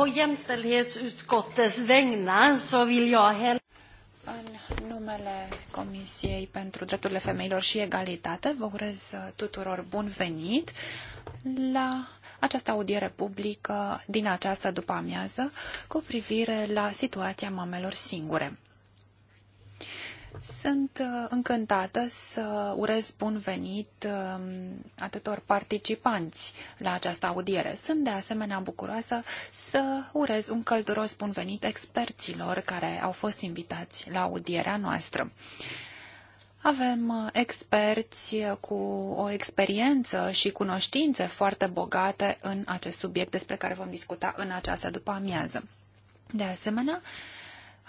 På jämställdhetsutskottets vägnar så vill jag hälsa în numele Comisiei pentru Drepturile Femeilor și Egalitate, vă urez uh, tuturor bun venit la această audiere publică din această după-amiază cu privire la situația mamelor singure. Sunt uh, încântată să urez bun venit um, atâtor participanți la această audiere. Sunt de asemenea bucuroasă să urez un călduros bun venit experților care au fost invitați la audierea noastră. Avem uh, experți cu o experiență și cunoștințe foarte bogate în acest subiect despre care vom discuta în această după amiază. De asemenea,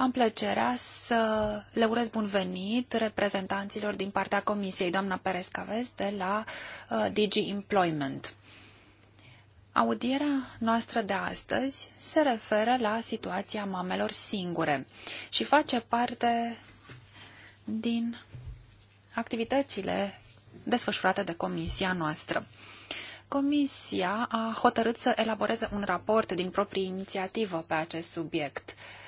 am plăcerea să le urez bun venit reprezentanților din partea Comisiei, doamna Perez Caves, de la uh, DG Employment. Audierea noastră de astăzi se referă la situația mamelor singure și face parte din activitățile desfășurate de comisia noastră. Comisia a hotărât să elaboreze un raport din proprie inițiativă pe acest subiect. Uh,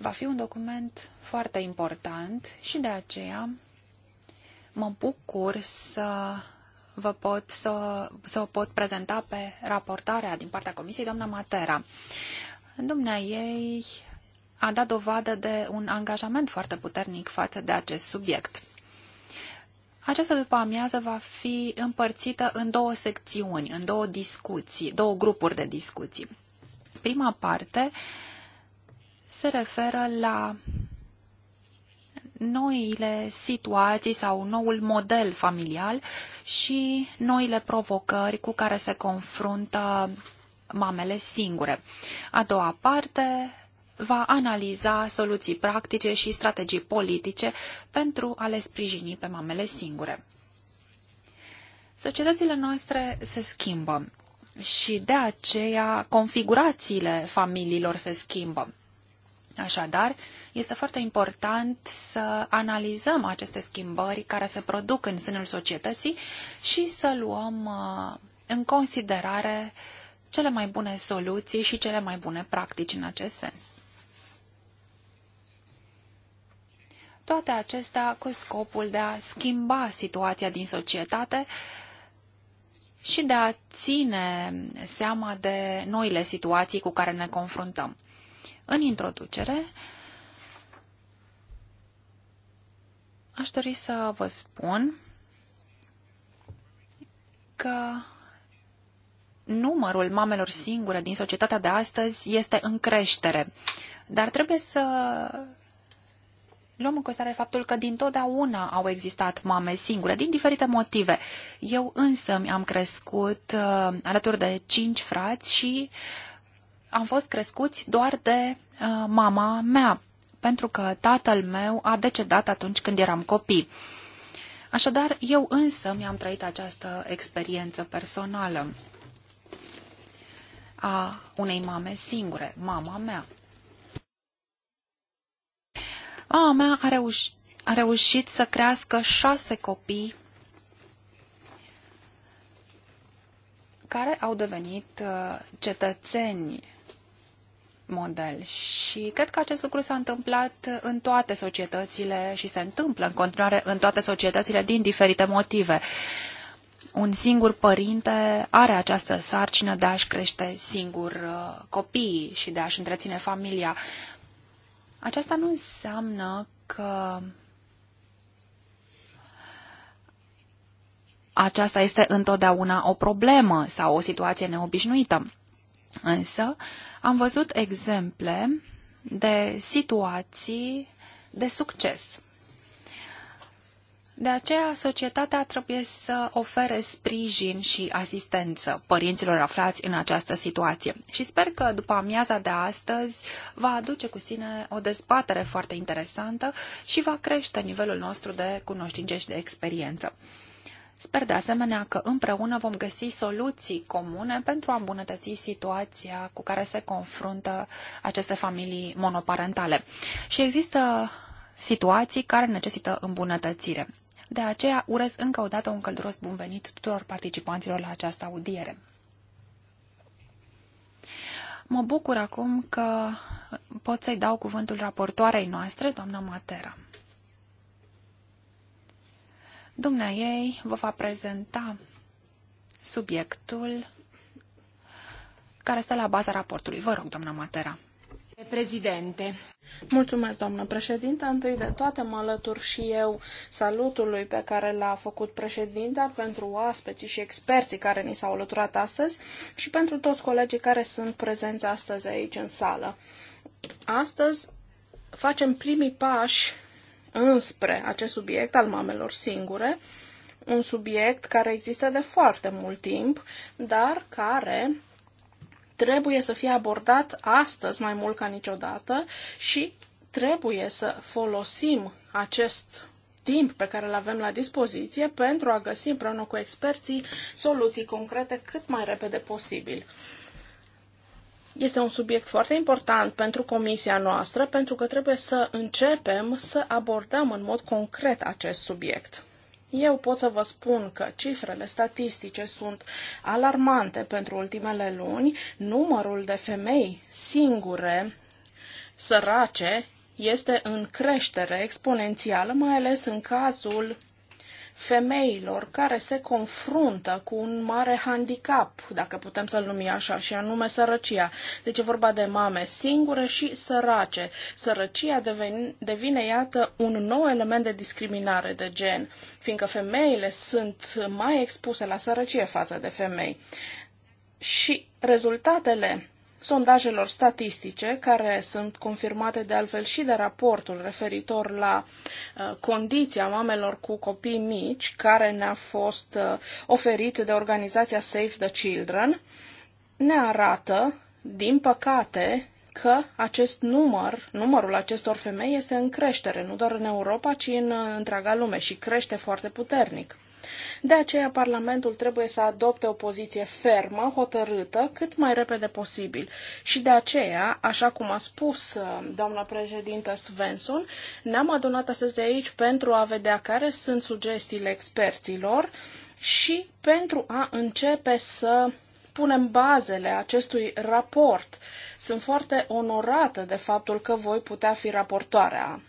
Va fi un document foarte important și de aceea mă bucur să vă pot, să, să o pot prezenta pe raportarea din partea Comisiei, doamna Matera. Dumnea ei a dat dovadă de un angajament foarte puternic față de acest subiect. Această după-amiază va fi împărțită în două secțiuni, în două discuții, două grupuri de discuții. Prima parte uh, se referă la noile situații sau noul model familial și noile provocări cu care se confruntă mamele singure. A doua parte va analiza soluții practice și strategii politice pentru a le sprijini pe mamele singure. Societățile noastre se schimbă și de aceea configurațiile familiilor se schimbă. Așadar, este foarte important să analizăm aceste schimbări care se produc în sânul societății și să luăm uh, în considerare cele mai bune soluții și cele mai bune practici în acest sens. Toate acestea cu scopul de a schimba situația din societate și de a ține seama de noile situații cu care ne confruntăm. În introducere, aș dori să vă spun că numărul mamelor singure din societatea de astăzi este în creștere. Dar trebuie să luăm în considerare faptul că din totdeauna au existat mame singure, din diferite motive. Eu însă mi-am crescut uh, alături de cinci frați și am fost crescuți doar de uh, mama mea, pentru că tatăl meu a decedat atunci când eram copii. Așadar, eu însă mi-am trăit această experiență personală a unei mame singure, mama mea. Mama mea a, reuș- a reușit să crească șase copii care au devenit uh, cetățeni model. Și cred că acest lucru s-a întâmplat în toate societățile și se întâmplă în continuare în toate societățile din diferite motive. Un singur părinte are această sarcină de a-și crește singur uh, copiii și de a-și întreține familia. Aceasta nu înseamnă că aceasta este întotdeauna o problemă sau o situație neobișnuită. Însă, uh, am văzut exemple de situații de succes. De aceea, societatea trebuie să ofere sprijin și asistență părinților aflați în această situație. Și sper că după amiaza de astăzi va aduce cu sine o dezbatere foarte interesantă și va crește nivelul nostru de cunoștințe și de experiență. Sper de asemenea că împreună vom găsi soluții comune pentru a îmbunătăți situația cu care se confruntă aceste familii monoparentale. Și există situații care necesită îmbunătățire. De aceea urez încă o dată un călduros bun venit tuturor participanților la această audiere. Mă bucur acum că pot să-i dau cuvântul raportoarei noastre, doamna Matera. Dumnea ei vă va prezenta subiectul care stă la baza raportului. Vă rog, doamna Matera. Prezidente. Mulțumesc, doamnă președinte. Întâi de toate mă alătur și eu salutului pe care l-a făcut președinta pentru oaspeții și experții care ni s-au alăturat astăzi și pentru toți colegii care sunt prezenți astăzi aici în sală. Astăzi facem primii pași înspre acest subiect al mamelor singure, un subiect care există de foarte mult timp, dar care trebuie să fie abordat astăzi mai mult ca niciodată și trebuie să folosim acest timp pe care îl avem la dispoziție pentru a găsi împreună cu experții soluții concrete cât mai repede posibil. Este un subiect foarte important pentru comisia noastră, pentru că trebuie să începem să abordăm în mod concret acest subiect. Eu pot să vă spun că cifrele statistice sunt alarmante pentru ultimele luni. Numărul de femei singure, sărace, este în creștere exponențială, mai ales în cazul femeilor care se confruntă cu un mare handicap, dacă putem să-l numi așa, și anume sărăcia. Deci e vorba de mame singure și sărace. Sărăcia devine, devine, iată, un nou element de discriminare de gen, fiindcă femeile sunt mai expuse la sărăcie față de femei. Și rezultatele sondajelor statistice, care sunt confirmate de altfel și de raportul referitor la uh, condiția mamelor cu copii mici, care ne-a fost uh, oferit de organizația Save the Children, ne arată, din păcate, că acest număr, numărul acestor femei este în creștere, nu doar în Europa, ci în uh, întreaga lume și crește foarte puternic. De aceea, Parlamentul trebuie să adopte o poziție fermă, hotărâtă, cât mai repede posibil. Și de aceea, așa cum a spus uh, doamna președintă Svensson, ne-am adunat astăzi de aici pentru a vedea care sunt sugestiile experților și pentru a începe să punem bazele acestui raport. Sunt foarte onorată de faptul că voi putea fi raportoarea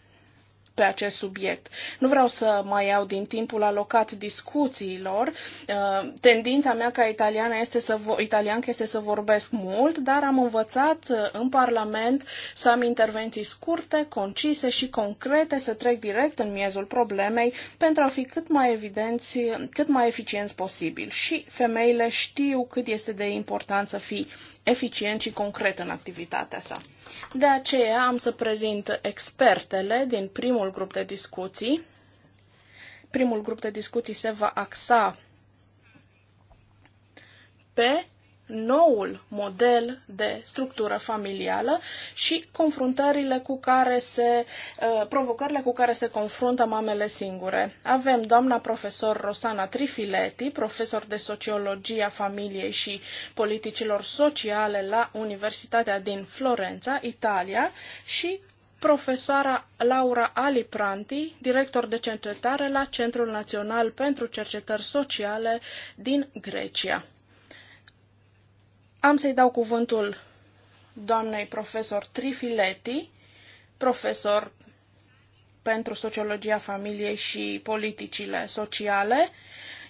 pe acest subiect. Nu vreau să mai iau din timpul alocat discuțiilor. Uh, tendința mea ca italiană este să, italian este să vorbesc mult, dar am învățat uh, în Parlament să am intervenții scurte, concise și concrete, să trec direct în miezul problemei pentru a fi cât mai evidenți, cât mai eficienți posibil. Și femeile știu cât este de important să fii eficient și concret în activitatea sa. De aceea am să prezint expertele din primul grup de discuții. Primul grup de discuții se va axa pe noul model de structură familială și confruntările cu care se, uh, provocările cu care se confruntă mamele singure. Avem doamna profesor Rosana Trifileti, profesor de sociologie a familiei și politicilor sociale la Universitatea din Florența, Italia, și profesoara Laura Alipranti, director de cercetare la Centrul Național pentru Cercetări Sociale din Grecia. Am să-i dau cuvântul doamnei profesor Trifileti, profesor pentru sociologia familiei și politicile sociale.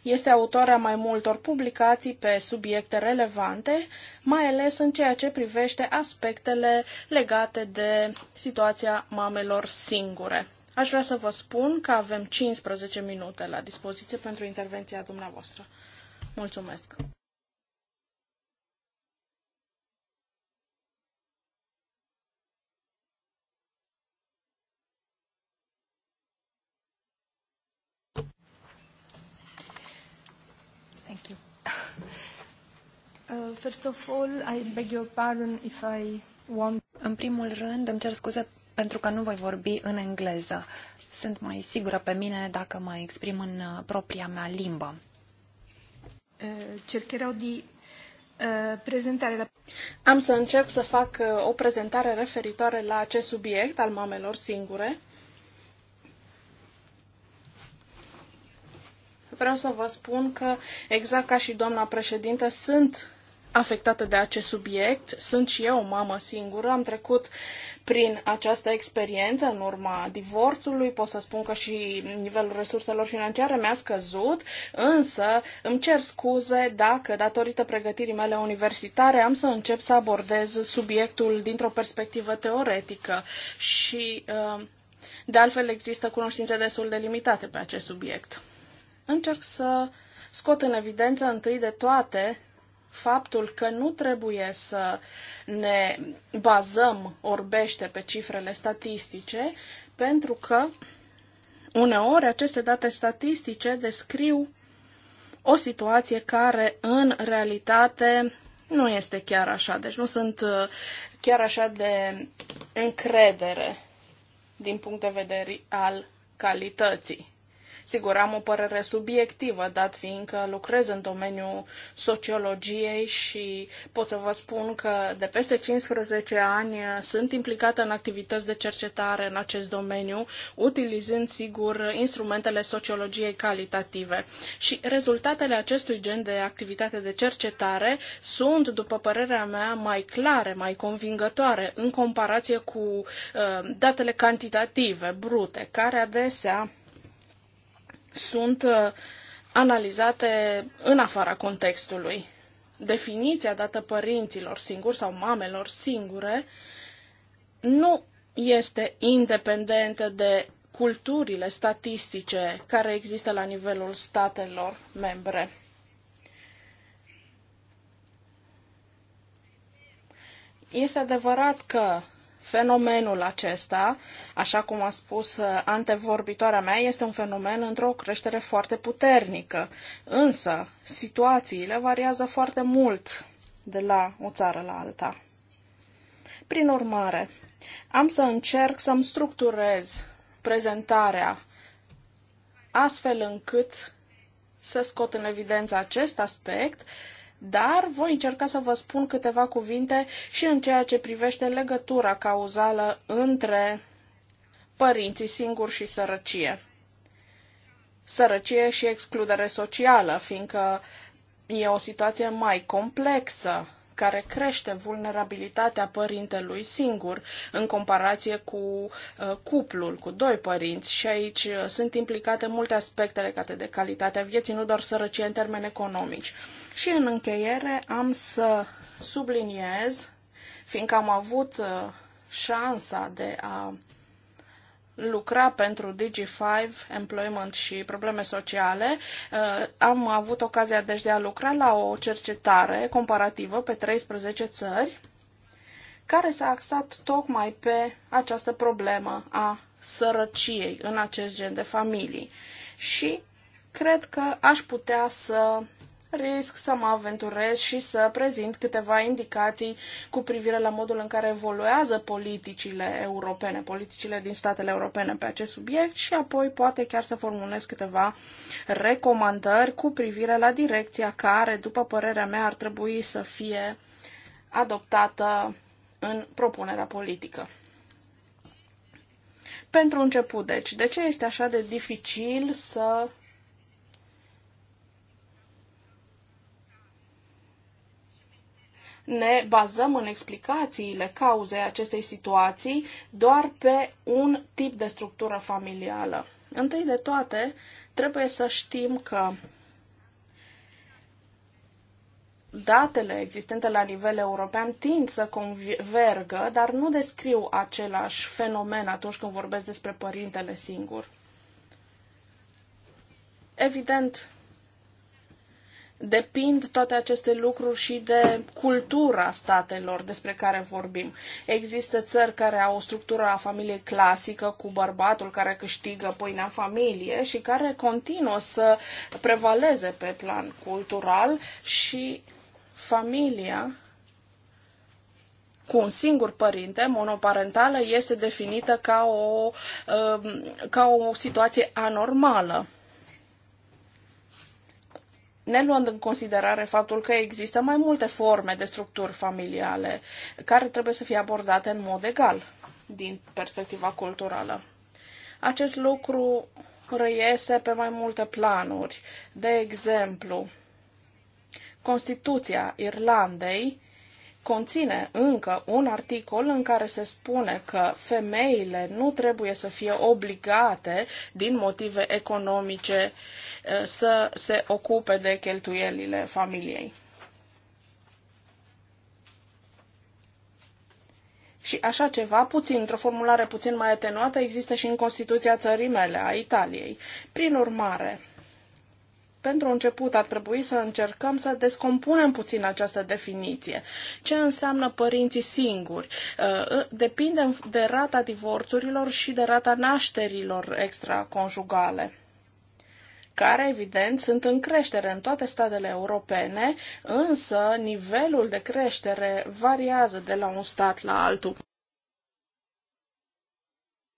Este autoarea mai multor publicații pe subiecte relevante, mai ales în ceea ce privește aspectele legate de situația mamelor singure. Aș vrea să vă spun că avem 15 minute la dispoziție pentru intervenția dumneavoastră. Mulțumesc! Uh, first of all, I beg your pardon if I want... În primul rând, îmi cer scuze pentru că nu voi vorbi în engleză. Sunt mai sigură pe mine dacă mă exprim în uh, propria mea limbă. Uh, prezentare Am să încep să fac o prezentare referitoare la acest subiect al mamelor singure. Vreau să vă spun că, exact ca și doamna președintă, sunt afectată de acest subiect. Sunt și eu o mamă singură, am trecut prin această experiență în urma divorțului, pot să spun că și nivelul resurselor financiare mi-a scăzut, însă îmi cer scuze dacă, datorită pregătirii mele universitare, am să încep să abordez subiectul dintr-o perspectivă teoretică și, uh, de altfel, există cunoștințe destul de limitate pe acest subiect. Încerc să scot în evidență întâi de toate faptul că nu trebuie să ne bazăm orbește pe cifrele statistice, pentru că uneori aceste date statistice descriu o situație care în realitate nu este chiar așa, deci nu sunt uh, chiar așa de încredere din punct de vedere al calității. Sigur, am o părere subiectivă, dat fiindcă lucrez în domeniul sociologiei și pot să vă spun că de peste 15 ani sunt implicată în activități de cercetare în acest domeniu, utilizând, sigur, instrumentele sociologiei calitative. Și rezultatele acestui gen de activitate de cercetare sunt, după părerea mea, mai clare, mai convingătoare în comparație cu uh, datele cantitative, brute, care adesea sunt uh, analizate în afara contextului. Definiția dată părinților singuri sau mamelor singure nu este independentă de culturile statistice care există la nivelul statelor membre. Este adevărat că Fenomenul acesta, așa cum a spus uh, antevorbitoarea mea, este un fenomen într-o creștere foarte puternică. Însă, situațiile variază foarte mult de la o țară la alta. Prin urmare, am să încerc să-mi structurez prezentarea astfel încât să scot în evidență acest aspect dar voi încerca să vă spun câteva cuvinte și în ceea ce privește legătura cauzală între părinții singuri și sărăcie. Sărăcie și excludere socială, fiindcă e o situație mai complexă care crește vulnerabilitatea părintelui singur în comparație cu uh, cuplul, cu doi părinți. Și aici uh, sunt implicate multe aspecte legate de calitatea vieții, nu doar sărăcie în termeni economici. Și în încheiere am să subliniez, fiindcă am avut uh, șansa de a lucra pentru Digi5, Employment și Probleme Sociale. Uh, am avut ocazia deci de a lucra la o cercetare comparativă pe 13 țări care s-a axat tocmai pe această problemă a sărăciei în acest gen de familii. Și cred că aș putea să risc să mă aventurez și să prezint câteva indicații cu privire la modul în care evoluează politicile europene, politicile din statele europene pe acest subiect și apoi poate chiar să formulez câteva recomandări cu privire la direcția care, după părerea mea, ar trebui să fie adoptată în propunerea politică. Pentru început, deci, de ce este așa de dificil să ne bazăm în explicațiile cauzei acestei situații doar pe un tip de structură familială. Întâi de toate, trebuie să știm că datele existente la nivel european tind să convergă, dar nu descriu același fenomen atunci când vorbesc despre părintele singur. Evident, Depind toate aceste lucruri și de cultura statelor despre care vorbim. Există țări care au o structură a familiei clasică cu bărbatul care câștigă pâinea familie și care continuă să prevaleze pe plan cultural și familia cu un singur părinte, monoparentală, este definită ca o, um, ca o situație anormală ne luând în considerare faptul că există mai multe forme de structuri familiale care trebuie să fie abordate în mod egal din perspectiva culturală. Acest lucru răiese pe mai multe planuri. De exemplu, Constituția Irlandei conține încă un articol în care se spune că femeile nu trebuie să fie obligate din motive economice Eh, să se ocupe de cheltuielile familiei. Și așa ceva, puțin, într-o formulare puțin mai atenuată, există și în Constituția țării mele, a Italiei. Prin urmare, pentru început ar trebui să încercăm să descompunem puțin această definiție. Ce înseamnă părinții singuri? Eh, eh, Depinde de rata divorțurilor și de rata nașterilor extraconjugale care, evident, sunt în creștere în toate statele europene, însă nivelul de creștere variază de la un stat la altul.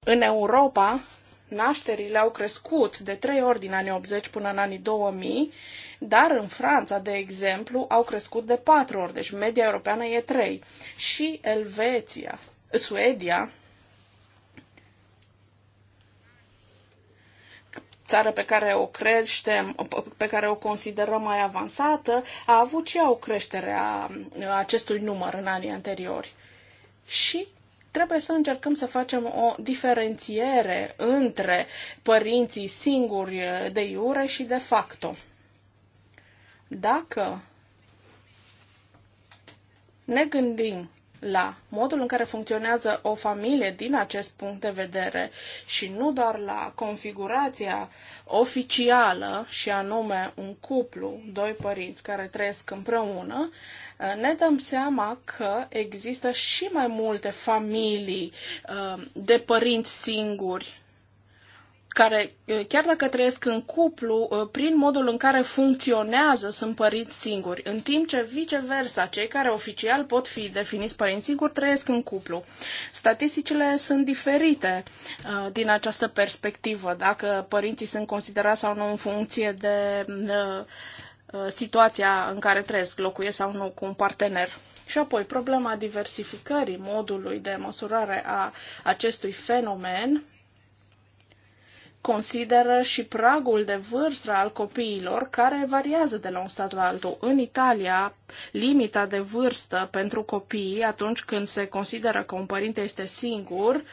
În Europa, nașterile au crescut de trei ori din anii 80 până în anii 2000, dar în Franța, de exemplu, au crescut de patru ori, deci media europeană e trei Și Elveția, Suedia, țară pe care o creștem, pe care o considerăm mai avansată, a avut și ea o creștere a acestui număr în anii anteriori. Și trebuie să încercăm să facem o diferențiere între părinții singuri de iure și de facto. Dacă ne gândim la modul în care funcționează o familie din acest punct de vedere și nu doar la configurația oficială și anume un cuplu, doi părinți care trăiesc împreună, uh, ne dăm seama că există și mai multe familii uh, de părinți singuri care, chiar dacă trăiesc în cuplu, prin modul în care funcționează, sunt părinți singuri, în timp ce viceversa, cei care oficial pot fi definiți părinți singuri, trăiesc în cuplu. Statisticile sunt diferite din această perspectivă, dacă părinții sunt considerați sau nu în funcție de situația în care trăiesc, locuiesc sau nu cu un partener. Și apoi problema diversificării modului de măsurare a acestui fenomen consideră și pragul de vârstă al copiilor, care variază de la un stat la altul. În Italia, limita de vârstă pentru copii, atunci când se consideră că un părinte este singur,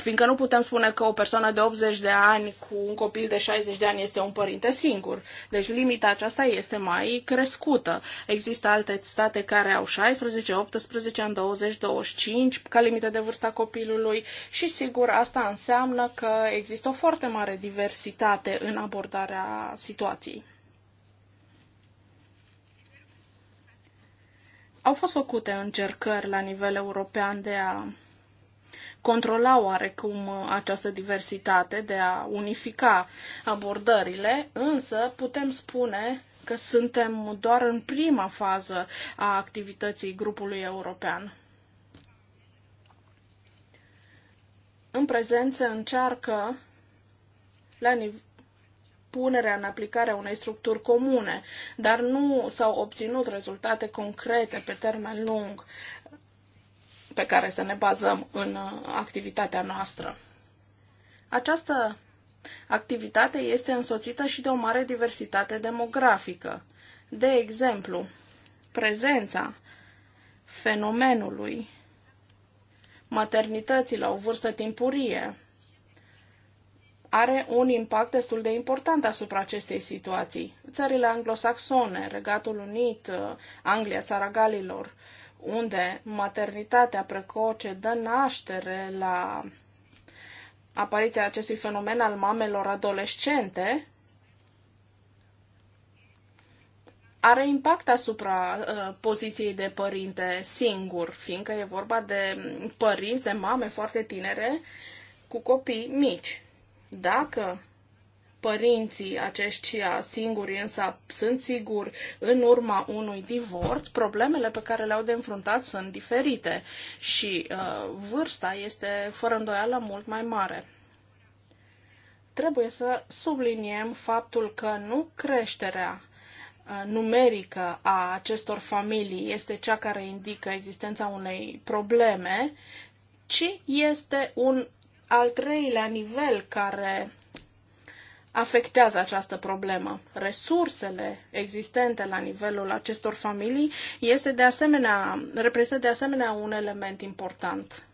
fiindcă nu putem spune că o persoană de 80 de ani cu un copil de 60 de ani este un părinte singur. Deci limita aceasta este mai crescută. Există alte state care au 16, 18, în 20, 25 ca limită de vârsta copilului și sigur asta înseamnă că există o foarte mare diversitate în abordarea situației. Au fost făcute încercări la nivel european de a controla oarecum uh, această diversitate, de a unifica abordările, însă putem spune că suntem doar în prima fază a activității grupului european. În prezent se încearcă la nivel punerea în aplicare a unei structuri comune, dar nu s-au obținut rezultate concrete pe termen lung pe care să ne bazăm în uh, activitatea noastră. Această activitate este însoțită și de o mare diversitate demografică. De exemplu, prezența fenomenului maternității la o vârstă timpurie are un impact destul de important asupra acestei situații. Țările anglosaxone, Regatul Unit, uh, Anglia, Țara Galilor, unde maternitatea precoce dă naștere la apariția acestui fenomen al mamelor adolescente, are impact asupra uh, poziției de părinte singur, fiindcă e vorba de părinți, de mame foarte tinere cu copii mici. Dacă părinții aceștia singuri însă sunt sigur în urma unui divorț, problemele pe care le-au de înfruntat sunt diferite și uh, vârsta este fără îndoială mult mai mare. Trebuie să subliniem faptul că nu creșterea uh, numerică a acestor familii este cea care indică existența unei probleme, ci este un al treilea nivel care afectează această problemă. Resursele existente la nivelul acestor familii este de asemenea, reprezintă de asemenea un element important.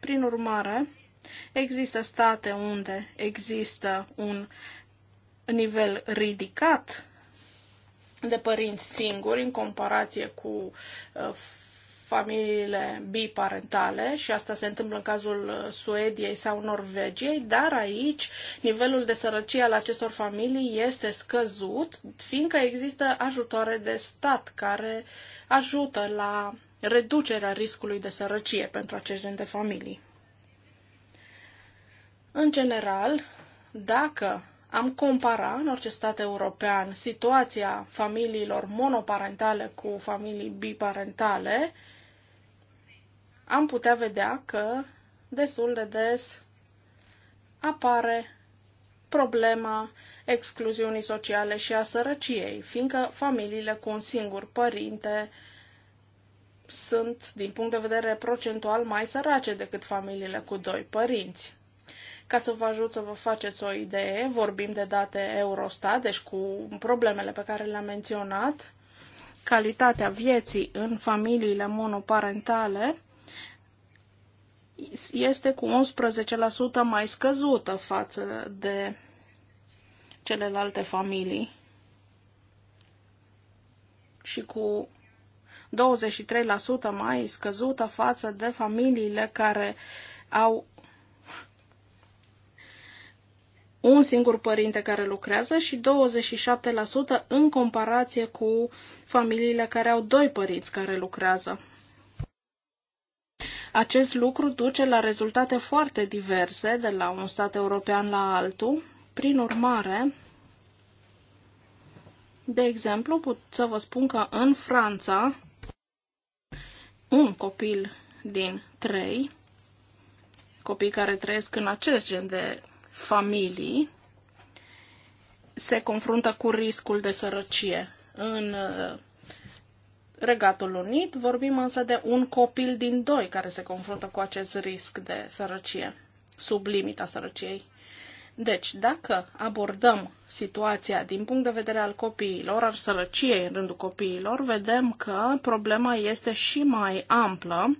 Prin urmare, există state unde există un nivel ridicat de părinți singuri în comparație cu uh, familiile biparentale și asta se întâmplă în cazul uh, Suediei sau Norvegiei, dar aici nivelul de sărăcie al acestor familii este scăzut, fiindcă există ajutoare de stat care ajută la reducerea riscului de sărăcie pentru acest gen de familii. În general, dacă am compara în orice stat european situația familiilor monoparentale cu familii biparentale, am putea vedea că destul de des apare problema excluziunii sociale și a sărăciei, fiindcă familiile cu un singur părinte sunt, din punct de vedere procentual, mai sărace decât familiile cu doi părinți. Ca să vă ajut să vă faceți o idee, vorbim de date Eurostat, deci cu problemele pe care le-am menționat, calitatea vieții în familiile monoparentale este cu 11% mai scăzută față de celelalte familii și cu 23% mai scăzută față de familiile care au un singur părinte care lucrează și 27% în comparație cu familiile care au doi părinți care lucrează. Acest lucru duce la rezultate foarte diverse de la un stat european la altul. Prin urmare, de exemplu, pot să vă spun că în Franța, un copil din trei, copii care trăiesc în acest gen de familii, se confruntă cu riscul de sărăcie. În Regatul Unit, vorbim însă de un copil din doi care se confruntă cu acest risc de sărăcie, sub limita sărăciei. Deci, dacă abordăm situația din punct de vedere al copiilor, al sărăciei în rândul copiilor, vedem că problema este și mai amplă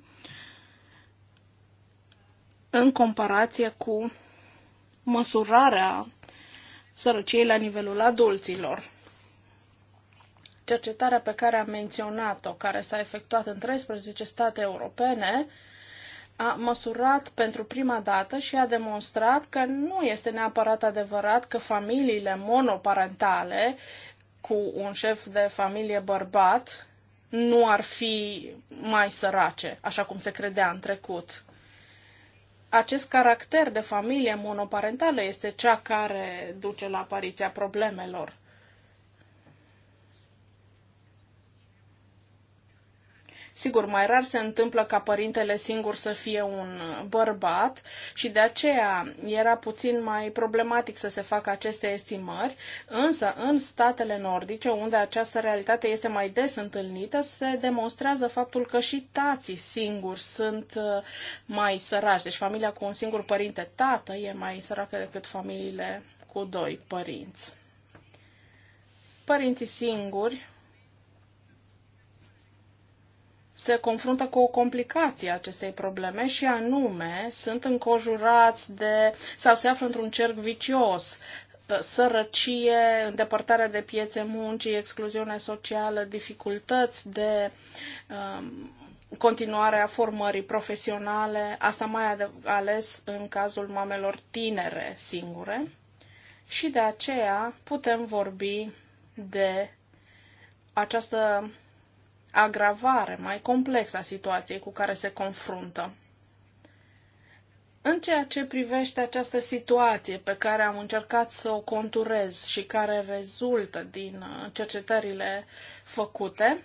în comparație cu măsurarea sărăciei la nivelul adulților cercetarea pe care am menționat-o, care s-a efectuat în 13 state europene, a măsurat pentru prima dată și a demonstrat că nu este neapărat adevărat că familiile monoparentale cu un șef de familie bărbat nu ar fi mai sărace, așa cum se credea în trecut. Acest caracter de familie monoparentală este cea care duce la apariția problemelor. Sigur, mai rar se întâmplă ca părintele singur să fie un bărbat și de aceea era puțin mai problematic să se facă aceste estimări, însă în statele nordice, unde această realitate este mai des întâlnită, se demonstrează faptul că și tații singuri sunt uh, mai săraci. Deci familia cu un singur părinte tată e mai săracă decât familiile cu doi părinți. Părinții singuri se confruntă cu o complicație a acestei probleme și anume sunt înconjurați de sau se află într-un cerc vicios sărăcie, îndepărtarea de piețe muncii, excluziune socială, dificultăți de um, continuare a formării profesionale, asta mai ales în cazul mamelor tinere singure. Și de aceea putem vorbi de această agravare mai complexă a situației cu care se confruntă. În ceea ce privește această situație pe care am încercat să o conturez și care rezultă din uh, cercetările făcute,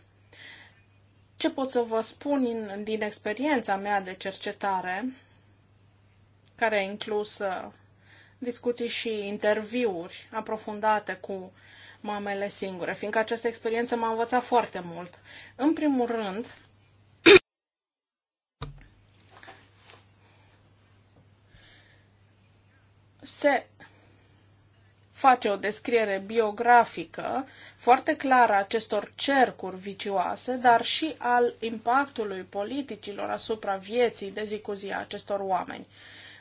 ce pot să vă spun din, din experiența mea de cercetare, care a inclus uh, discuții și interviuri aprofundate cu mamele singure, fiindcă această experiență m-a învățat foarte mult. În primul rând, se face o descriere biografică foarte clară a acestor cercuri vicioase, dar și al impactului politicilor asupra vieții de zi cu zi a acestor oameni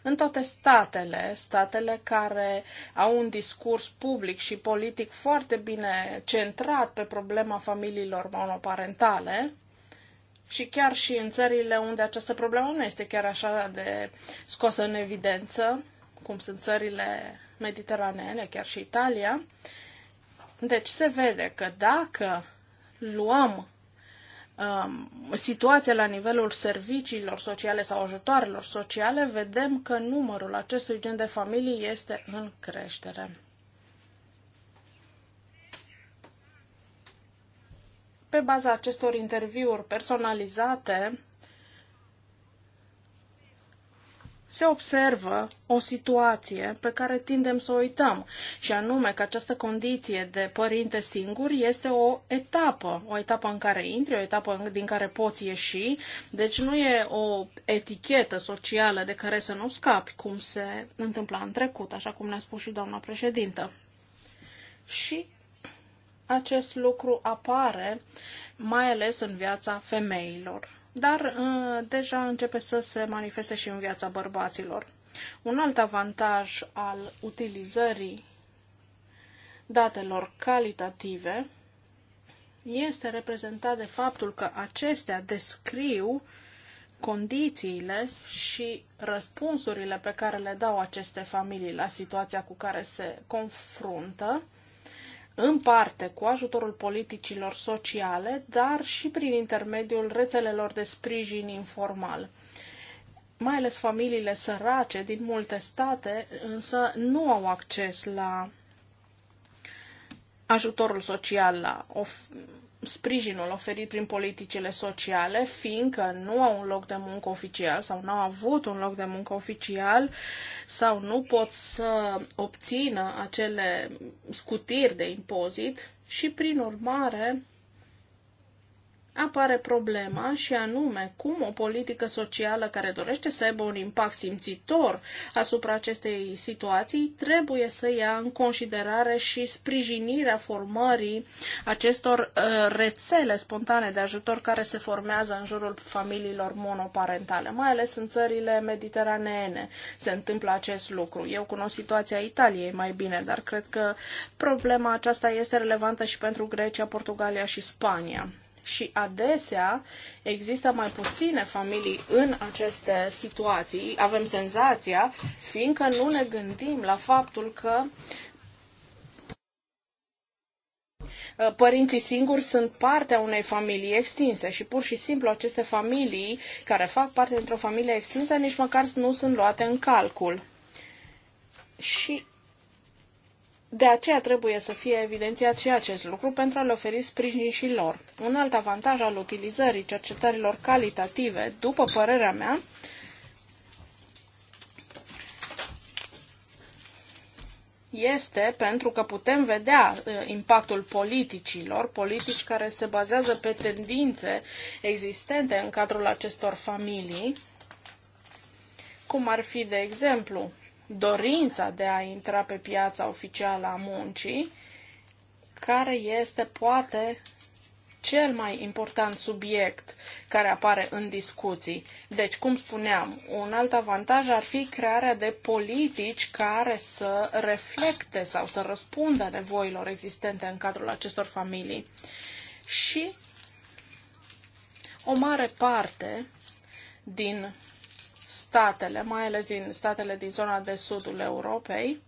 în toate statele, statele care au un discurs public și politic foarte bine centrat pe problema familiilor monoparentale, și chiar și în țările unde această problemă nu este chiar așa de scosă în evidență, cum sunt țările mediteraneene, chiar și Italia. Deci se vede că dacă luăm Um, situația la nivelul serviciilor sociale sau ajutoarelor sociale, vedem că numărul acestui gen de familii este în creștere. Pe baza acestor interviuri personalizate, se observă o situație pe care tindem să o uităm, și anume că această condiție de părinte singur este o etapă, o etapă în care intri, o etapă din care poți ieși, deci nu e o etichetă socială de care să nu scapi, cum se întâmpla în trecut, așa cum ne-a spus și doamna președintă. Și acest lucru apare mai ales în viața femeilor dar uh, deja începe să se manifeste și în viața bărbaților. Un alt avantaj al utilizării datelor calitative este reprezentat de faptul că acestea descriu condițiile și răspunsurile pe care le dau aceste familii la situația cu care se confruntă în parte cu ajutorul politicilor sociale, dar și prin intermediul rețelelor de sprijin informal. Mai ales familiile sărace din multe state, însă nu au acces la ajutorul social, la of- sprijinul oferit prin politicile sociale, fiindcă nu au un loc de muncă oficial sau nu au avut un loc de muncă oficial sau nu pot să obțină acele scutiri de impozit și, prin urmare, apare problema și anume cum o politică socială care dorește să aibă un impact simțitor asupra acestei situații trebuie să ia în considerare și sprijinirea formării acestor uh, rețele spontane de ajutor care se formează în jurul familiilor monoparentale, mai ales în țările mediteraneene se întâmplă acest lucru. Eu cunosc situația Italiei mai bine, dar cred că problema aceasta este relevantă și pentru Grecia, Portugalia și Spania și adesea există mai puține familii în aceste situații. Avem senzația, fiindcă nu ne gândim la faptul că ă, părinții singuri sunt partea unei familii extinse și pur și simplu aceste familii care fac parte dintr-o familie extinsă nici măcar nu sunt luate în calcul. Și de aceea trebuie să fie evidențiat și acest lucru pentru a le oferi sprijin și lor. Un alt avantaj al utilizării cercetărilor calitative, după părerea mea, este pentru că putem vedea uh, impactul politicilor, politici care se bazează pe tendințe existente în cadrul acestor familii, cum ar fi, de exemplu, dorința de a intra pe piața oficială a muncii, care este poate cel mai important subiect care apare în discuții. Deci, cum spuneam, un alt avantaj ar fi crearea de politici care să reflecte sau să răspundă nevoilor existente în cadrul acestor familii. Și o mare parte din statele, mai ales din statele din zona de sudul Europei,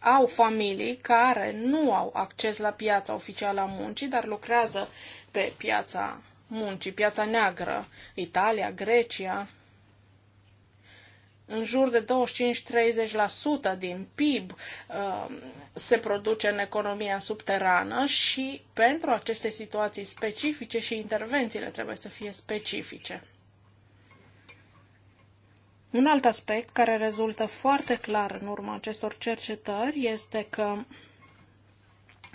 au familii care nu au acces la piața oficială a muncii, dar lucrează pe piața muncii, piața neagră, Italia, Grecia, în jur de 25-30% din PIB uh, se produce în economia subterană și pentru aceste situații specifice și intervențiile trebuie să fie specifice. Un alt aspect care rezultă foarte clar în urma acestor cercetări este că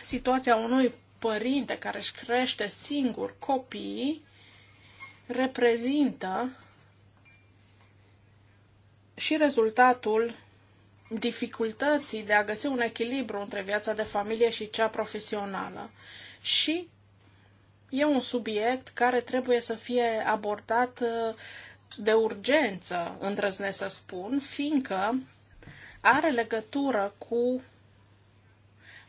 situația unui părinte care își crește singur copiii reprezintă și rezultatul dificultății de a găsi un echilibru între viața de familie și cea profesională. Și e un subiect care trebuie să fie abordat uh, de urgență, îndrăznesc să spun, fiindcă are legătură cu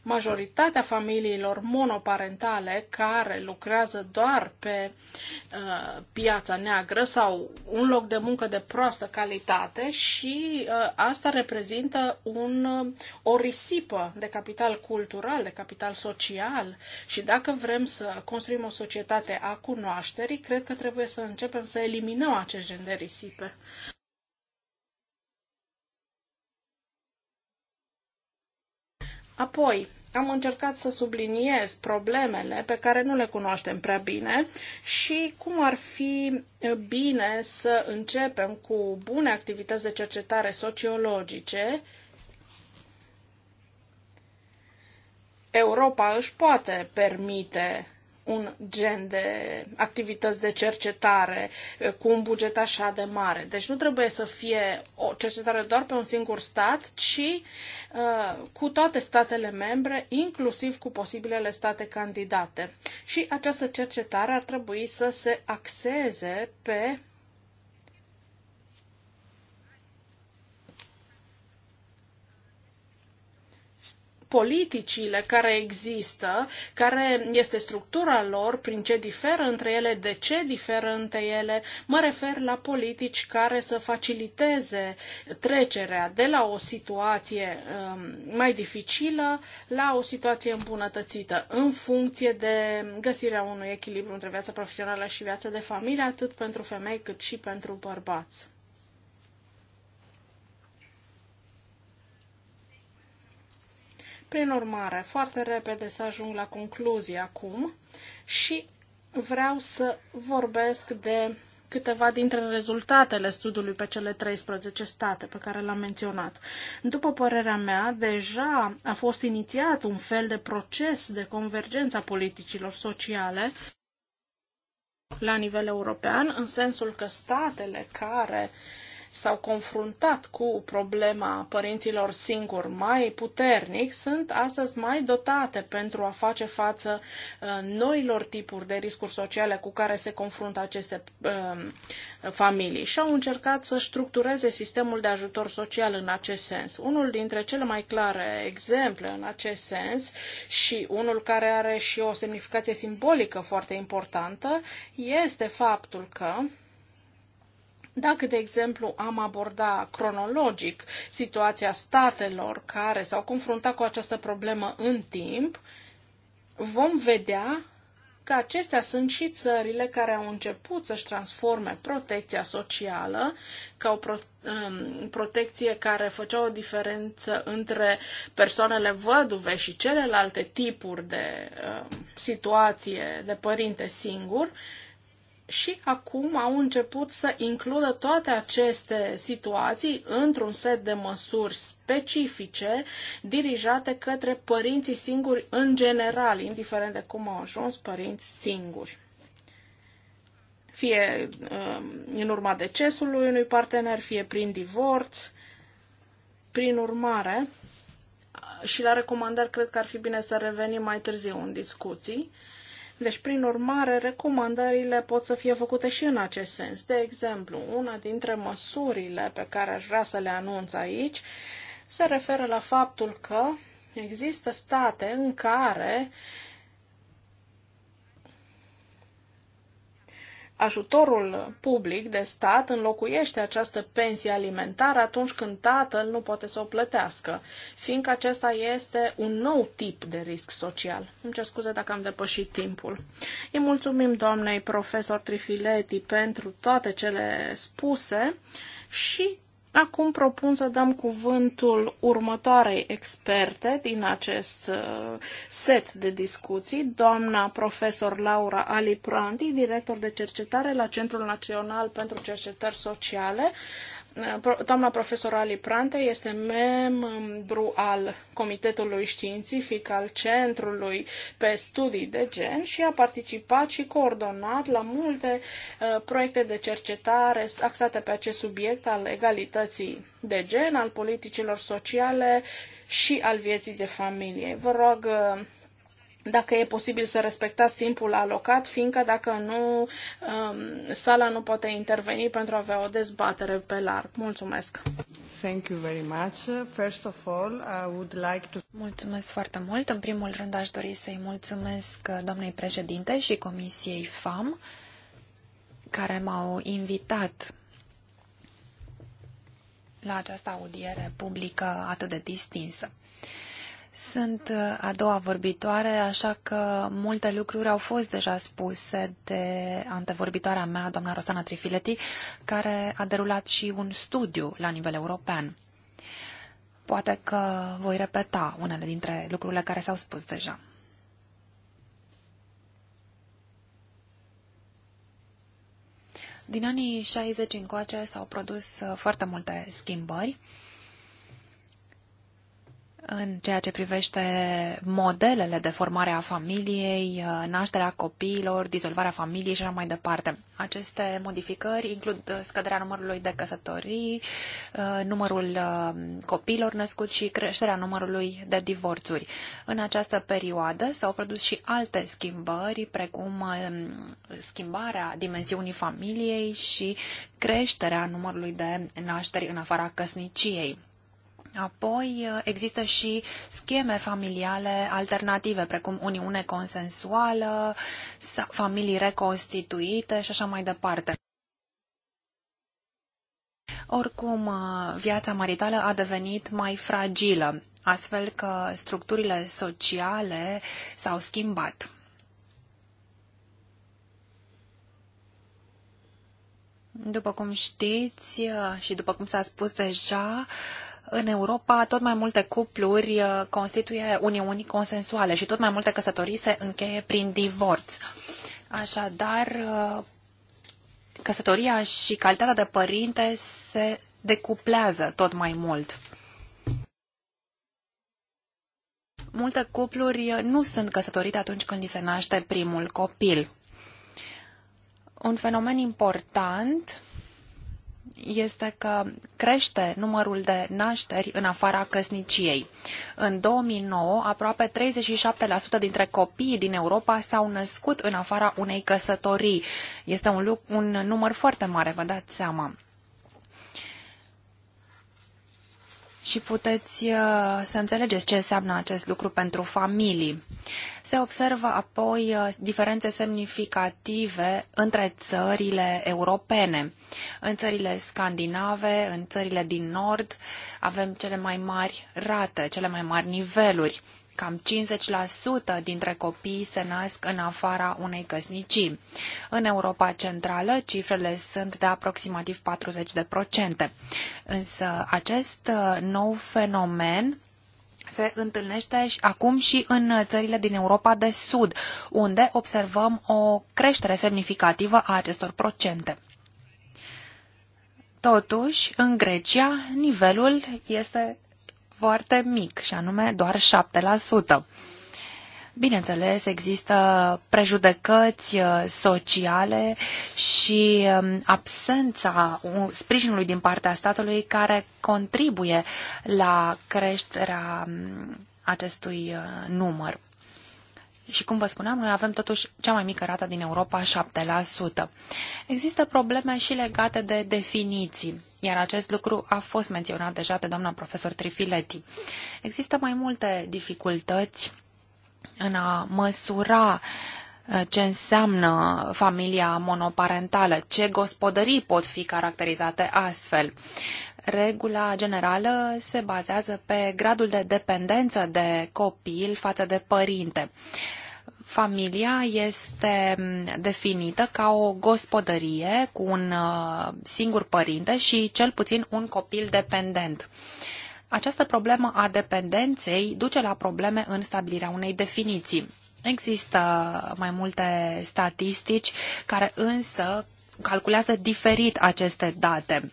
majoritatea familiilor monoparentale care lucrează doar pe uh, piața neagră sau un loc de muncă de proastă calitate și uh, asta reprezintă un, uh, o risipă de capital cultural, de capital social și dacă vrem să construim o societate a cunoașterii, cred că trebuie să începem să eliminăm acest gen de risipe. Apoi, am încercat să subliniez problemele pe care nu le cunoaștem prea bine și cum ar fi bine să începem cu bune activități de cercetare sociologice. Europa își poate permite un gen de activități de cercetare eh, cu un buget așa de mare. Deci nu trebuie să fie o cercetare doar pe un singur stat, ci uh, cu toate statele membre, inclusiv cu posibilele state candidate. Și această cercetare ar trebui să se axeze pe politicile care există, care este structura lor, prin ce diferă între ele, de ce diferă între ele. Mă refer la politici care să faciliteze trecerea de la o situație um, mai dificilă la o situație îmbunătățită, în funcție de găsirea unui echilibru între viața profesională și viața de familie, atât pentru femei cât și pentru bărbați. Prin urmare, foarte repede să ajung la concluzie acum și vreau să vorbesc de câteva dintre rezultatele studiului pe cele 13 state pe care l-am menționat. După părerea mea, deja a fost inițiat un fel de proces de convergență a politicilor sociale la nivel european, în sensul că statele care uh, s-au confruntat cu problema părinților singuri mai puternic sunt astăzi mai dotate pentru a face față uh, noilor tipuri de riscuri sociale cu care se confruntă aceste uh, familii și au încercat să structureze sistemul de ajutor social în acest sens. Unul dintre cele mai clare exemple în acest sens și unul care are și o semnificație simbolică foarte importantă este faptul că dacă, de exemplu, am aborda cronologic situația statelor care s-au confruntat cu această problemă în timp, vom vedea că acestea sunt și țările care au început să-și transforme protecția socială ca o pro, um, protecție care făcea o diferență între persoanele văduve și celelalte tipuri de uh, situație de părinte singur și acum au început să includă toate aceste situații într-un set de măsuri specifice dirijate către părinții singuri în general, indiferent de cum au ajuns părinți singuri. Fie um, în urma decesului unui partener, fie prin divorț. Prin urmare, și la recomandări cred că ar fi bine să revenim mai târziu în discuții. Uh, deci, prin urmare, recomandările pot să fie făcute și în acest sens. De exemplu, una dintre măsurile pe care aș vrea să le anunț aici se referă la faptul că există state în care uh, ajutorul public de stat înlocuiește această pensie alimentară atunci când tatăl nu poate să o plătească, fiindcă acesta este un nou tip de risc social. Îmi cer scuze dacă am depășit timpul. Îi mulțumim doamnei profesor Trifileti pentru toate cele spuse și Acum propun să dăm cuvântul următoarei experte din acest uh, set de discuții, doamna profesor Laura Aliprandi, director de cercetare la Centrul Național pentru Cercetări Sociale Doamna profesor Ali Prante este membru al Comitetului Științific al Centrului pe Studii de Gen și a participat și coordonat la multe uh, proiecte de cercetare axate pe acest subiect al egalității de gen, al politicilor sociale și al vieții de familie. Vă rog uh, dacă e posibil să respectați timpul alocat, fiindcă dacă nu, um, sala nu poate interveni pentru a avea o dezbatere pe larg. Mulțumesc! Thank you very much. First of all, I would like to... Mulțumesc foarte mult. În primul rând aș dori să-i mulțumesc doamnei președinte și Comisiei FAM care m-au invitat la această audiere publică atât de distinsă. Sunt uh, a doua vorbitoare, așa că multe lucruri au fost deja spuse de antevorbitoarea mea, doamna Rosana Trifileti, care a derulat și un studiu la nivel european. Poate că voi repeta unele dintre lucrurile care s-au spus deja. Din anii 60 încoace s-au produs uh, foarte multe schimbări în ceea ce privește modelele de formare a familiei, uh, nașterea copiilor, dizolvarea familiei și așa mai departe. Aceste modificări includ uh, scăderea numărului de căsătorii, uh, numărul copiilor născuți și creșterea numărului de divorțuri. În această perioadă s-au produs și alte schimbări, precum um, schimbarea dimensiunii familiei și creșterea numărului de nașteri în afara căsniciei. Apoi uh, există și scheme familiale alternative, precum uniune consensuală, familii reconstituite și așa mai departe. Oricum, uh, viața maritală a devenit mai fragilă, astfel că structurile sociale s-au schimbat. După cum știți uh, și după cum s-a spus deja, în Europa, tot mai multe cupluri uh, constituie uniuni consensuale și tot mai multe căsătorii se încheie prin divorț. Așadar, uh, căsătoria și calitatea de părinte se decuplează tot mai mult. Multe cupluri uh, nu sunt căsătorite atunci când li se naște primul copil. Un fenomen important este că crește numărul de nașteri în afara căsniciei. În 2009, aproape 37% dintre copiii din Europa s-au născut în afara unei căsătorii. Este un, un număr foarte mare, vă dați seama. și puteți uh, să înțelegeți ce înseamnă acest lucru pentru familii. Se observă apoi uh, diferențe semnificative între țările europene. În țările scandinave, în țările din nord, avem cele mai mari rate, cele mai mari niveluri Cam 50% dintre copii se nasc în afara unei căsnicii. În Europa Centrală, cifrele sunt de aproximativ 40%. Însă acest uh, nou fenomen se întâlnește acum și în țările din Europa de Sud, unde observăm o creștere semnificativă a acestor procente. Totuși, în Grecia, nivelul este foarte mic, și anume doar 7%. Bineînțeles, există prejudecăți uh, sociale și um, absența sprijinului din partea statului care contribuie la creșterea um, acestui uh, număr și cum vă spuneam, noi avem totuși cea mai mică rată din Europa, 7%. Există probleme și legate de definiții, iar acest lucru a fost menționat deja de doamna profesor Trifileti. Există mai multe dificultăți în a măsura uh, Uh, ce înseamnă familia monoparentală, ce gospodării pot fi caracterizate astfel. Regula generală se bazează pe gradul de dependență de copil față de părinte. Familia este definită ca o gospodărie cu un uh, singur părinte și cel puțin un copil dependent. Această problemă a dependenței duce la probleme în stabilirea unei definiții. Există mai multe statistici care însă calculează diferit aceste date.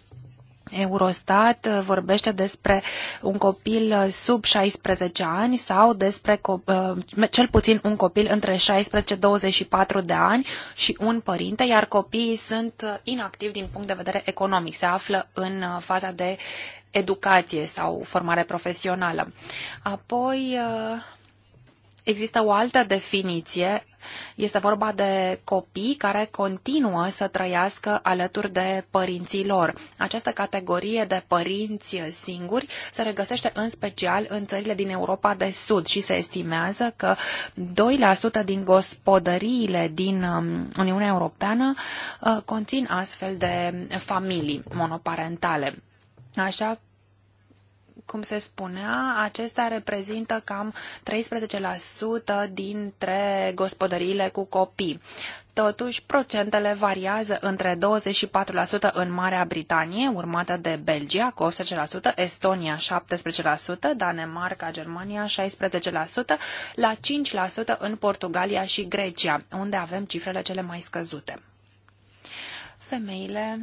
Eurostat vorbește despre un copil sub 16 ani sau despre uh, cel puțin un copil între 16-24 de ani și un părinte, iar copiii sunt inactivi din punct de vedere economic, se află în faza de educație sau formare profesională. Apoi uh, există o altă definiție. Este vorba de copii care continuă să trăiască alături de părinții lor. Această categorie de părinți singuri se regăsește în special în țările din Europa de Sud și se estimează că 2% din gospodăriile din um, Uniunea Europeană uh, conțin astfel de familii monoparentale. Așa cum se spunea, acesta reprezintă cam 13% dintre gospodăriile cu copii. Totuși, procentele variază între 24% în Marea Britanie, urmată de Belgia cu 18%, Estonia 17%, Danemarca, Germania 16%, la 5% în Portugalia și Grecia, unde avem cifrele cele mai scăzute. Femeile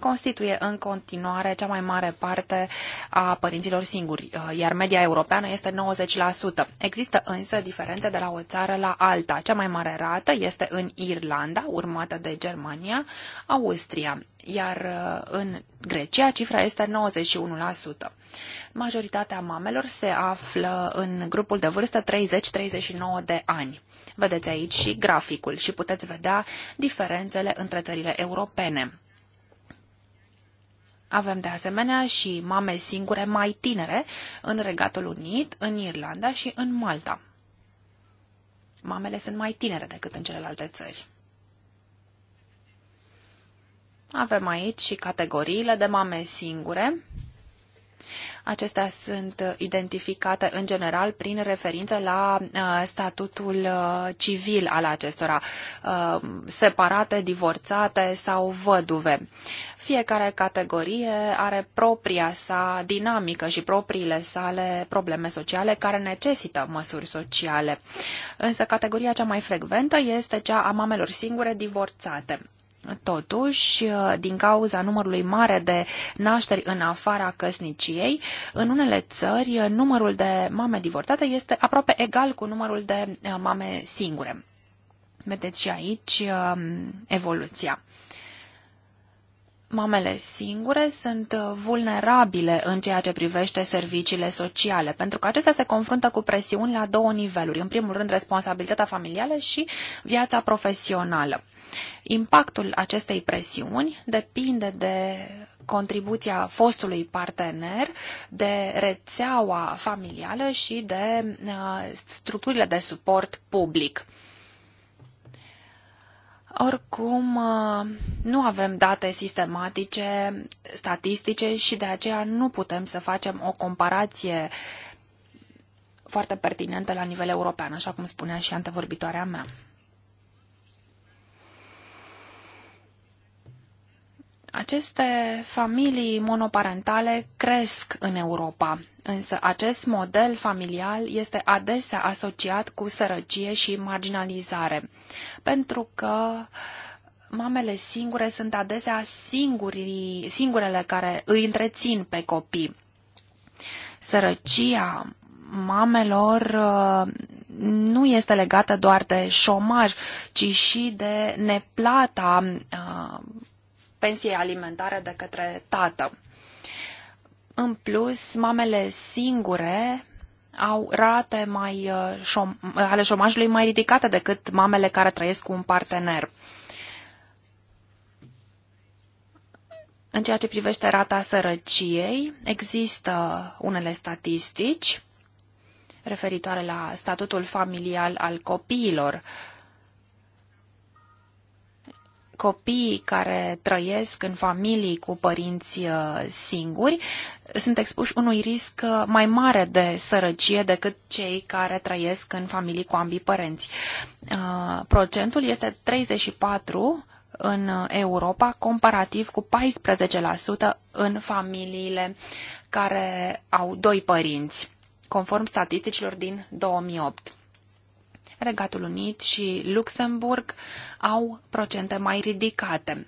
constituie în continuare cea mai mare parte a părinților singuri, uh, iar media europeană este 90%. Există însă diferențe de la o țară la alta. Cea mai mare rată este în Irlanda, urmată de Germania, Austria, iar uh, în Grecia cifra este 91%. Majoritatea mamelor se află în grupul de vârstă 30-39 de ani. Vedeți aici și graficul și puteți vedea diferențele între țările europene. Avem de asemenea și mame singure mai tinere în Regatul Unit, în Irlanda și în Malta. Mamele sunt mai tinere decât în celelalte țări. Avem aici și categoriile de mame singure, Acestea sunt identificate în general prin referință la uh, statutul uh, civil al acestora, uh, separate, divorțate sau văduve. Fiecare categorie are propria sa dinamică și propriile sale probleme sociale care necesită măsuri sociale. Însă categoria cea mai frecventă este cea a mamelor singure divorțate. Totuși, din cauza numărului mare de nașteri în afara căsniciei, în unele țări numărul de mame divorțate este aproape egal cu numărul de eh, mame singure. Vedeți și aici eh, evoluția mamele singure sunt uh, vulnerabile în ceea ce privește serviciile sociale, pentru că acestea se confruntă cu presiuni la două niveluri. În primul rând, responsabilitatea familială și viața profesională. Impactul acestei presiuni depinde de contribuția fostului partener, de rețeaua familială și de uh, structurile de suport public. Oricum, uh, nu avem date sistematice, statistice și de aceea nu putem să facem o comparație foarte pertinentă la nivel european, așa cum spunea și antevorbitoarea mea. Aceste familii monoparentale cresc în Europa, însă acest model familial este adesea asociat cu sărăcie și marginalizare, pentru că mamele singure sunt adesea singurii, singurele care îi întrețin pe copii. Sărăcia mamelor uh, nu este legată doar de șomaj, ci și de neplata uh, pensiei alimentare de către tată. În plus, mamele singure au rate mai, uh, șom, uh, ale șomajului mai ridicate decât mamele care trăiesc cu un partener. În ceea ce privește rata sărăciei, există unele statistici referitoare la statutul familial al copiilor. Uh, copiii care trăiesc în familii cu părinți uh, singuri sunt expuși unui risc uh, mai mare de sărăcie decât cei care trăiesc în familii cu ambii părinți. Uh, procentul este 34 în Europa, comparativ cu 14% în familiile care au doi părinți, conform statisticilor din 2008. Regatul Unit și Luxemburg au procente mai ridicate,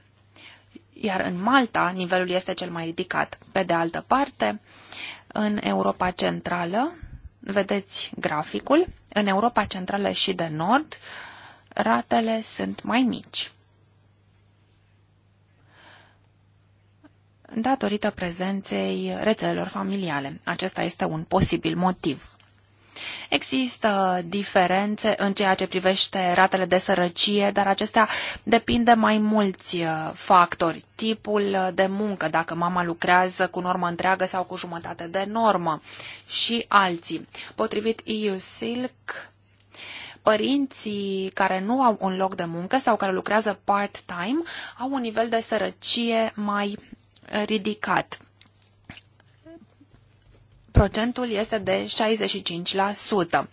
iar în Malta nivelul este cel mai ridicat. Pe de altă parte, în Europa Centrală, vedeți graficul, în Europa Centrală și de Nord, ratele sunt mai mici. datorită prezenței rețelelor familiale. Acesta este un posibil motiv. Există diferențe în ceea ce privește ratele de sărăcie, dar acestea depinde mai mulți uh, factori. Tipul de muncă, dacă mama lucrează cu normă întreagă sau cu jumătate de normă și alții. Potrivit EU Silk, părinții care nu au un loc de muncă sau care lucrează part-time au un nivel de sărăcie mai ridicat procentul este de 65%.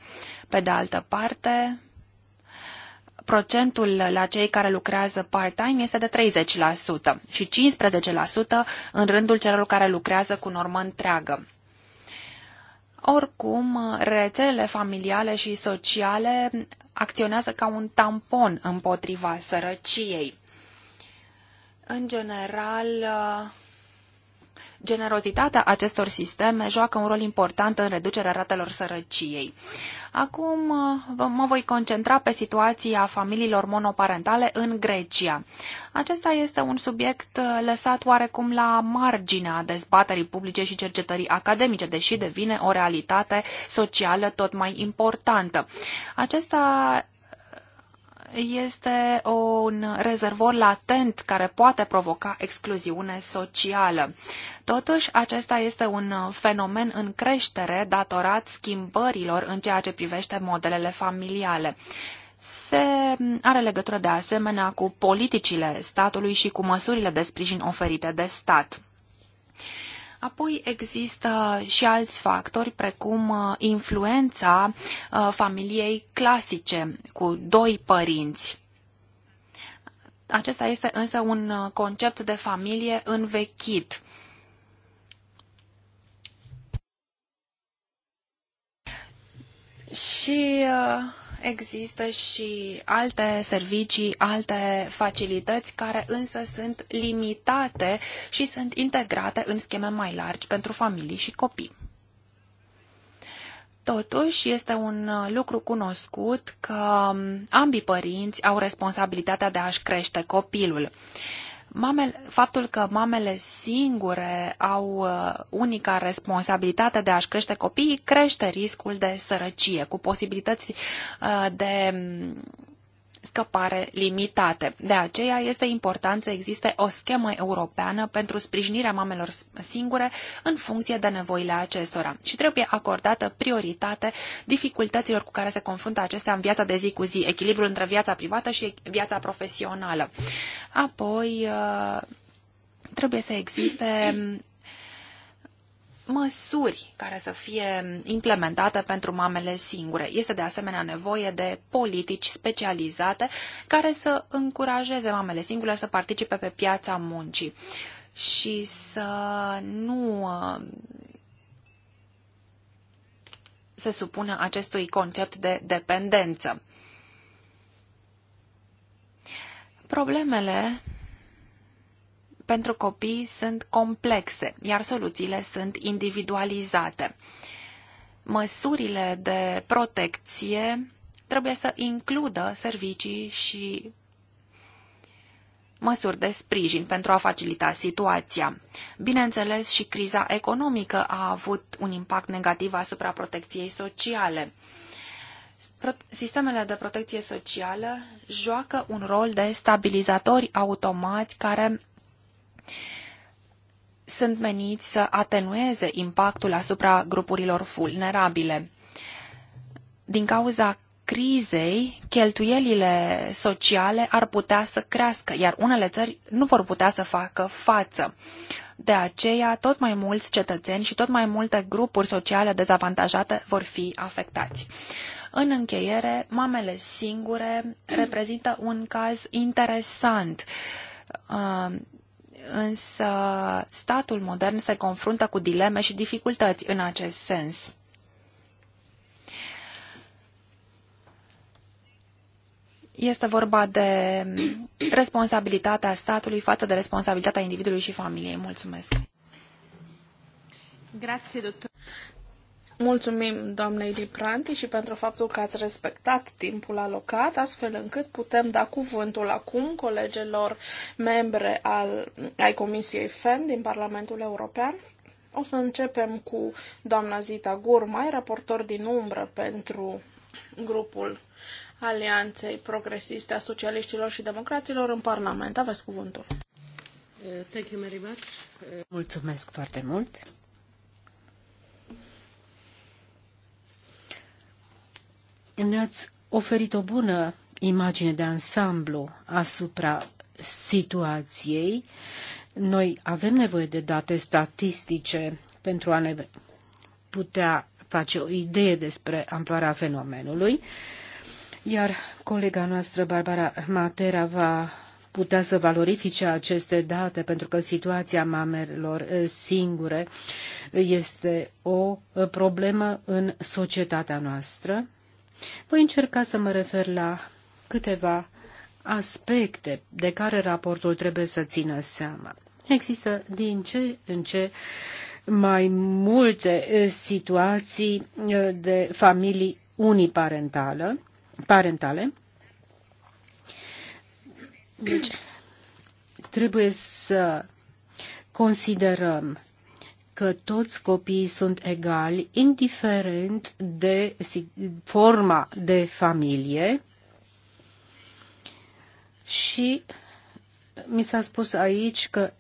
Pe de altă parte, procentul la cei care lucrează part-time este de 30% și 15% în rândul celor care lucrează cu normă întreagă. Oricum, rețelele familiale și sociale acționează ca un tampon împotriva sărăciei. În general, Generozitatea acestor sisteme joacă un rol important în reducerea ratelor sărăciei. Acum uh, mă voi concentra pe situația familiilor monoparentale în Grecia. Acesta este un subiect uh, lăsat oarecum la marginea dezbaterii publice și cercetării academice, deși devine o realitate socială tot mai importantă. Acesta este un rezervor latent care poate provoca excluziune socială. Totuși, acesta este un fenomen în creștere datorat schimbărilor în ceea ce privește modelele familiale se are legătură de asemenea cu politicile statului și cu măsurile de sprijin oferite de stat. Apoi există și alți factori, precum uh, influența uh, familiei clasice cu doi părinți. Acesta este însă un uh, concept de familie învechit. Și uh, Există și alte servicii, alte facilități care însă sunt limitate și sunt integrate în scheme mai largi pentru familii și copii. Totuși, este un uh, lucru cunoscut că um, ambii părinți au responsabilitatea de a-și crește copilul. Mamele, faptul că mamele singure au uh, unica responsabilitate de a-și crește copiii crește riscul de sărăcie, cu posibilități uh, de scăpare limitate. De aceea este important să existe o schemă europeană pentru sprijinirea mamelor singure în funcție de nevoile acestora și trebuie acordată prioritate dificultăților cu care se confruntă acestea în viața de zi cu zi, echilibrul între viața privată și viața profesională. Apoi, uh, trebuie să existe măsuri care să fie implementate pentru mamele singure. Este de asemenea nevoie de politici specializate care să încurajeze mamele singure să participe pe piața muncii și să nu uh, se supună acestui concept de dependență. Problemele pentru copii sunt complexe, iar soluțiile sunt individualizate. Măsurile de protecție trebuie să includă servicii și măsuri de sprijin pentru a facilita situația. Bineînțeles, și criza economică a avut un impact negativ asupra protecției sociale. Sistemele de protecție socială joacă un rol de stabilizatori automați care sunt meniți să atenueze impactul asupra grupurilor vulnerabile. Din cauza crizei, cheltuielile sociale ar putea să crească, iar unele țări nu vor putea să facă față. De aceea, tot mai mulți cetățeni și tot mai multe grupuri sociale dezavantajate vor fi afectați. În încheiere, mamele singure reprezintă un caz interesant uh, însă statul modern se confruntă cu dileme și dificultăți în acest sens. Este vorba de responsabilitatea statului față de responsabilitatea individului și familiei. Mulțumesc! Grazie, Mulțumim doamnei Lipranti și pentru faptul că ați respectat timpul alocat, astfel încât putem da cuvântul acum colegelor membre al, ai Comisiei FEM din Parlamentul European. O să începem cu doamna Zita Gurmai, raportor din umbră pentru grupul Alianței Progresiste a Socialiștilor și Democraților în Parlament. Aveți cuvântul. Uh, thank you very much. Uh, Mulțumesc foarte mult. ne-ați oferit o bună imagine de ansamblu asupra situației. Noi avem nevoie de date statistice pentru a ne putea face o idee despre amploarea fenomenului, iar colega noastră, Barbara Matera, va putea să valorifice aceste date, pentru că situația mamelor eh, singure este o eh, problemă în societatea noastră voi încerca să mă refer la câteva aspecte de care raportul trebuie să țină seama. Există din ce în ce mai multe situații de familii uniparentale. parentale. Deci, trebuie să considerăm că toți copiii sunt egali, indiferent de forma de familie. Și mi s-a spus aici că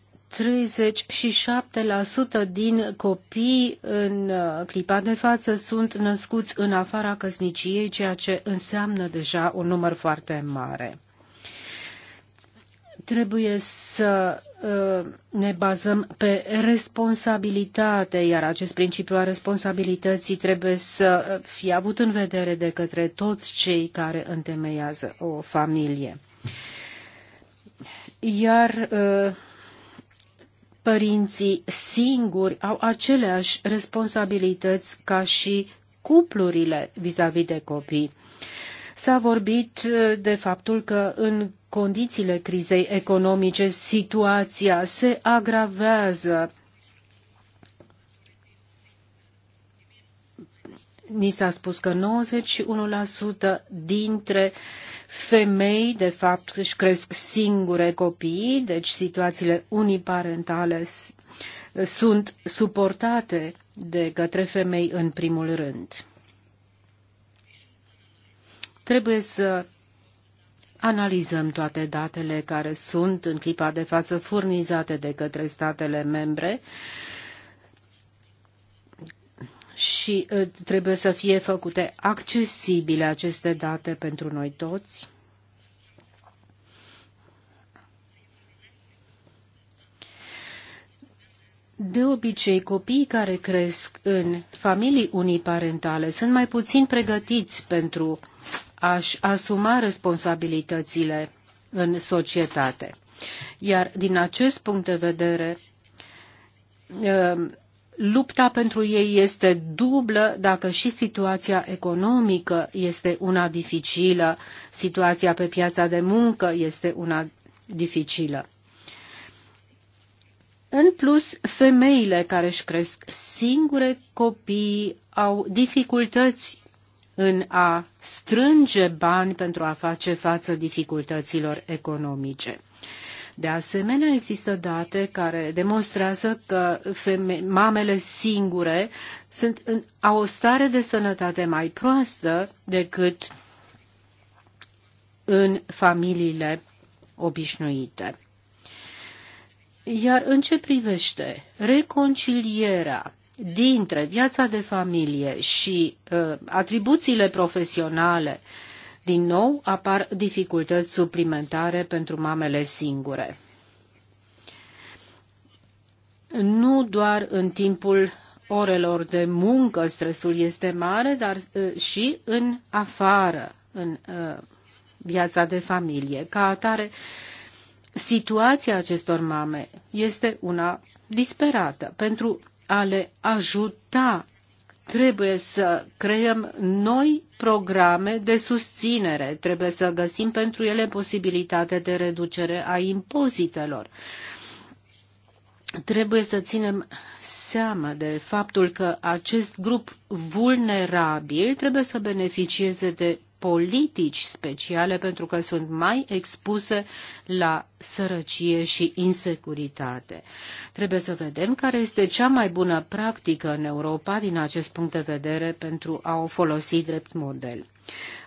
37% din copii în uh, clipa de față sunt născuți în afara căsniciei, ceea ce înseamnă deja un număr foarte mare. Trebuie să Uh, ne bazăm pe responsabilitate, iar acest principiu al responsabilității trebuie să fie avut în vedere de către toți cei care întemeiază o familie. Iar uh, părinții singuri au aceleași responsabilități ca și cuplurile vis-a-vis de copii. S-a vorbit uh, de faptul că în condițiile crizei economice situația se agravează. Ni s-a spus că 91% dintre femei, de fapt, își cresc singure copii, deci situațiile uniparentale sunt suportate de către femei în primul rând. Trebuie să analizăm toate datele care sunt în clipa de față furnizate de către statele membre și uh, trebuie să fie făcute accesibile aceste date pentru noi toți. De obicei, copiii care cresc în familii uniparentale sunt mai puțin pregătiți pentru uh, a-și asuma responsabilitățile în societate. Iar din acest punct de vedere, um, lupta pentru ei este dublă dacă și situația economică este una dificilă, situația pe piața de muncă este una dificilă. În plus, femeile care își cresc singure copii au dificultăți în a strânge bani pentru a face față dificultăților economice. De asemenea, există date care demonstrează că feme- mamele singure sunt în, au o stare de sănătate mai proastă decât în familiile obișnuite. Iar în ce privește reconcilierea dintre viața de familie și uh, atribuțiile profesionale, din nou apar dificultăți suplimentare pentru mamele singure. Nu doar în timpul orelor de muncă stresul este mare, dar uh, și în afară, în uh, viața de familie. Ca atare, situația acestor mame este una disperată. Pentru a le ajuta trebuie să creăm noi programe de susținere, trebuie să găsim pentru ele posibilitate de reducere a impozitelor. Trebuie să ținem seama de faptul că acest grup vulnerabil trebuie să beneficieze de politici speciale pentru că sunt mai expuse la sărăcie și insecuritate. Trebuie să vedem care este cea mai bună practică în Europa din acest punct de vedere pentru a o folosi drept model.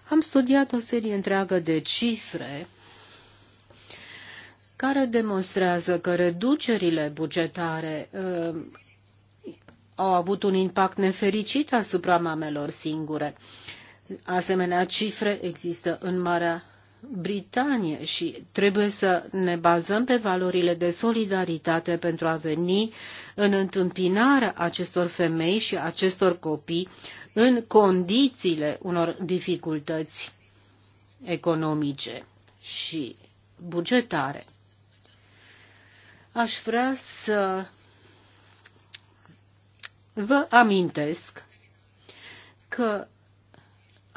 Am studiat o serie întreagă de cifre care demonstrează că reducerile bugetare uh, au avut un impact nefericit asupra mamelor singure. Uh, Asemenea cifre există în Marea Britanie și trebuie să ne bazăm pe valorile de solidaritate pentru a veni în întâmpinarea acestor femei și acestor copii în condițiile unor dificultăți economice și bugetare. Aș vrea să vă amintesc că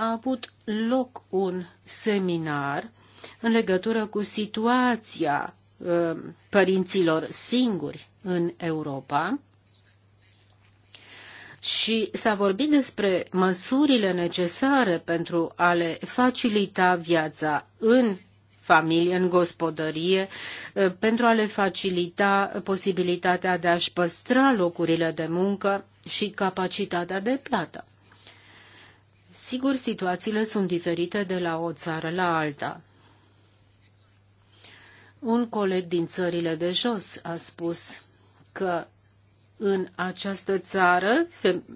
a avut loc un seminar în legătură cu situația ă, părinților singuri în Europa și s-a vorbit despre măsurile necesare pentru a le facilita viața în familie, în gospodărie, ă, pentru a le facilita posibilitatea de a-și păstra locurile de muncă și capacitatea de plată. Sigur, situațiile sunt diferite de la o țară la alta. Un coleg din țările de jos a spus că în această țară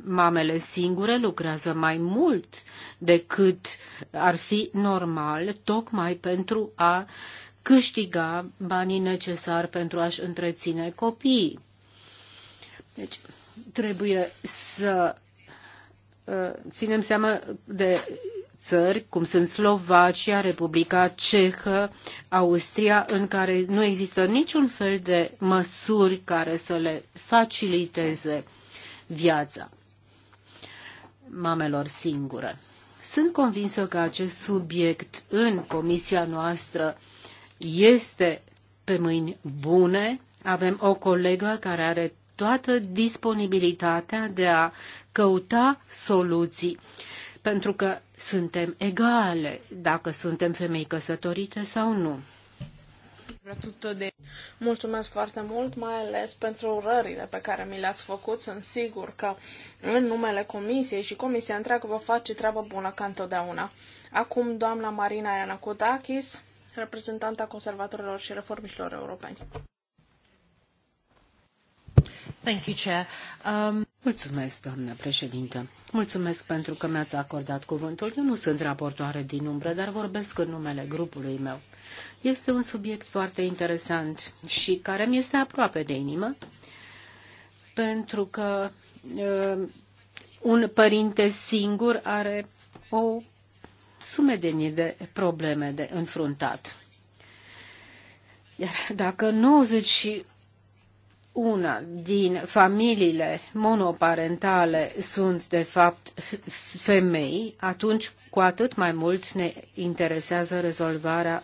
mamele singure lucrează mai mult decât ar fi normal, tocmai pentru a câștiga banii necesari pentru a-și întreține copiii. Deci, trebuie să ținem seama de țări, cum sunt Slovacia, Republica Cehă, Austria, în care nu există niciun fel de măsuri care să le faciliteze viața mamelor singure. Sunt convinsă că acest subiect în comisia noastră este pe mâini bune. Avem o colegă care are toată disponibilitatea de a căuta soluții, pentru că suntem egale dacă suntem femei căsătorite sau nu. Mulțumesc foarte mult, mai ales pentru urările pe care mi le-ați făcut. Sunt sigur că în numele comisiei și comisia întreagă vă face treabă bună ca întotdeauna. Acum, doamna Marina Kudakis, reprezentanta conservatorilor și reformișilor europeni. Um, Mulțumesc, doamnă președintă. Mulțumesc pentru că mi-ați acordat cuvântul. Eu nu sunt raportoare din umbră, dar vorbesc în numele grupului meu. Este un subiect foarte interesant și care mi este aproape de inimă, pentru că uh, un părinte singur are o sumedenie de probleme de înfruntat. Iar dacă una din familiile monoparentale sunt, de fapt, femei, atunci cu atât mai mult ne interesează rezolvarea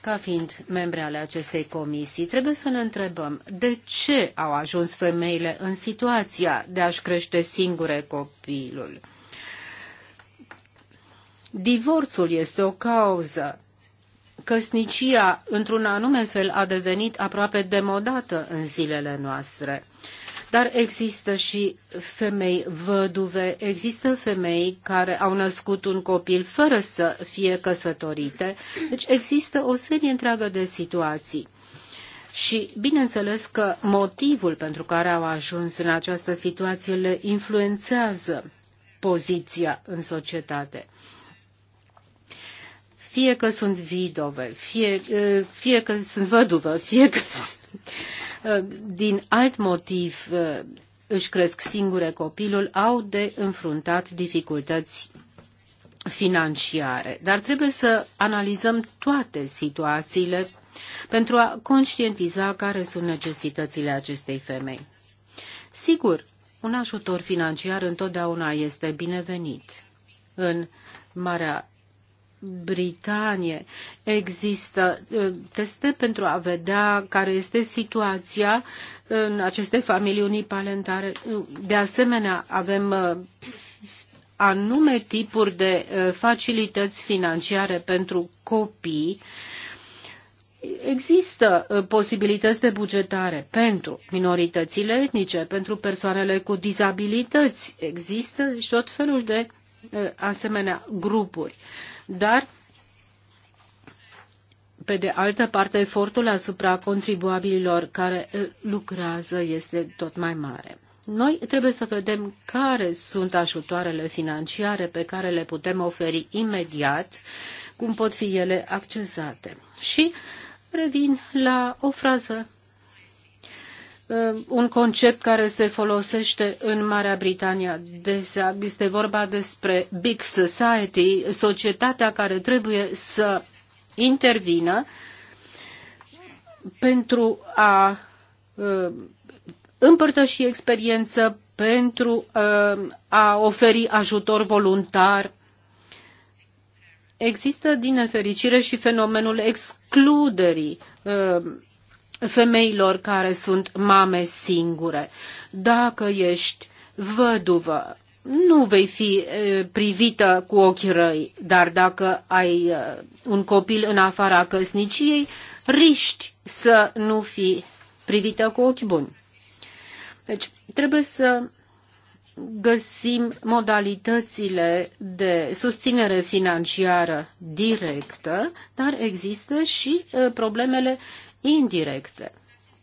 ca fiind membre ale acestei comisii. Trebuie să ne întrebăm de ce au ajuns femeile în situația de a-și crește singure copilul. Divorțul este o cauză căsnicia, într-un anume fel, a devenit aproape demodată în zilele noastre. Dar există și femei văduve, există femei care au născut un copil fără să fie căsătorite, deci există o serie întreagă de situații. Și bineînțeles că motivul pentru care au ajuns în această situație le influențează poziția în societate fie că sunt vidove, fie, fie că sunt văduvă, fie că din alt motiv își cresc singure copilul, au de înfruntat dificultăți financiare. Dar trebuie să analizăm toate situațiile pentru a conștientiza care sunt necesitățile acestei femei. Sigur, un ajutor financiar întotdeauna este binevenit. În Marea Britanie. Există uh, teste pentru a vedea care este situația în aceste familii unipalentare. De asemenea, avem uh, anume tipuri de uh, facilități financiare pentru copii. Există posibilități de bugetare pentru minoritățile etnice, pentru persoanele cu dizabilități. Există și tot felul de asemenea grupuri dar pe de altă parte, efortul asupra contribuabililor care eh, lucrează este tot mai mare. Noi trebuie să vedem care sunt ajutoarele financiare pe care le putem oferi imediat, cum pot fi ele accesate. Și revin la o frază Uh, un concept care se folosește în Marea Britanie. desea. Este vorba despre Big Society, societatea care trebuie să intervină pentru a uh, împărtăși experiență, pentru uh, a oferi ajutor voluntar. Există, din nefericire, și fenomenul excluderii femeilor care sunt mame singure. Dacă ești văduvă, nu vei fi privită cu ochi răi, dar dacă ai un copil în afara căsniciei, riști să nu fii privită cu ochi buni. Deci trebuie să găsim modalitățile de susținere financiară directă, dar există și problemele indirecte,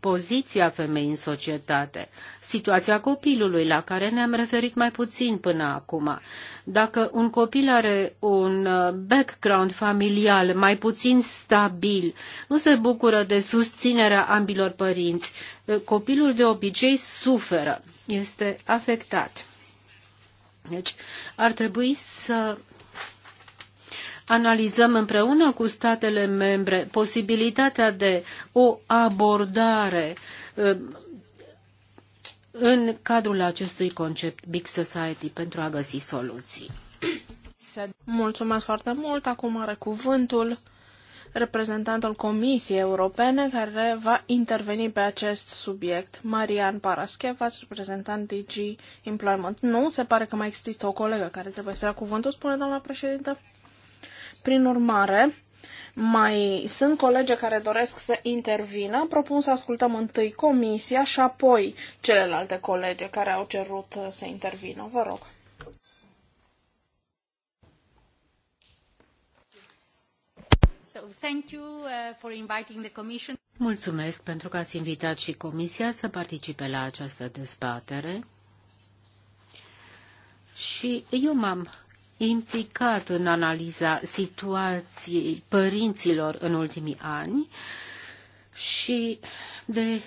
poziția femeii în societate, situația copilului la care ne-am referit mai puțin până acum. Dacă un copil are un uh, background familial mai puțin stabil, nu se bucură de susținerea ambilor părinți, uh, copilul de obicei suferă, este afectat. Deci ar trebui să analizăm împreună cu statele membre posibilitatea de o abordare uh, în cadrul acestui concept Big Society pentru a găsi soluții. Mulțumesc foarte mult. Acum are cuvântul reprezentantul Comisiei Europene care va interveni pe acest subiect. Marian Parascheva, reprezentant DG Employment. Nu, se pare că mai există o colegă care trebuie să ia cuvântul, spune doamna președintă. Prin urmare, mai sunt colege care doresc să intervină. Propun să ascultăm întâi comisia și apoi celelalte colege care au cerut uh, să intervină. Vă rog. Uh, Mulțumesc pentru că ați invitat și Comisia să participe la această dezbatere. Și eu m-am implicat în analiza situației părinților în ultimii ani și de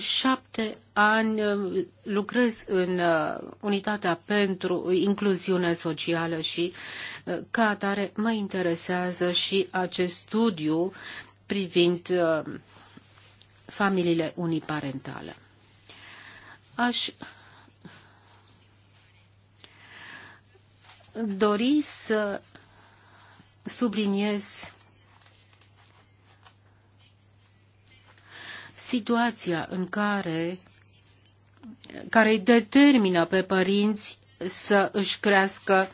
șapte ani uh, lucrez în uh, unitatea pentru incluziune socială și uh, ca atare mă interesează și acest studiu privind familiile uniparentale. Aș dori să subliniez situația în care care îi determină pe părinți să își crească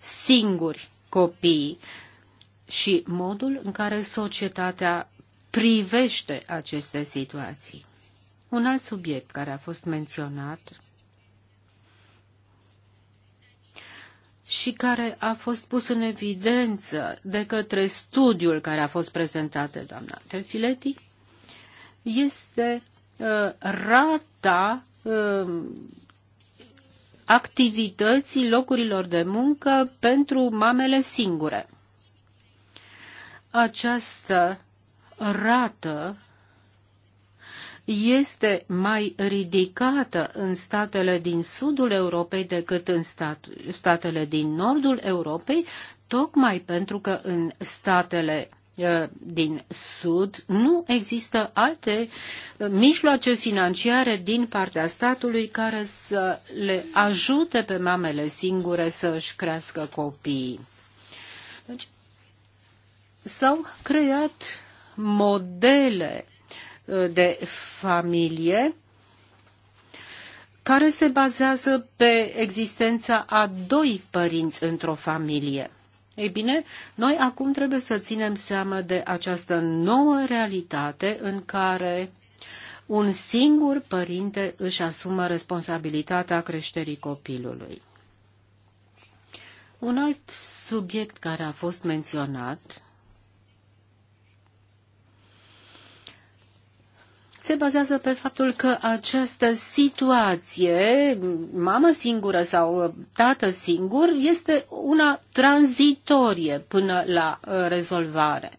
singuri copiii și modul în care societatea privește aceste situații. Un alt subiect care a fost menționat și care a fost pus în evidență de către studiul care a fost prezentat de doamna Telfileti este uh, rata uh, activității locurilor de muncă pentru mamele singure. Această rată este mai ridicată în statele din sudul Europei decât în stat, statele din nordul Europei, tocmai pentru că în statele eh, din Sud, nu există alte eh, mijloace financiare din partea statului care să le ajute pe mamele singure să își crească copiii. Deci, s-au creat modele de familie care se bazează pe existența a doi părinți într-o familie. Ei bine, noi acum trebuie să ținem seama de această nouă realitate în care un singur părinte își asumă responsabilitatea creșterii copilului. Un alt subiect care a fost menționat se bazează pe faptul că această situație, mamă singură sau uh, tată singur, este una tranzitorie până la uh, rezolvare.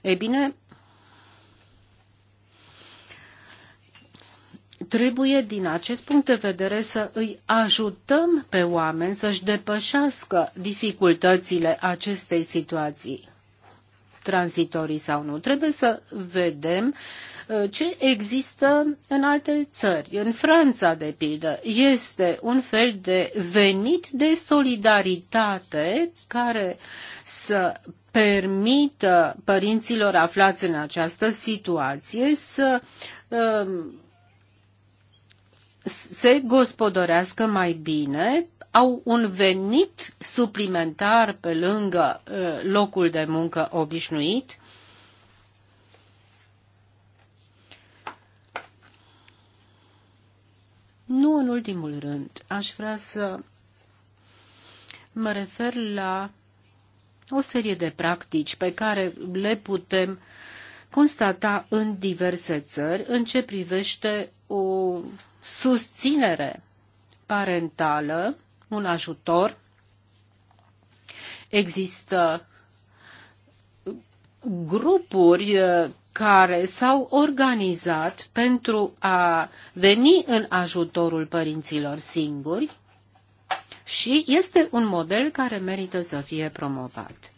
Ei bine, trebuie din acest punct de vedere să îi ajutăm pe oameni să-și depășească dificultățile acestei situații tranzitorii sau nu. Trebuie să vedem uh, Uh, ce există în alte țări. În Franța, de pildă, este un fel de venit de solidaritate care să permită părinților aflați în această situație să um, se gospodorească mai bine, au un venit suplimentar pe lângă uh, locul de muncă obișnuit Nu în ultimul rând, aș vrea să mă refer la o serie de practici pe care le putem constata în diverse țări în ce privește o susținere parentală, un ajutor. Există grupuri care s-au organizat pentru a veni în ajutorul părinților singuri și este un model care merită să fie promovat.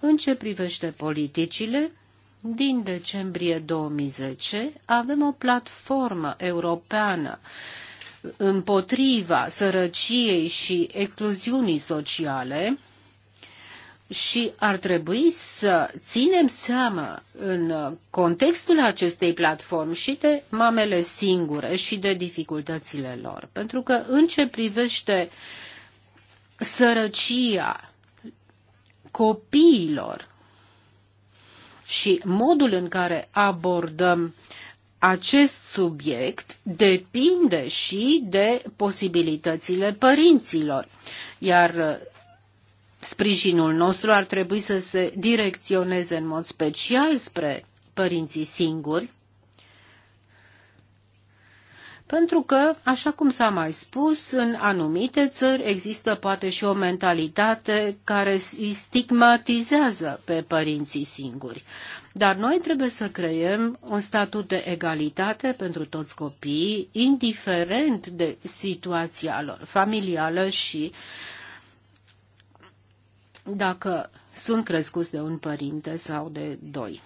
În ce privește politicile, din decembrie 2010 avem o platformă europeană împotriva sărăciei și excluziunii sociale, și ar trebui să ținem seama în contextul acestei platforme și de mamele singure și de dificultățile lor. Pentru că în ce privește sărăcia copiilor și modul în care abordăm acest subiect depinde și de posibilitățile părinților. Iar sprijinul nostru ar trebui să se direcționeze în mod special spre părinții singuri, pentru că, așa cum s-a mai spus, în anumite țări există poate și o mentalitate care îi stigmatizează pe părinții singuri. Dar noi trebuie să creăm un statut de egalitate pentru toți copiii, indiferent de situația lor familială și uh, dacă sunt crescuți de un părinte sau de doi.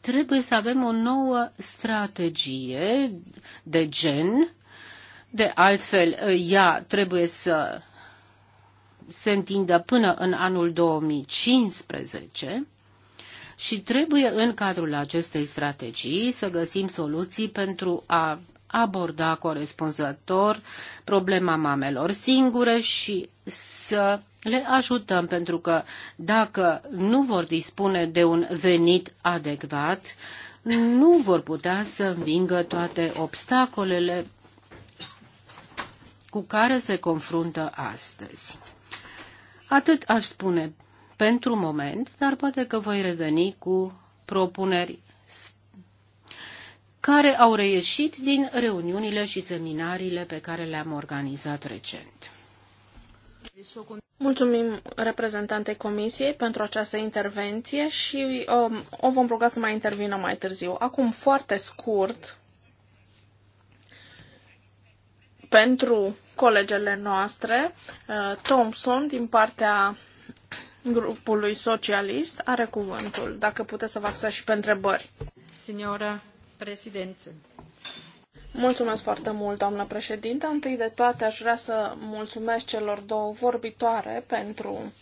Trebuie să avem o nouă strategie de gen, de altfel ea trebuie să se întindă până în anul 2015 și trebuie în cadrul acestei strategii să găsim soluții pentru a aborda corespunzător problema mamelor singure și să le ajutăm pentru că dacă nu vor dispune de un venit adecvat, nu vor putea să învingă toate obstacolele cu care se confruntă astăzi. Atât aș spune pentru moment, dar poate că voi reveni cu propuneri care au reieșit din reuniunile și seminariile pe care le-am organizat recent. Mulțumim reprezentantei Comisiei pentru această intervenție și um, o vom ruga să mai intervină mai târziu. Acum, foarte scurt, pentru colegele noastre, uh, Thompson, din partea grupului socialist, are cuvântul, dacă puteți să vă și pe întrebări. Signora președinte. Mulțumesc foarte mult, doamnă președintă. Întâi de toate aș vrea să mulțumesc celor două vorbitoare pentru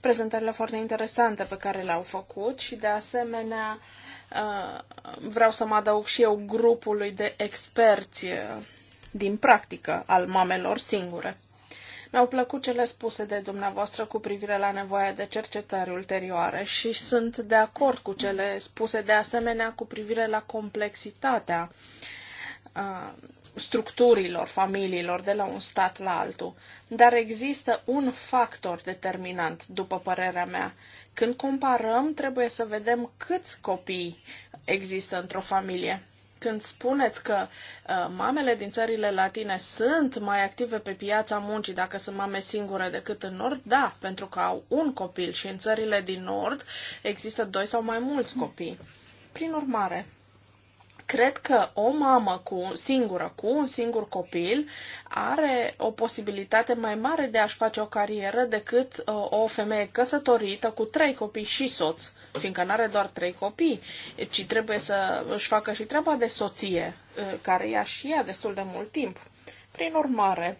prezentările foarte interesante pe care le-au făcut și de asemenea uh, vreau să mă adaug și eu grupului de experți uh, din practică al mamelor singure. Mi-au plăcut cele spuse de dumneavoastră cu privire la nevoia de cercetări ulterioare și sunt de acord cu cele spuse de asemenea cu privire la complexitatea uh, structurilor familiilor de la un stat la altul. Dar există un factor determinant, după părerea mea. Când comparăm, trebuie să vedem câți copii există într-o familie când spuneți că uh, mamele din țările latine sunt mai active pe piața muncii dacă sunt mame singure decât în nord, da, pentru că au un copil și în țările din nord există doi sau mai mulți copii. Prin urmare, Cred că o mamă cu, singură cu un singur copil are o posibilitate mai mare de a-și face o carieră decât uh, o femeie căsătorită cu trei copii și soț, fiindcă nu are doar trei copii, ci trebuie să își facă și treaba de soție, uh, care ia și ea destul de mult timp. Prin urmare,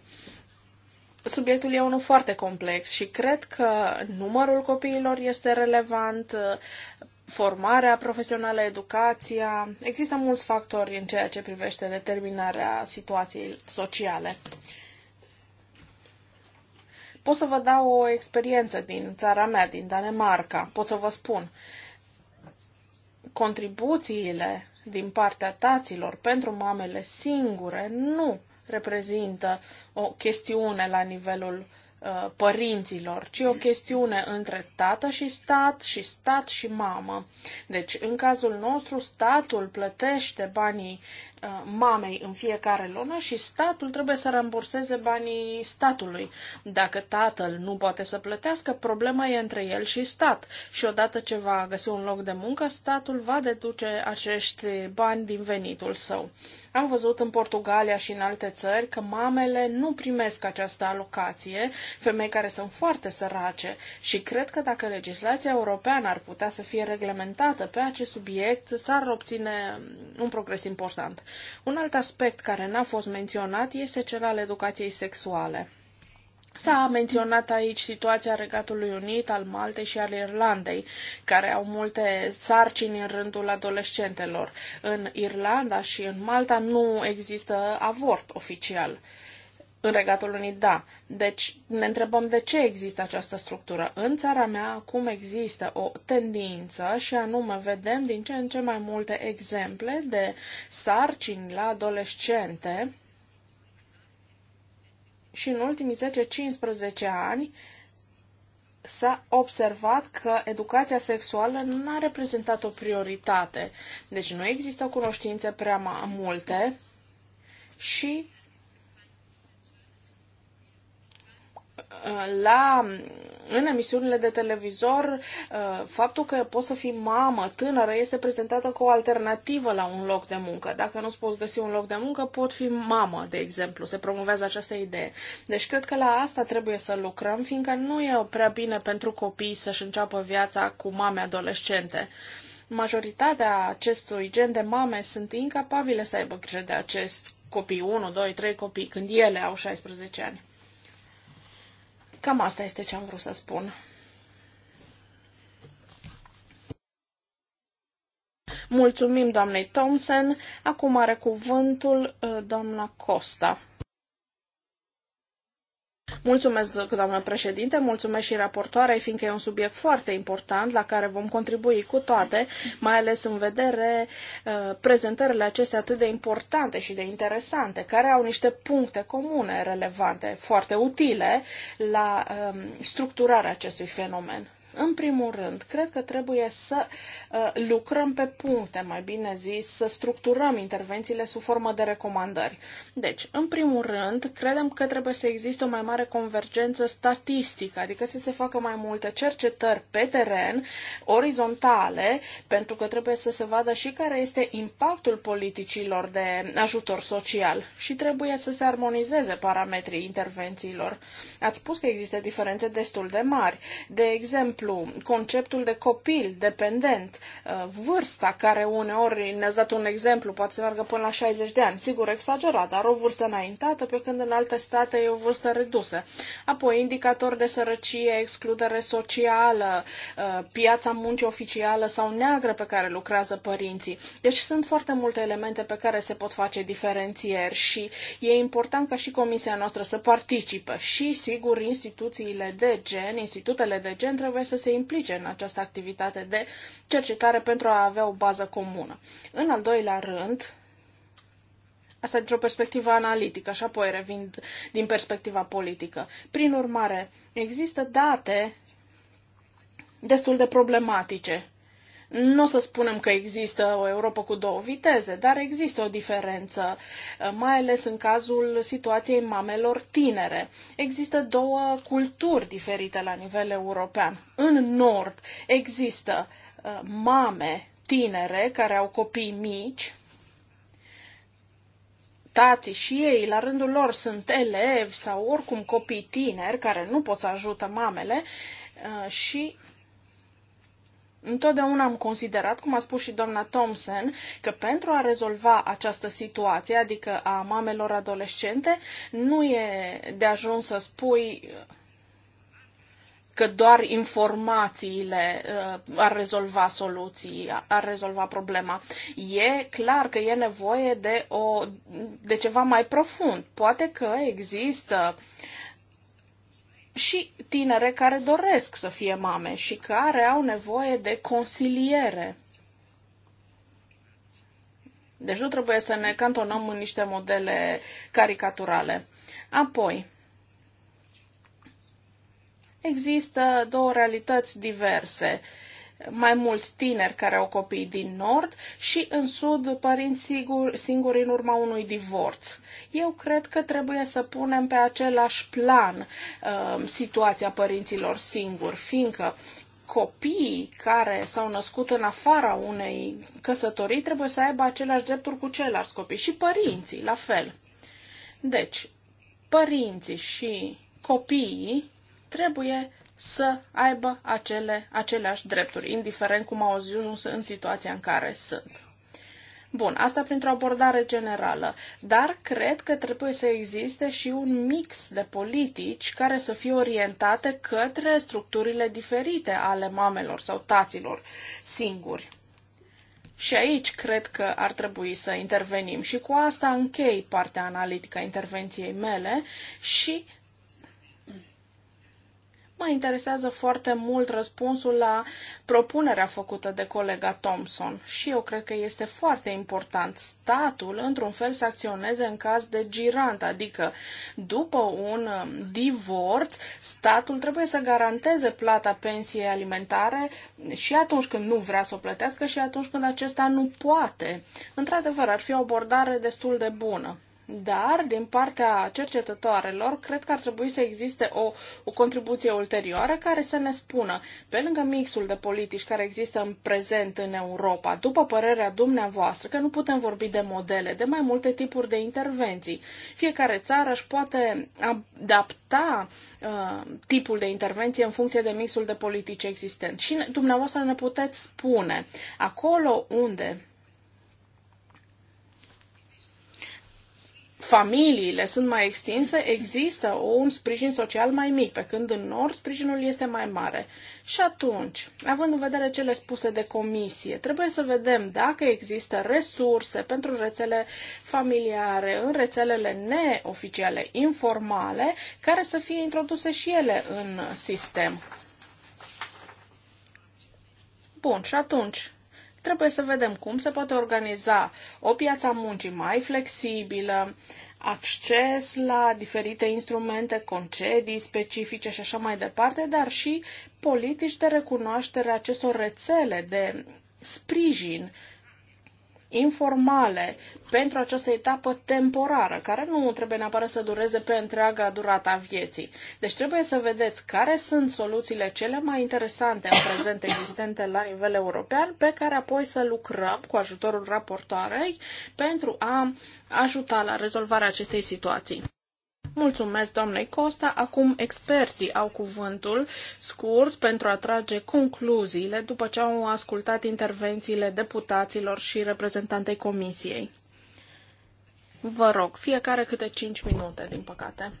subiectul e unul foarte complex și cred că numărul copiilor este relevant, uh, formarea profesională, educația. Există mulți factori în ceea ce privește determinarea situației sociale. Pot să vă dau o experiență din țara mea, din Danemarca. Pot să vă spun. Contribuțiile din partea taților pentru mamele singure nu reprezintă o chestiune la nivelul Uh, părinților, ci o chestiune între tată și stat și stat și mamă. Deci, în cazul nostru, statul plătește banii Uh, mamei în fiecare lună și statul trebuie să ramburseze banii statului. Dacă tatăl nu poate să plătească, problema e între el și stat. Și odată ce va găsi un loc de muncă, statul va deduce acești bani din venitul său. Am văzut în Portugalia și în alte țări că mamele nu primesc această alocație, femei care sunt foarte sărace și cred că dacă legislația europeană ar putea să fie reglementată pe acest subiect, s-ar obține un progres important. Un alt aspect care n-a fost menționat este cel al educației sexuale. S-a menționat aici situația Regatului Unit, al Maltei și al Irlandei, care au multe sarcini în rândul adolescentelor. În Irlanda și în Malta nu există avort oficial. Uh, în Regatul Unit, da. Deci ne întrebăm de ce există această structură. În țara mea acum există o tendință și anume vedem din ce în ce mai multe exemple de sarcini la adolescente și în ultimii 10-15 ani s-a observat că educația sexuală nu a reprezentat o prioritate. Deci nu există cunoștințe prea multe și la în emisiunile de televizor, uh, faptul că poți să fii mamă tânără este prezentată ca o alternativă la un loc de muncă. Dacă nu-ți poți găsi un loc de muncă, pot fi mamă, de exemplu. Se promovează această idee. Deci cred că la asta trebuie să lucrăm, fiindcă nu e prea bine pentru copii să-și înceapă viața cu mame adolescente. Majoritatea acestui gen de mame sunt incapabile să aibă grijă de acest copii, 1, 2, 3 copii, când ele au 16 ani. Cam asta este ce am vrut să spun. Mulțumim doamnei Thompson. Acum are cuvântul uh, doamna Costa. Mulțumesc, doamnă președinte, mulțumesc și raportoarei, fiindcă e un subiect foarte important la care vom contribui cu toate, mai ales în vedere uh, prezentările acestea atât de importante și de interesante, care au niște puncte comune relevante, foarte utile la uh, structurarea acestui fenomen. În primul rând, cred că trebuie să uh, lucrăm pe puncte, mai bine zis, să structurăm intervențiile sub formă de recomandări. Deci, în primul rând, credem că trebuie să existe o mai mare convergență statistică, adică să se facă mai multe cercetări pe teren, orizontale, pentru că trebuie să se vadă și care este impactul politicilor de ajutor social și trebuie să se armonizeze parametrii intervențiilor. Ați spus că există diferențe destul de mari. De exemplu, exemplu, conceptul de copil dependent, uh, vârsta care uneori, ne-ați dat un exemplu, poate să meargă până la 60 de ani, sigur exagerat, dar o vârstă înaintată, pe când în alte state e o vârstă redusă. Apoi, indicator de sărăcie, excludere socială, uh, piața muncii oficială sau neagră pe care lucrează părinții. Deci sunt foarte multe elemente pe care se pot face diferențieri și e important ca și comisia noastră să participe și, sigur, instituțiile de gen, institutele de gen trebuie să se implice în această activitate de cercetare pentru a avea o bază comună. În al doilea rând, asta dintr-o perspectivă analitică și apoi revin din perspectiva politică. Prin urmare, există date destul de problematice nu o să spunem că există o Europa cu două viteze, dar există o diferență, uh, mai ales în cazul situației mamelor tinere. Există două culturi diferite la nivel european. În nord există uh, mame tinere care au copii mici, tații și ei, la rândul lor, sunt elevi sau oricum copii tineri care nu pot să ajută mamele uh, și Întotdeauna am considerat, cum a spus și doamna Thompson, că pentru a rezolva această situație, adică a mamelor adolescente, nu e de ajuns să spui că doar informațiile uh, ar rezolva soluții, ar rezolva problema. E clar că e nevoie de, o, de ceva mai profund. Poate că există uh, și tinere care doresc să fie mame și care au nevoie de consiliere. Deci nu trebuie să ne cantonăm în niște modele caricaturale. Apoi, există două realități diverse. Uh, mai mulți tineri care au copii din nord și în sud părinți singuri singuri în urma unui divorț. Eu cred că trebuie să punem pe același plan uh, situația părinților singuri, fiindcă copiii care s-au născut în afara unei căsătorii trebuie să aibă același drepturi cu ceilalți copii și părinții, la fel. Deci, părinții și copiii trebuie să aibă acele, aceleași drepturi, indiferent cum au ajuns în situația în care sunt. Bun, asta printr-o abordare generală, dar cred că trebuie să existe și un mix de politici care să fie orientate către structurile diferite ale mamelor sau taților singuri. Și aici cred că ar trebui să intervenim și cu asta închei partea analitică a intervenției mele și Mă interesează foarte mult răspunsul la propunerea făcută de colega Thompson și eu cred că este foarte important statul, într-un fel, să acționeze în caz de girant, adică după un um, divorț, statul trebuie să garanteze plata pensiei alimentare și atunci când nu vrea să o plătească și atunci când acesta nu poate. Într-adevăr, ar fi o abordare destul de bună dar din partea cercetătoarelor cred că ar trebui să existe o, o contribuție ulterioară care să ne spună, pe lângă mixul de politici care există în prezent în Europa, după părerea dumneavoastră, că nu putem vorbi de modele, de mai multe tipuri de intervenții. Fiecare țară își poate adapta uh, tipul de intervenție în funcție de mixul de politici existent. Și dumneavoastră ne puteți spune, acolo unde familiile sunt mai extinse, există un sprijin social mai mic, pe când în nord sprijinul este mai mare. Și atunci, având în vedere cele spuse de comisie, trebuie să vedem dacă există resurse pentru rețele familiare, în rețelele neoficiale, informale, care să fie introduse și ele în sistem. Bun, și atunci, Trebuie să vedem cum se poate organiza o piață a muncii mai flexibilă, acces la diferite instrumente, concedii specifice și așa mai departe, dar și politici de recunoaștere acestor rețele de sprijin informale pentru această etapă temporară, care nu trebuie neapărat să dureze pe întreaga durata vieții. Deci trebuie să vedeți care sunt soluțiile cele mai interesante în prezent existente la nivel european, pe care apoi să lucrăm cu ajutorul raportoarei pentru a ajuta la rezolvarea acestei situații. Mulțumesc, doamnei Costa. Acum experții au cuvântul scurt pentru a trage concluziile după ce au ascultat intervențiile deputaților și reprezentantei comisiei. Vă rog, fiecare câte 5 minute, din păcate.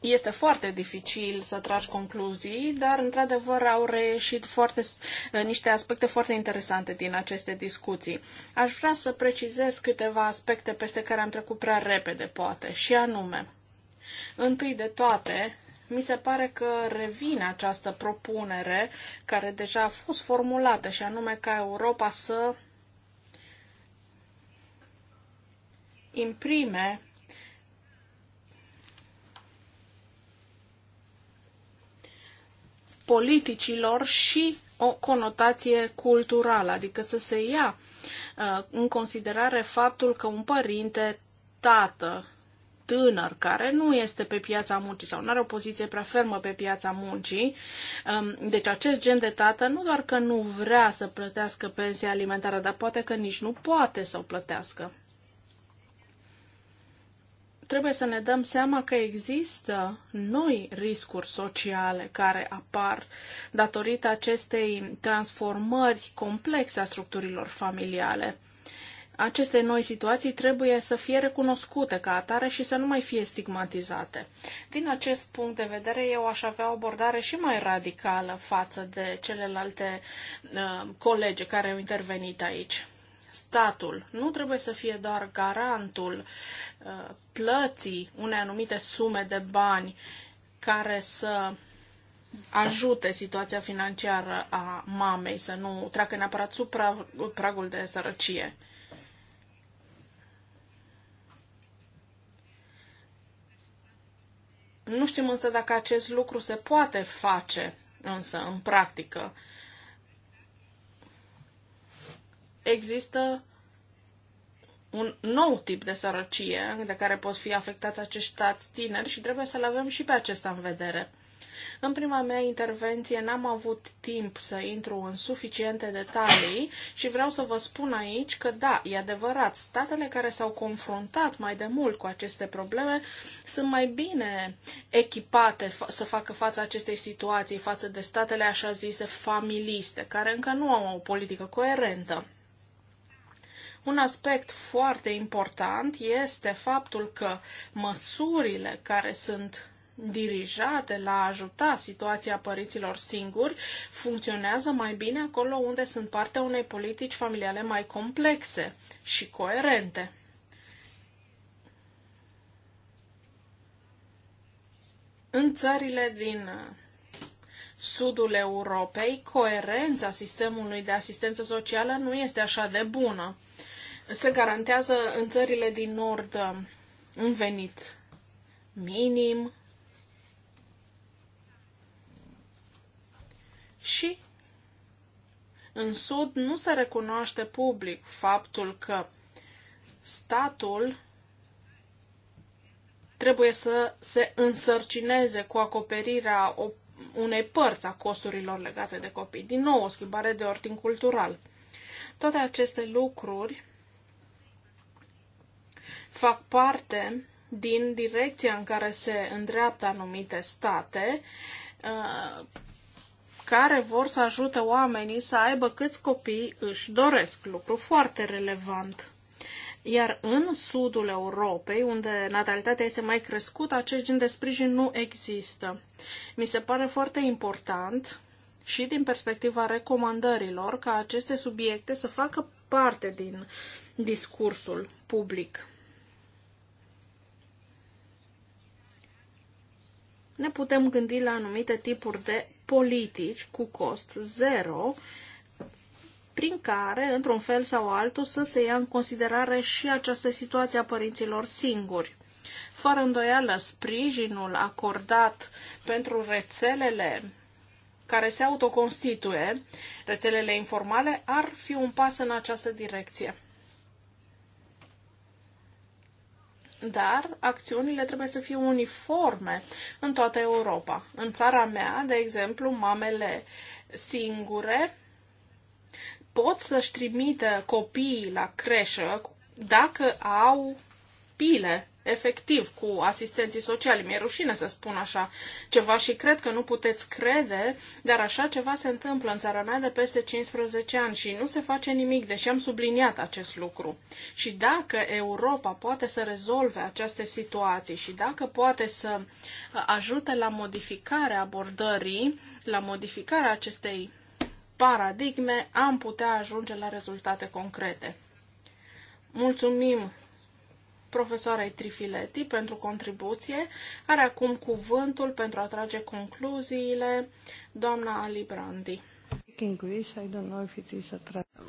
este foarte dificil să tragi concluzii, dar într-adevăr au reieșit foarte, eh, niște aspecte foarte interesante din aceste discuții. Aș vrea să precizez câteva aspecte peste care am trecut prea repede, poate, și anume. Întâi de toate, mi se pare că revine această propunere care deja a fost formulată și anume ca Europa să imprime politicilor și o conotație culturală, adică să se ia uh, în considerare faptul că un părinte, tată, tânăr care nu este pe piața muncii sau nu are o poziție prea fermă pe piața muncii. Um, deci acest gen de tată nu doar că nu vrea să plătească pensia alimentară, dar poate că nici nu poate să o plătească trebuie să ne dăm seama că există noi riscuri sociale care apar datorită acestei transformări complexe a structurilor familiale. Aceste noi situații trebuie să fie recunoscute ca atare și să nu mai fie stigmatizate. Din acest punct de vedere, eu aș avea o abordare și mai radicală față de celelalte uh, colegi care au intervenit aici statul nu trebuie să fie doar garantul uh, plății unei anumite sume de bani care să ajute situația financiară a mamei să nu treacă neapărat sub pragul de sărăcie. Nu știm însă dacă acest lucru se poate face însă în practică există un nou tip de sărăcie de care pot fi afectați acești stați tineri și trebuie să-l avem și pe acesta în vedere. În prima mea intervenție n-am avut timp să intru în suficiente detalii și vreau să vă spun aici că da, e adevărat, statele care s-au confruntat mai de mult cu aceste probleme sunt mai bine echipate să facă față acestei situații față de statele așa zise familiste, care încă nu au o politică coerentă. Un aspect foarte important este faptul că măsurile care sunt dirijate la a ajuta situația părinților singuri, funcționează mai bine acolo unde sunt partea unei politici familiale mai complexe și coerente. În țările din sudul Europei, coerența sistemului de asistență socială nu este așa de bună se garantează în țările din nord um, un venit minim și în sud nu se recunoaște public faptul că statul trebuie să se însărcineze cu acoperirea unei părți a costurilor legate de copii. Din nou, o schimbare de ordin cultural. Toate aceste lucruri fac parte din direcția în care se îndreaptă anumite state uh, care vor să ajute oamenii să aibă câți copii își doresc, lucru foarte relevant. Iar în sudul Europei, unde natalitatea este mai crescută, acest gen de sprijin nu există. Mi se pare foarte important și din perspectiva recomandărilor ca aceste subiecte să facă parte din discursul public. ne putem gândi la anumite tipuri de politici cu cost zero, prin care, într-un fel sau altul, să se ia în considerare și această situație a părinților singuri. Fără îndoială, sprijinul acordat pentru rețelele care se autoconstituie, rețelele informale, ar fi un pas în această direcție. dar acțiunile trebuie să fie uniforme în toată Europa. În țara mea, de exemplu, mamele singure pot să-și trimită copiii la creșă dacă au pile efectiv cu asistenții sociali. Mi-e rușine să spun așa ceva și cred că nu puteți crede, dar așa ceva se întâmplă în țara mea de peste 15 ani și nu se face nimic, deși am subliniat acest lucru. Și dacă Europa poate să rezolve aceste situații și dacă poate să ajute la modificarea abordării, la modificarea acestei paradigme, am putea ajunge la rezultate concrete. Mulțumim profesoarei Trifileti pentru contribuție. Are acum cuvântul pentru a trage concluziile doamna Ali Brandi.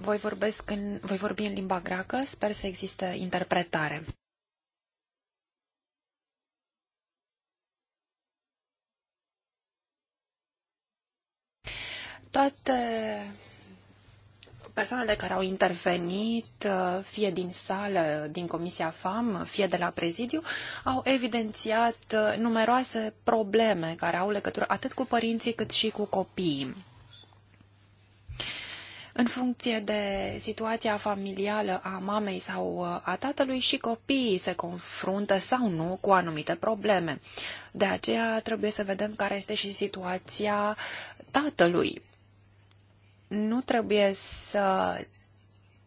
Voi, vorbesc în, voi vorbi în limba greacă, sper să existe interpretare. Toate persoanele care au intervenit, uh, fie din sală, din Comisia FAM, fie de la prezidiu, au evidențiat uh, numeroase probleme care au legătură atât cu părinții cât și cu copiii. În funcție de situația familială a mamei sau uh, a tatălui și copiii se confruntă sau nu cu anumite probleme. De aceea trebuie să vedem care este și situația tatălui nu trebuie să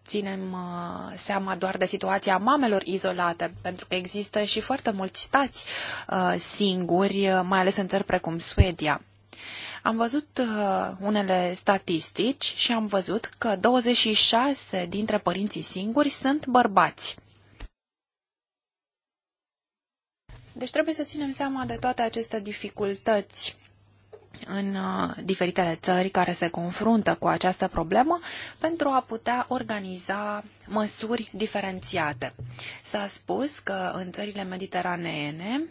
ținem uh, seama doar de situația mamelor izolate, pentru că există și foarte mulți stați uh, singuri, uh, mai ales în țări precum Suedia. Am văzut unele statistici și am văzut că 26 dintre părinții singuri sunt bărbați. Deci trebuie să ținem seama de toate aceste dificultăți în uh, diferitele țări care se confruntă cu această problemă pentru a putea organiza măsuri diferențiate. S-a spus că în țările mediteraneene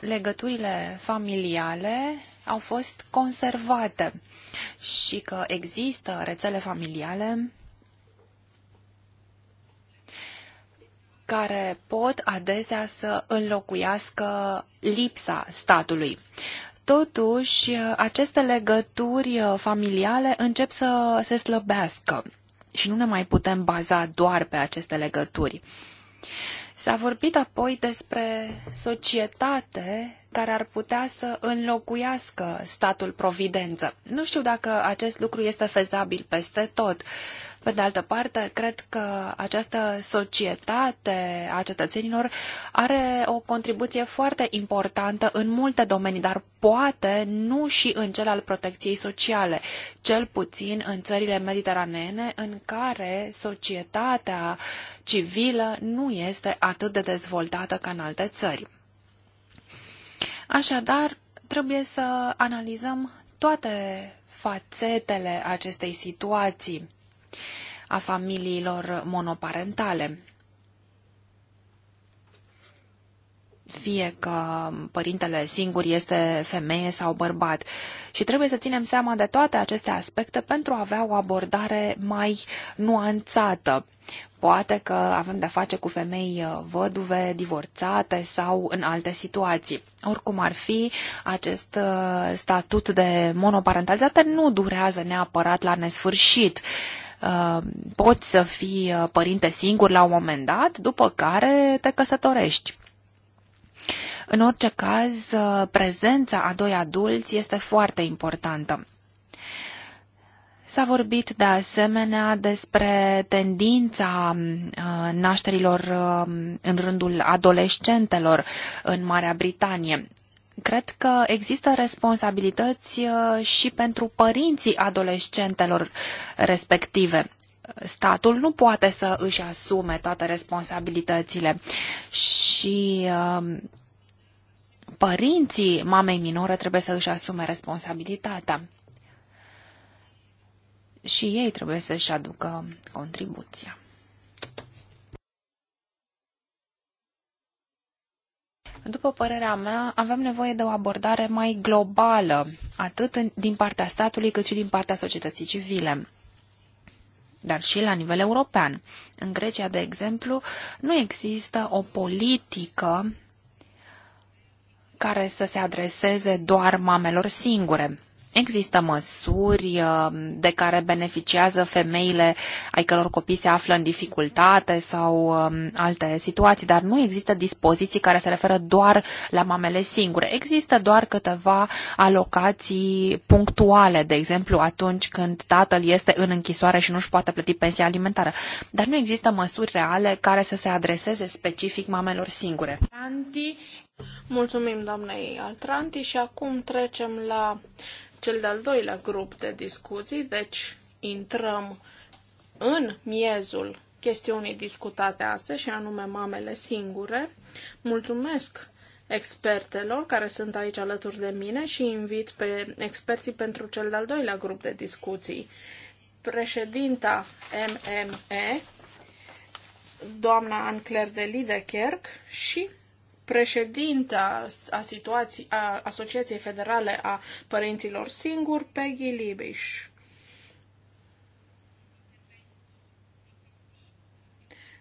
legăturile familiale au fost conservate și că există rețele familiale care pot adesea să înlocuiască lipsa statului. Totuși, aceste legături familiale încep să se slăbească și nu ne mai putem baza doar pe aceste legături. S-a vorbit apoi despre societate care ar putea să înlocuiască statul providență. Nu știu dacă acest lucru este fezabil peste tot, pe de altă parte, cred că această societate a cetățenilor are o contribuție foarte importantă în multe domenii, dar poate nu și în cel al protecției sociale, cel puțin în țările mediteraneene în care societatea civilă nu este atât de dezvoltată ca în alte țări. Așadar, trebuie să analizăm toate fațetele acestei situații a familiilor monoparentale. fie că părintele singur este femeie sau bărbat. Și trebuie să ținem seama de toate aceste aspecte pentru a avea o abordare mai nuanțată. Poate că avem de-a face cu femei uh, văduve, divorțate sau în alte situații. Oricum ar fi, acest uh, statut de monoparentalitate nu durează neapărat la nesfârșit. Uh, poți să fii uh, părinte singur la un moment dat, după care te căsătorești. În orice caz, uh, prezența a doi adulți este foarte importantă. S-a vorbit de asemenea despre tendința nașterilor în rândul adolescentelor în Marea Britanie. Cred că există responsabilități uh, și pentru părinții adolescentelor respective statul nu poate să își asume toate responsabilitățile și uh, părinții mamei minore trebuie să își asume responsabilitatea și ei trebuie să-și aducă contribuția. După părerea mea, avem nevoie de o abordare mai globală, atât în, din partea statului cât și din partea societății civile dar și la nivel european. În Grecia, de exemplu, nu există o politică care să se adreseze doar mamelor singure. Există măsuri uh, de care beneficiază femeile ai căror copii se află în dificultate sau um, alte situații, dar nu există dispoziții care se referă doar la mamele singure. Există doar câteva alocații punctuale, de exemplu atunci când tatăl este în închisoare și nu își poate plăti pensia alimentară, dar nu există măsuri reale care să se adreseze specific mamelor singure. Mulțumim doamnei Altranti și acum trecem la cel de-al doilea grup de discuții, deci intrăm în miezul chestiunii discutate astăzi, și anume mamele singure. Mulțumesc expertelor care sunt aici alături de mine și invit pe experții pentru cel de-al doilea grup de discuții. Președinta MME, doamna Ancler de Lidekerk și președinta a, situații, a Asociației Federale a Părinților Singuri, Peggy Libiș.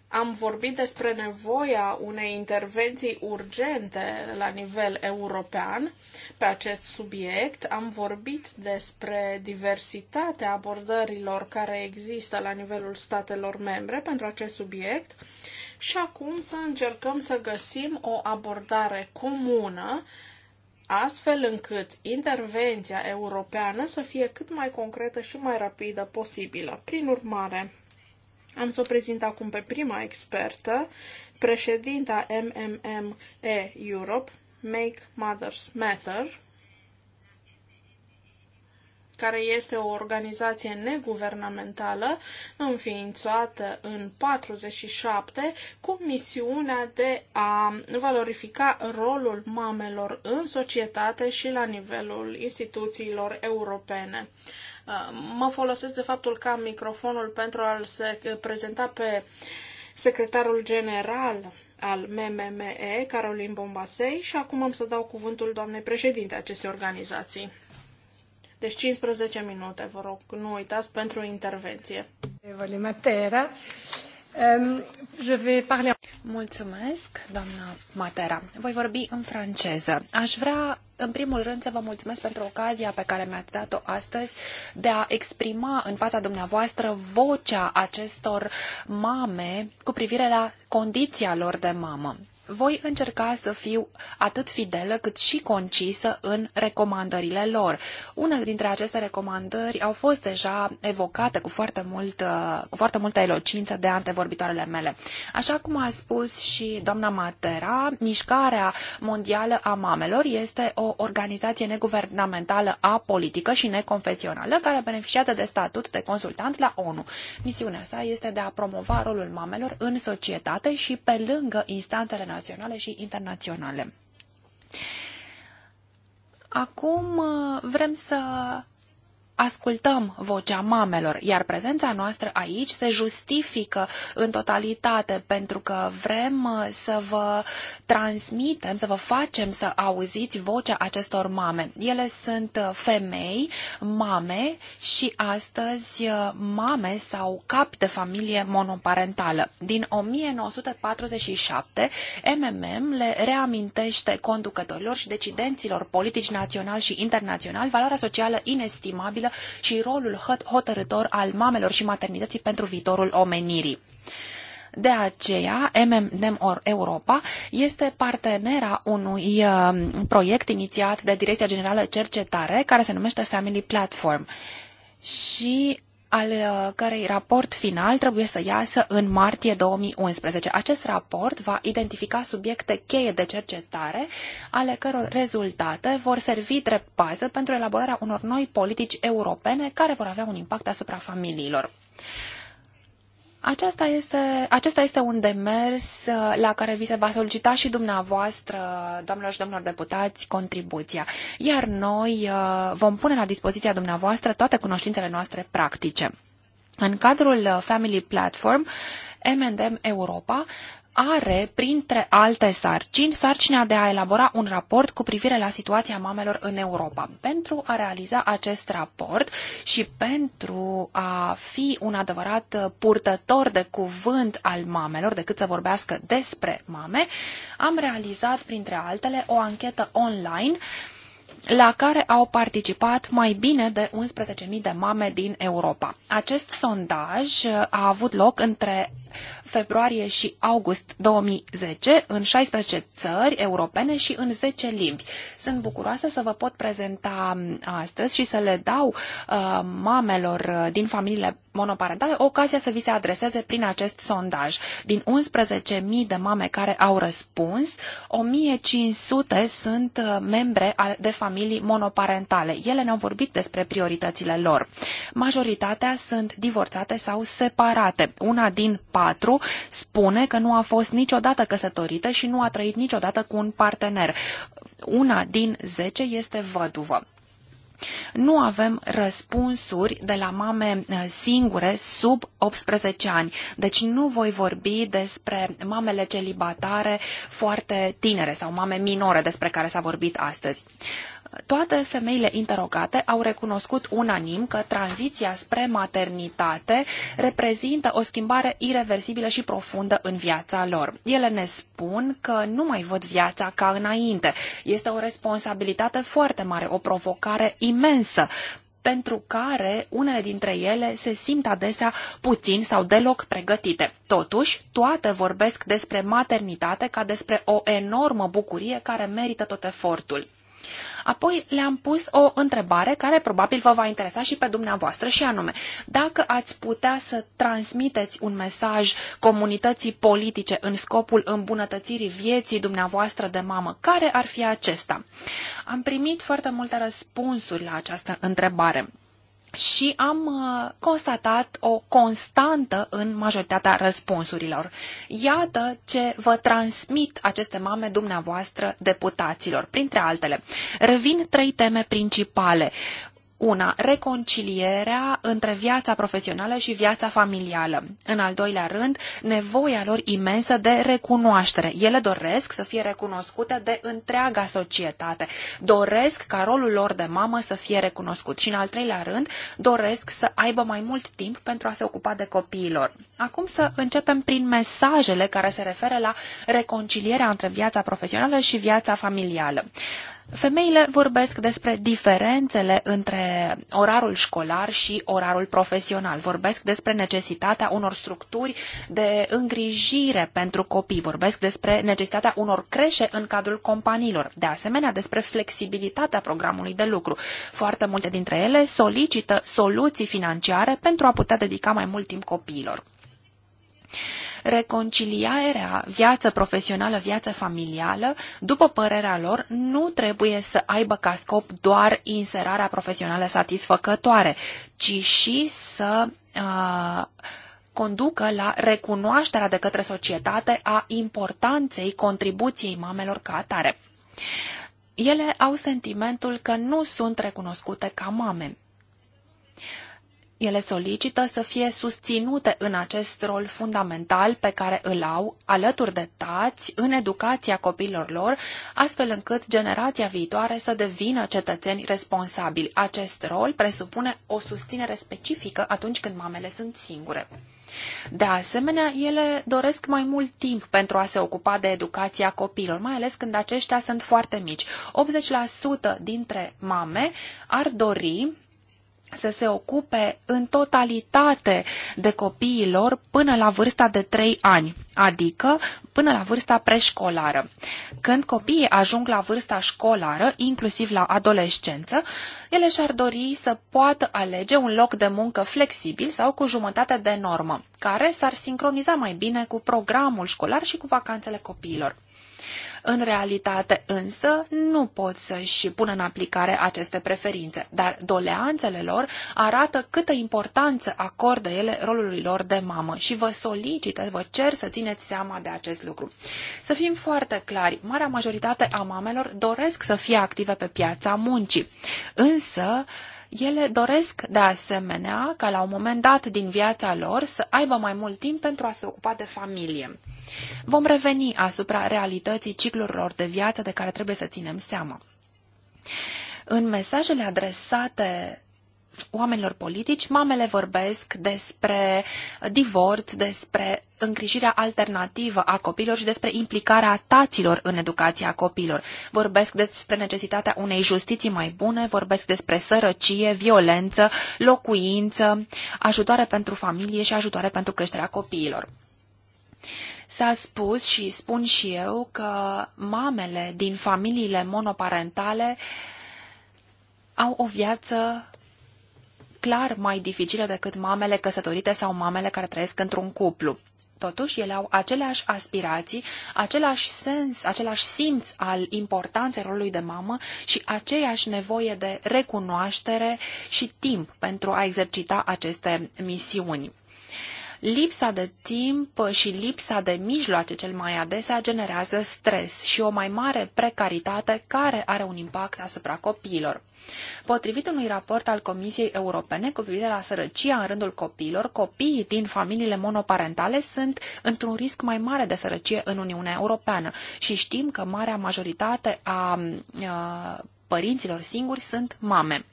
Am vorbit despre nevoia unei intervenții urgente la nivel european pe acest subiect, am vorbit despre diversitatea abordărilor care există la nivelul statelor membre pentru acest subiect și acum să încercăm să găsim o abordare comună astfel încât intervenția europeană să fie cât mai concretă și mai rapidă posibilă. Prin urmare, am să o prezint acum pe prima expertă, președinta MMME Europe, Make Mothers Matter, care este o organizație neguvernamentală înființată în 47 cu misiunea de a valorifica rolul mamelor în societate și la nivelul instituțiilor europene. Uh, mă folosesc de faptul că am microfonul pentru a-l se prezenta pe secretarul general al MMME, Caroline Bombasei, și acum am să dau cuvântul doamnei președinte acestei organizații. Deci 15 minute, vă rog, nu uitați, pentru intervenție. Ehm, mulțumesc, doamna Matera. Voi vorbi în franceză. Aș vrea, în primul rând, să vă mulțumesc pentru ocazia pe care mi-ați dat-o astăzi de a exprima în fața dumneavoastră vocea acestor mame cu privire la condiția lor de mamă voi încerca să fiu atât fidelă cât și concisă în recomandările lor. Unele dintre aceste recomandări au fost deja evocate cu foarte, mult, uh, cu foarte multă elocință de antevorbitoarele mele. Așa cum a spus și doamna Matera, Mișcarea Mondială a Mamelor este o organizație neguvernamentală apolitică și neconfesională care beneficiază de statut de consultant la ONU. Misiunea sa este de a promova rolul mamelor în societate și pe lângă instanțele naționale și internaționale. Acum uh, vrem să ascultăm vocea mamelor, iar prezența noastră aici se justifică în totalitate pentru că vrem uh, să vă transmitem, să vă facem să auziți vocea acestor mame. Ele sunt uh, femei, mame și astăzi uh, mame sau cap de familie monoparentală. Din 1947, MMM le reamintește conducătorilor și decidenților politici naționali și internaționali valoarea socială inestimabilă vulnerabilă și rolul hotărător al mamelor și maternității pentru viitorul omenirii. De aceea, MMM or Europa este partenera unui um, proiect inițiat de Direcția Generală Cercetare, care se numește Family Platform. Și al uh, cărei raport final trebuie să iasă în martie 2011. Acest raport va identifica subiecte cheie de cercetare, ale căror rezultate vor servi drept bază pentru elaborarea unor noi politici europene care vor avea un impact asupra familiilor. Aceasta este, acesta este un demers uh, la care vi se va solicita și dumneavoastră, doamnelor și domnilor deputați, contribuția. Iar noi uh, vom pune la dispoziția dumneavoastră toate cunoștințele noastre practice. În cadrul uh, Family Platform, M&M Europa are, printre alte sarcini, sarcina de a elabora un raport cu privire la situația mamelor în Europa. Pentru a realiza acest raport și pentru a fi un adevărat purtător de cuvânt al mamelor, decât să vorbească despre mame, am realizat, printre altele, o anchetă online uh, la care au participat mai bine de 11.000 de mame din Europa. Acest sondaj uh, a avut loc între februarie și august 2010 în 16 țări europene și în 10 limbi. Sunt bucuroasă să vă pot prezenta um, astăzi și să le dau uh, mamelor uh, din familiile monoparentale ocazia să vi se adreseze prin acest sondaj. Din 11.000 de mame care au răspuns, 1.500 sunt uh, membre de familie familii monoparentale. Ele ne-au vorbit despre prioritățile lor. Majoritatea sunt divorțate sau separate. Una din patru spune că nu a fost niciodată căsătorită și nu a trăit niciodată cu un partener. Una din zece este văduvă. Nu avem răspunsuri de la mame eh, singure sub 18 ani, deci nu voi vorbi despre mamele celibatare foarte tinere sau mame minore despre care s-a vorbit astăzi. Toate femeile interogate au recunoscut unanim că tranziția spre maternitate reprezintă o schimbare irreversibilă și profundă în viața lor. Ele ne spun că nu mai văd viața ca înainte. Este o responsabilitate foarte mare, o provocare imensă pentru care unele dintre ele se simt adesea puțin sau deloc pregătite. Totuși, toate vorbesc despre maternitate ca despre o enormă bucurie care merită tot efortul. Apoi le-am pus o întrebare care probabil vă va interesa și pe dumneavoastră și anume, dacă ați putea să transmiteți un mesaj comunității politice în scopul îmbunătățirii vieții dumneavoastră de mamă, care ar fi acesta? Am primit foarte multe răspunsuri la această întrebare și am uh, constatat o constantă în majoritatea răspunsurilor. Iată ce vă transmit aceste mame dumneavoastră deputaților, printre altele. Revin trei teme principale. Una, reconcilierea între viața profesională și viața familială. În al doilea rând, nevoia lor imensă de recunoaștere. Ele doresc să fie recunoscute de întreaga societate. Doresc ca rolul lor de mamă să fie recunoscut. Și în al treilea rând, doresc să aibă mai mult timp pentru a se ocupa de copiilor. Acum să începem prin mesajele care se referă la reconcilierea între viața profesională și viața familială. Femeile vorbesc despre diferențele între orarul școlar și orarul profesional. Vorbesc despre necesitatea unor structuri de îngrijire pentru copii. Vorbesc despre necesitatea unor creșe în cadrul companiilor. De asemenea, despre flexibilitatea programului de lucru. Foarte multe dintre ele solicită soluții financiare pentru a putea dedica mai mult timp copiilor reconcilierea viață profesională, viață familială, după părerea lor, nu trebuie să aibă ca scop doar inserarea profesională satisfăcătoare, ci și să uh, conducă la recunoașterea de către societate a importanței contribuției mamelor ca atare. Ele au sentimentul că nu sunt recunoscute ca mame. Ele solicită să fie susținute în acest rol fundamental pe care îl au alături de tați în educația copiilor lor, astfel încât generația viitoare să devină cetățeni responsabili. Acest rol presupune o susținere specifică atunci când mamele sunt singure. De asemenea, ele doresc mai mult timp pentru a se ocupa de educația copiilor, mai ales când aceștia sunt foarte mici. 80% dintre mame ar dori să se ocupe în totalitate de copiilor până la vârsta de 3 ani, adică până la vârsta preșcolară. Când copiii ajung la vârsta școlară, inclusiv la adolescență, ele și-ar dori să poată alege un loc de muncă flexibil sau cu jumătate de normă, care s-ar sincroniza mai bine cu programul școlar și cu vacanțele copiilor. În realitate însă nu pot să-și pună în aplicare aceste preferințe, dar doleanțele lor arată câtă importanță acordă ele rolului lor de mamă și vă solicită, vă cer să țineți seama de acest lucru. Să fim foarte clari, marea majoritate a mamelor doresc să fie active pe piața muncii, însă ele doresc, de asemenea, ca la un moment dat din viața lor să aibă mai mult timp pentru a se ocupa de familie. Vom reveni asupra realității ciclurilor de viață de care trebuie să ținem seama. În mesajele adresate oamenilor politici, mamele vorbesc despre divorț, despre îngrijirea alternativă a copiilor și despre implicarea taților în educația copiilor. Vorbesc despre necesitatea unei justiții mai bune, vorbesc despre sărăcie, violență, locuință, ajutoare pentru familie și ajutoare pentru creșterea copiilor. S-a spus și spun și eu că mamele din familiile monoparentale au o viață clar mai dificile decât mamele căsătorite sau mamele care trăiesc într-un cuplu. Totuși, ele au aceleași aspirații, același sens, același simț al importanței rolului de mamă și aceeași nevoie de recunoaștere și timp pentru a exercita aceste misiuni. Lipsa de timp și lipsa de mijloace cel mai adesea generează stres și o mai mare precaritate care are un impact asupra copiilor. Potrivit unui raport al Comisiei Europene cu privire la sărăcia în rândul copiilor, copiii din familiile monoparentale sunt într-un risc mai mare de sărăcie în Uniunea Europeană și știm că marea majoritate a, a părinților singuri sunt mame.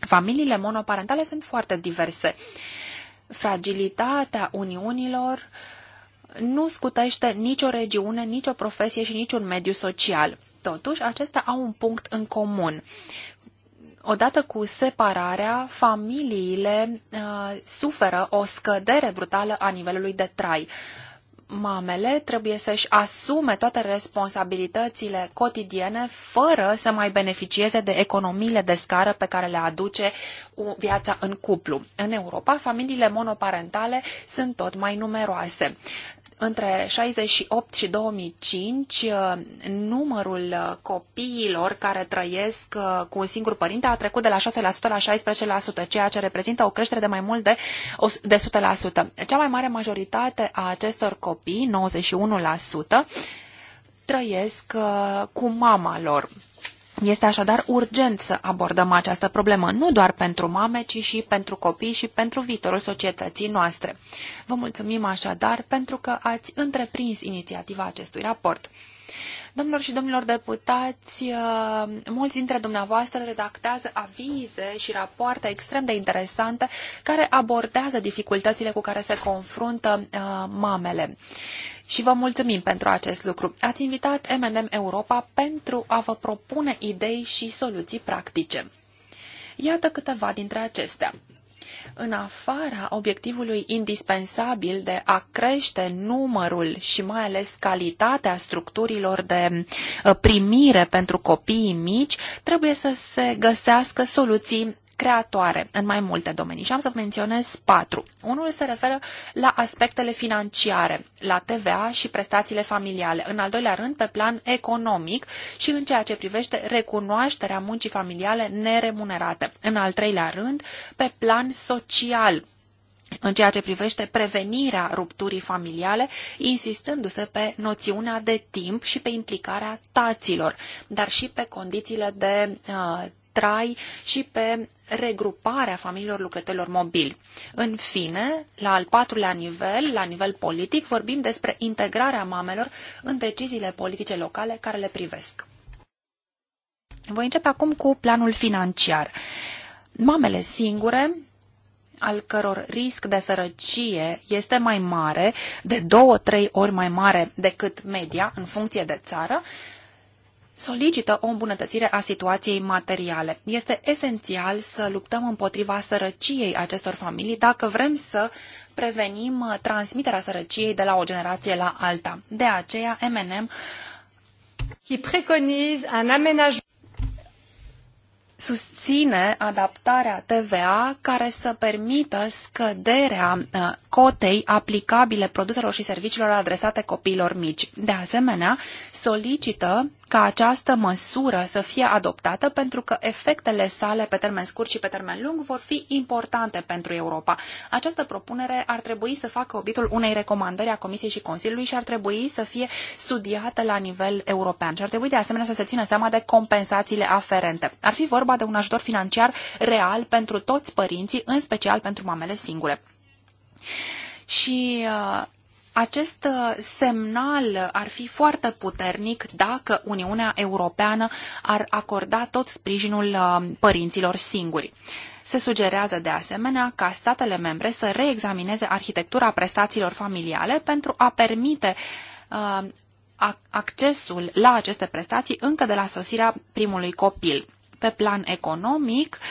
Familiile monoparentale sunt foarte diverse fragilitatea uniunilor nu scutește nicio regiune, nicio profesie și niciun mediu social. Totuși, acestea au un punct în comun. Odată cu separarea, familiile uh, suferă o scădere brutală a nivelului de trai. Uh, mamele trebuie să-și asume toate responsabilitățile cotidiene fără să mai beneficieze de economiile de scară pe care le aduce viața în cuplu. În Europa, familiile monoparentale sunt tot mai numeroase între 68 și 2005 uh, numărul uh, copiilor care trăiesc uh, cu un singur părinte a trecut de la 6% la 16%, ceea ce reprezintă o creștere de mai mult de, 100%. Cea mai mare majoritate a acestor copii, 91%, trăiesc cu mama lor. Este așadar urgent să abordăm această problemă, nu doar pentru mame, ci și pentru copii și pentru viitorul societății noastre. Vă mulțumim așadar pentru că ați întreprins inițiativa acestui raport. Domnilor și domnilor deputați, uh, mulți dintre dumneavoastră redactează avize și rapoarte extrem de interesante care abordează dificultățile cu care se confruntă uh, mamele. Și vă mulțumim pentru acest lucru. Ați invitat M&M Europa pentru a vă propune idei și soluții practice. Iată câteva dintre acestea în afara obiectivului indispensabil de a crește numărul și mai ales calitatea structurilor de uh, primire pentru copiii mici, trebuie să se găsească soluții creatoare în mai multe domenii și am să menționez patru. Unul se referă la aspectele financiare, la TVA și prestațiile familiale, în al doilea rând pe plan economic și în ceea ce privește recunoașterea muncii familiale neremunerate, în al treilea rând pe plan social, în ceea ce privește prevenirea rupturii familiale, insistându-se pe noțiunea de timp și pe implicarea taților, dar și pe condițiile de uh, trai și pe regruparea familiilor lucrătorilor mobili. În fine, la al patrulea nivel, la nivel politic, vorbim despre integrarea mamelor în deciziile politice locale care le privesc. Voi începe acum cu planul financiar. Mamele singure al căror risc de sărăcie este mai mare, de două-trei ori mai mare decât media în funcție de țară, solicită o îmbunătățire a situației materiale. Este esențial să luptăm împotriva sărăciei acestor familii dacă vrem să prevenim transmiterea sărăciei de la o generație la alta. De aceea, MNM susține adaptarea TVA care să permită scăderea uh, cotei aplicabile produselor și serviciilor adresate copiilor mici. De asemenea, solicită ca această măsură să fie adoptată pentru că efectele sale pe termen scurt și pe termen lung vor fi importante pentru Europa. Această propunere ar trebui să facă obiectul unei recomandări a Comisiei și Consiliului și ar trebui să fie studiată la nivel european și ar trebui de asemenea să se țină seama de compensațiile aferente. Ar fi vorba de un ajutor financiar real pentru toți părinții, în special pentru mamele singure. Și uh, acest uh, semnal ar fi foarte puternic dacă Uniunea Europeană ar acorda tot sprijinul uh, părinților singuri. Se sugerează de asemenea ca statele membre să reexamineze arhitectura prestațiilor familiale pentru a permite uh, accesul la aceste prestații încă de la sosirea primului copil. Pe plan economic, uh,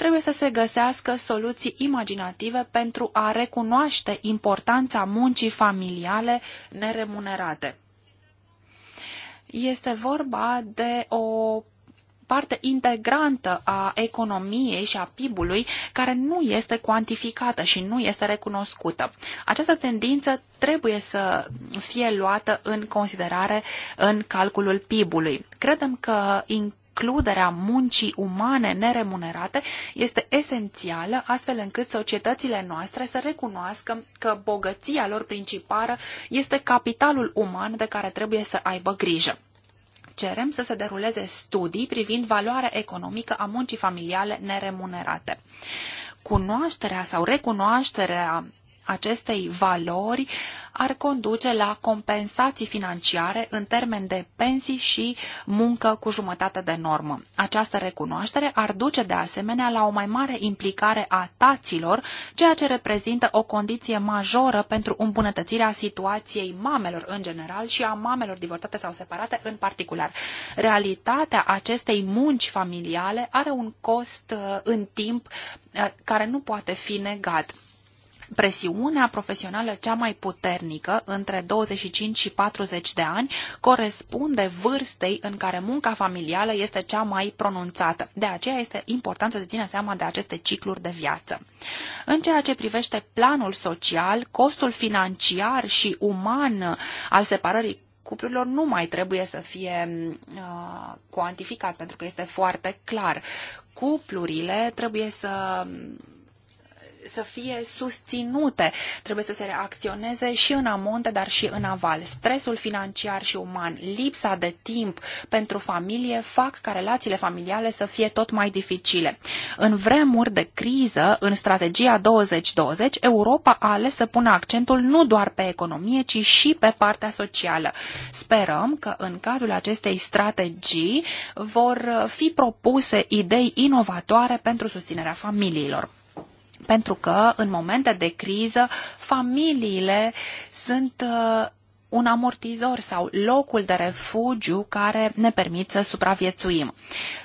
trebuie să se găsească soluții imaginative pentru a recunoaște importanța muncii familiale neremunerate. Este vorba de o parte integrantă a economiei și a PIB-ului care nu este cuantificată și nu este recunoscută. Această tendință trebuie să fie luată în considerare în calculul PIB-ului. Credem că in includerea muncii umane neremunerate este esențială, astfel încât societățile noastre să recunoască că bogăția lor principală este capitalul uman de care trebuie să aibă grijă cerem să se deruleze studii privind valoarea economică a muncii familiale neremunerate. Cunoașterea sau recunoașterea acestei valori ar conduce la compensații financiare în termen de pensii și muncă cu jumătate de normă. Această recunoaștere ar duce de asemenea la o mai mare implicare a taților, ceea ce reprezintă o condiție majoră pentru îmbunătățirea situației mamelor în general și a mamelor divorțate sau separate în particular. Realitatea acestei munci familiale are un cost uh, în timp uh, care nu poate fi negat. Presiunea profesională cea mai puternică, între 25 și 40 de ani, corespunde vârstei în care munca familială este cea mai pronunțată. De aceea este important să se țină seama de aceste cicluri de viață. În ceea ce privește planul social, costul financiar și uman al separării cuplurilor nu mai trebuie să fie uh, cuantificat, pentru că este foarte clar. Cuplurile trebuie să să fie susținute. Trebuie să se reacționeze și în amonte, dar și în aval. Stresul financiar și uman, lipsa de timp pentru familie fac ca relațiile familiale să fie tot mai dificile. În vremuri de criză, în strategia 2020, Europa a ales să pună accentul nu doar pe economie, ci și pe partea socială. Sperăm că în cadrul acestei strategii vor fi propuse idei inovatoare pentru susținerea familiilor. Pentru că, în momente de criză, familiile sunt uh, un amortizor sau locul de refugiu care ne permit să supraviețuim.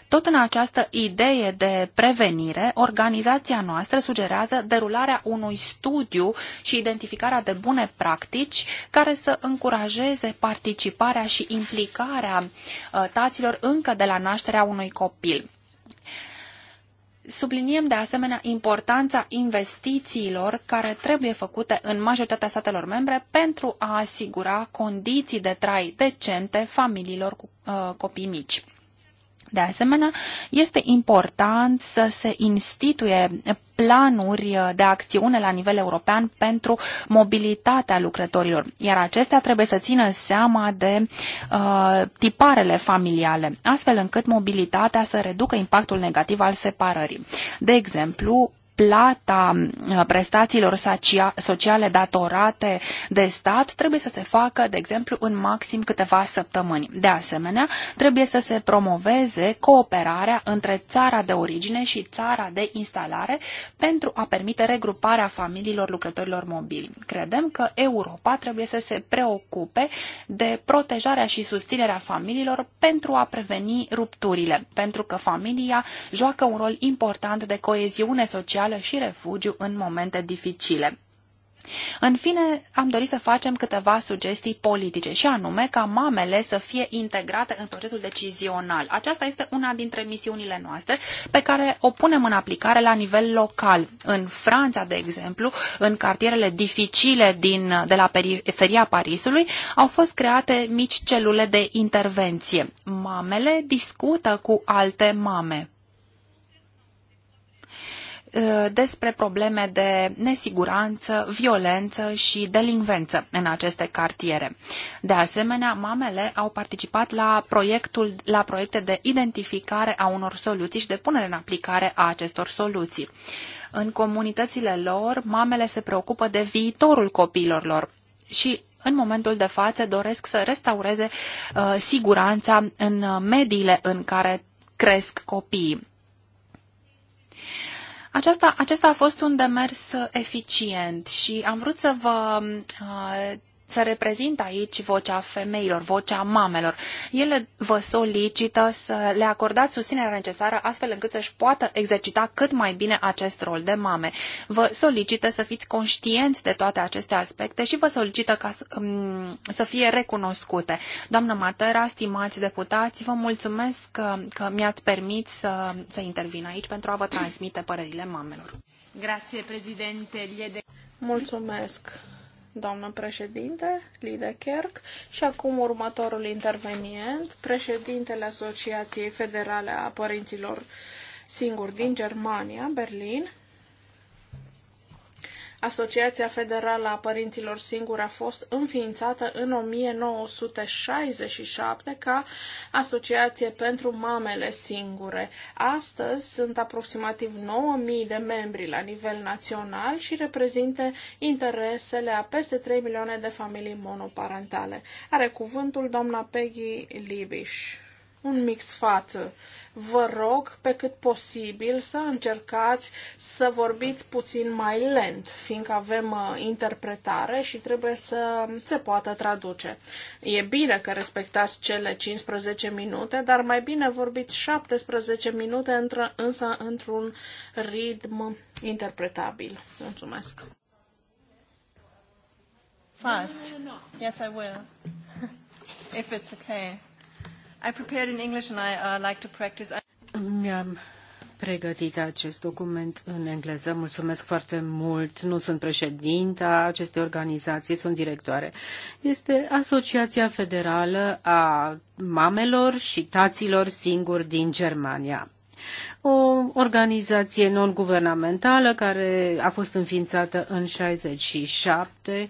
Tot în această idee de prevenire, organizația noastră sugerează derularea unui studiu și identificarea de bune practici care să încurajeze participarea și implicarea uh, taților încă de la nașterea unui copil. Subliniem de asemenea importanța investițiilor care trebuie făcute în majoritatea statelor membre pentru a asigura condiții de trai decente familiilor cu uh, copii mici. De asemenea, este important să se instituie planuri de acțiune la nivel european pentru mobilitatea lucrătorilor, iar acestea trebuie să țină seama de uh, tiparele familiale, astfel încât mobilitatea să reducă impactul negativ al separării. De exemplu, plata uh, prestațiilor sociale datorate de stat trebuie să se facă, de exemplu, în maxim câteva săptămâni. De asemenea, trebuie să se promoveze cooperarea între țara de origine și țara de instalare pentru a permite regruparea familiilor lucrătorilor mobili. Credem că Europa trebuie să se preocupe de protejarea și susținerea familiilor pentru a preveni rupturile, pentru că familia joacă un rol important de coeziune socială socială și refugiu în momente dificile. În fine, am dorit să facem câteva sugestii politice și anume ca mamele să fie integrate în procesul decizional. Aceasta este una dintre misiunile noastre pe care o punem în aplicare la nivel local. În Franța, de exemplu, în cartierele dificile din, de la periferia Parisului, au fost create mici celule de intervenție. Mamele discută cu alte mame Uh, despre probleme de nesiguranță, violență și delinvență în aceste cartiere. De asemenea, mamele au participat la, proiectul, la proiecte de identificare a unor soluții și de punere în aplicare a acestor soluții. În comunitățile lor, mamele se preocupă de viitorul copiilor lor și în momentul de față doresc să restaureze uh, siguranța în uh, mediile în care cresc copiii. Aceasta, acesta a fost un demers eficient și am vrut să vă uh, să reprezint aici vocea femeilor, vocea mamelor. Ele vă solicită să le acordați susținerea necesară astfel încât să-și poată exercita cât mai bine acest rol de mame. Vă solicită să fiți conștienți de toate aceste aspecte și vă solicită ca să, um, să fie recunoscute. Doamnă Matera, stimați deputați, vă mulțumesc că, că mi-ați permis să, să intervin aici pentru a vă transmite părerile mamelor. Grazie, președinte. Mulțumesc doamnă președinte, Kerk, și acum următorul intervenient, președintele Asociației Federale a Părinților Singuri din Germania, Berlin, Asociația Federală a Părinților Singuri a fost înființată în 1967 ca Asociație pentru Mamele Singure. Astăzi sunt aproximativ 9.000 de membri la nivel național și reprezintă interesele a peste 3 milioane de familii monoparentale. Are cuvântul doamna Peggy Libiș. Un mix față vă rog pe cât posibil să încercați să vorbiți puțin mai lent, fiindcă avem uh, interpretare și trebuie să se poată traduce. E bine că respectați cele 15 minute, dar mai bine vorbiți 17 minute, într- însă într-un ritm interpretabil. Mulțumesc! Fast. Yes, I will. If it's okay. I prepared in English and I uh, like to practice. Mi-am pregătit acest document în engleză. Mulțumesc foarte mult. Nu sunt președinta acestei organizații, sunt directoare. Este Asociația Federală a Mamelor și Taților Singuri din Germania o organizație non-guvernamentală care a fost înființată în 67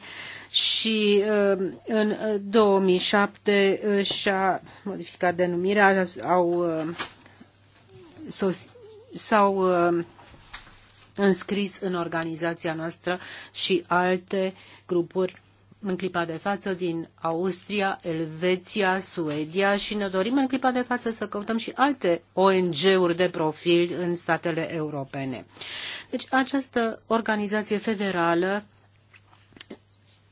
și uh, în 2007 uh, și-a modificat denumirea, au, uh, s-au înscris în organizația noastră și alte grupuri în clipa de față din Austria, Elveția, Suedia și ne dorim în clipa de față să căutăm și alte ONG-uri de profil în statele europene. Deci această organizație federală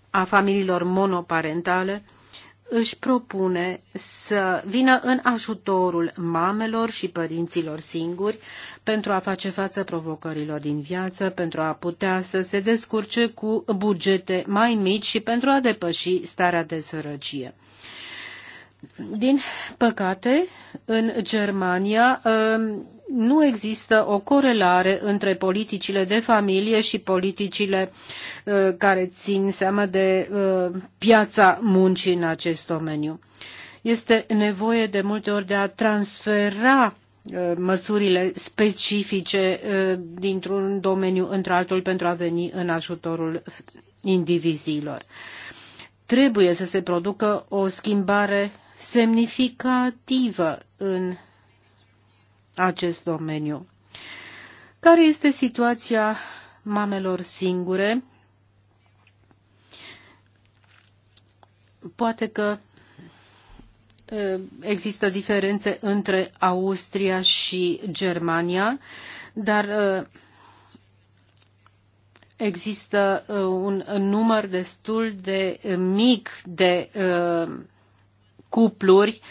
a familiilor monoparentale își propune să vină în ajutorul mamelor și părinților singuri pentru a face față provocărilor din viață, pentru a putea să se descurce cu bugete mai mici și pentru a depăși starea de sărăcie. Din păcate, în Germania, ă, nu există o corelare între politicile de familie și politicile uh, care țin seama de uh, piața muncii în acest domeniu. Este nevoie de multe ori de a transfera uh, măsurile specifice dintr-un domeniu într-altul pentru a veni în ajutorul indivizilor. Trebuie să se producă o schimbare semnificativă în acest domeniu. Care este situația mamelor singure? Poate că există diferențe între Austria și Germania, dar există un număr destul de mic de cupluri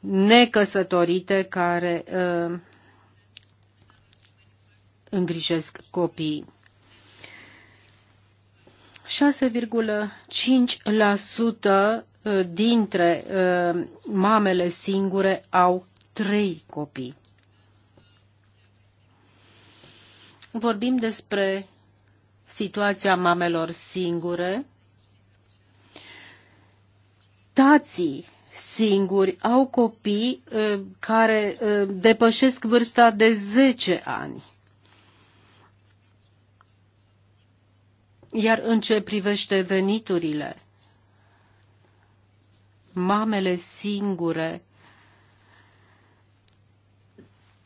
necăsătorite care uh, îngrijesc copiii. 6,5% uh, dintre uh, mamele singure au trei copii. Vorbim despre situația mamelor singure. Tații singuri, au copii uh, care uh, depășesc vârsta de 10 ani. Iar în ce privește veniturile, mamele singure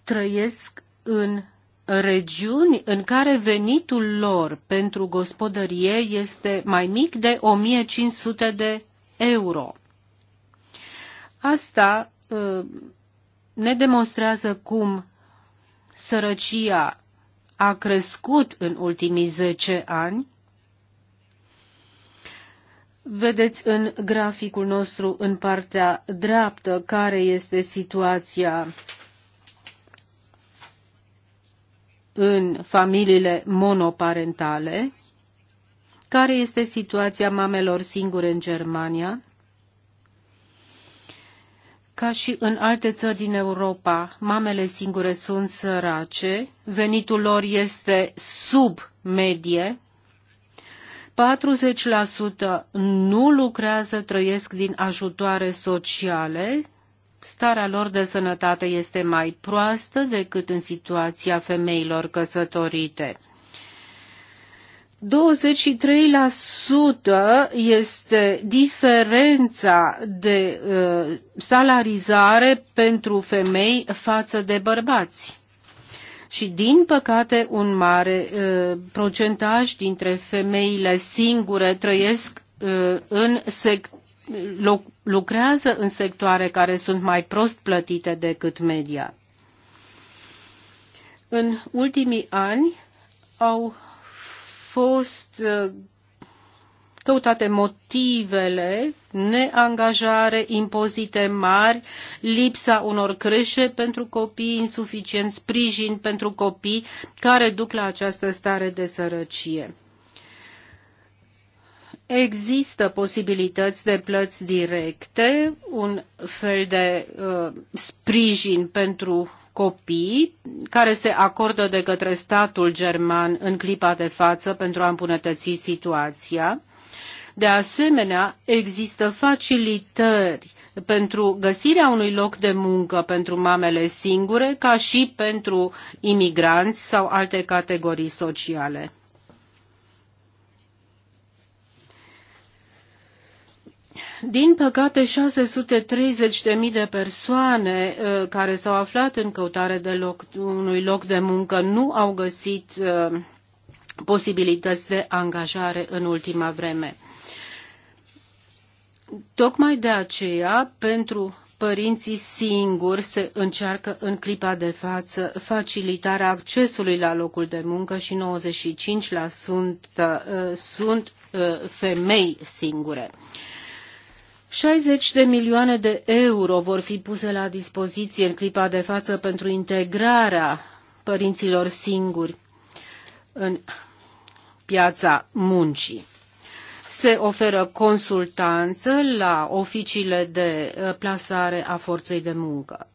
trăiesc în regiuni în care venitul lor pentru gospodărie este mai mic de 1500 de euro. Asta ă, ne demonstrează cum sărăcia a crescut în ultimii 10 ani. Vedeți în graficul nostru, în partea dreaptă, care este situația în familiile monoparentale, care este situația mamelor singure în Germania, ca și în alte țări din Europa, mamele singure sunt sărace, venitul lor este sub medie, 40% nu lucrează, trăiesc din ajutoare sociale, starea lor de sănătate este mai proastă decât în situația femeilor căsătorite. 23% este diferența de uh, salarizare pentru femei față de bărbați. Și din păcate un mare uh, procentaj dintre femeile singure trăiesc uh, în sec- lucrează în sectoare care sunt mai prost plătite decât media. În ultimii ani au fost uh, căutate motivele, neangajare, impozite mari, lipsa unor creșe pentru copii, insuficient sprijin pentru copii care duc la această stare de sărăcie. Există posibilități de plăți directe, un fel de uh, sprijin pentru copii care se acordă de către statul german în clipa de față pentru a îmbunătăți situația. De asemenea, există facilitări pentru găsirea unui loc de muncă pentru mamele singure, ca și pentru imigranți sau alte categorii sociale. Din păcate, 630.000 de persoane uh, care s-au aflat în căutare de loc, unui loc de muncă nu au găsit uh, posibilități de angajare în ultima vreme. Tocmai de aceea, pentru părinții singuri se încearcă în clipa de față facilitarea accesului la locul de muncă și 95% uh, sunt femei singure. 60 de milioane de euro vor fi puse la dispoziție în clipa de față pentru integrarea părinților singuri în piața muncii. Se oferă consultanță la oficiile de plasare a forței de muncă.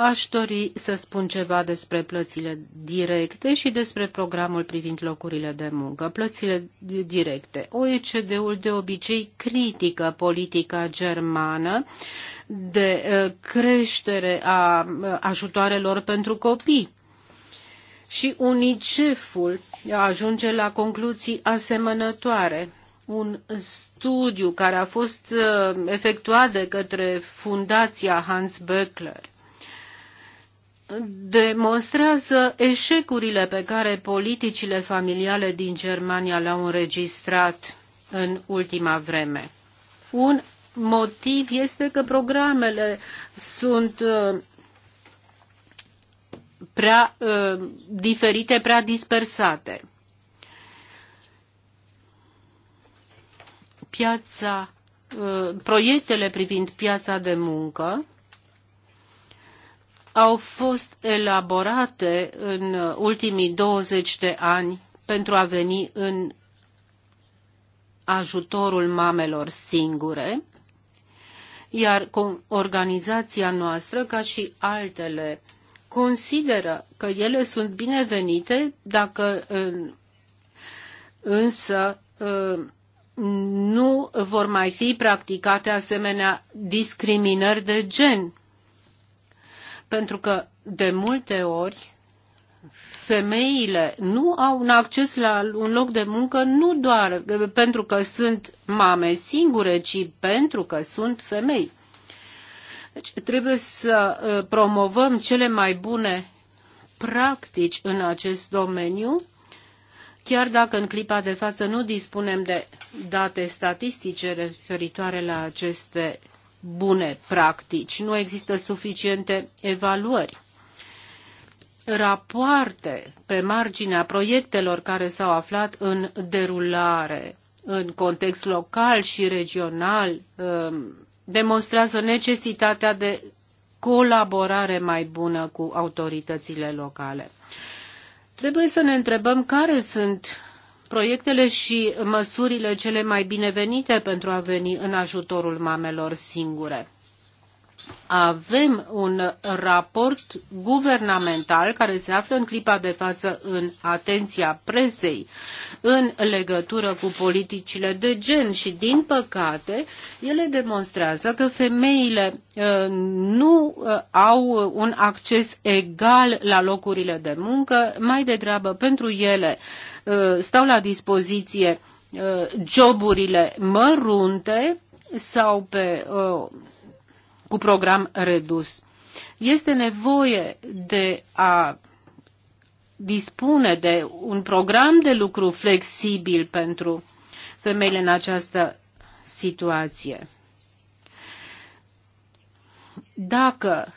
aș dori să spun ceva despre plățile directe și despre programul privind locurile de muncă. Plățile directe. OECD-ul de obicei critică politica germană de creștere a ajutoarelor pentru copii. Și UNICEF-ul ajunge la concluzii asemănătoare un studiu care a fost efectuat de către Fundația Hans Böckler demonstrează eșecurile pe care politicile familiale din Germania le-au înregistrat în ultima vreme. Un motiv este că programele sunt uh, prea uh, diferite, prea dispersate. Piața, uh, proiectele privind piața de muncă au fost elaborate în ultimii 20 de ani pentru a veni în ajutorul mamelor singure, iar organizația noastră, ca și altele, consideră că ele sunt binevenite dacă însă ă, nu vor mai fi practicate asemenea discriminări de gen pentru că de multe ori femeile nu au un acces la un loc de muncă nu doar pentru că sunt mame singure, ci pentru că sunt femei. Deci trebuie să uh, promovăm cele mai bune practici în acest domeniu, chiar dacă în clipa de față nu dispunem de date statistice referitoare la aceste bune practici, nu există suficiente evaluări. Rapoarte pe marginea proiectelor care s-au aflat în derulare, în context local și regional, um, demonstrează necesitatea de colaborare mai bună cu autoritățile locale. Trebuie să ne întrebăm care sunt proiectele și măsurile cele mai binevenite pentru a veni în ajutorul mamelor singure avem un raport guvernamental care se află în clipa de față în atenția presei în legătură cu politicile de gen și, din păcate, ele demonstrează că femeile uh, nu uh, au un acces egal la locurile de muncă, mai degrabă pentru ele uh, stau la dispoziție joburile mărunte sau pe cu program redus. Este nevoie de a dispune de un program de lucru flexibil pentru femeile în această situație. Dacă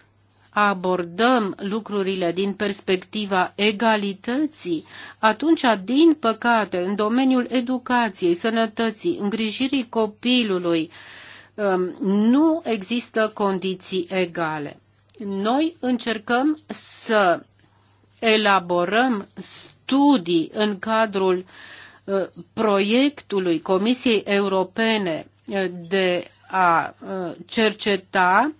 abordăm lucrurile din perspectiva egalității, atunci, din păcate, în domeniul educației, sănătății, îngrijirii copilului, Um, nu există condiții egale. Noi încercăm să elaborăm studii în cadrul uh, proiectului Comisiei Europene uh, de a uh, cerceta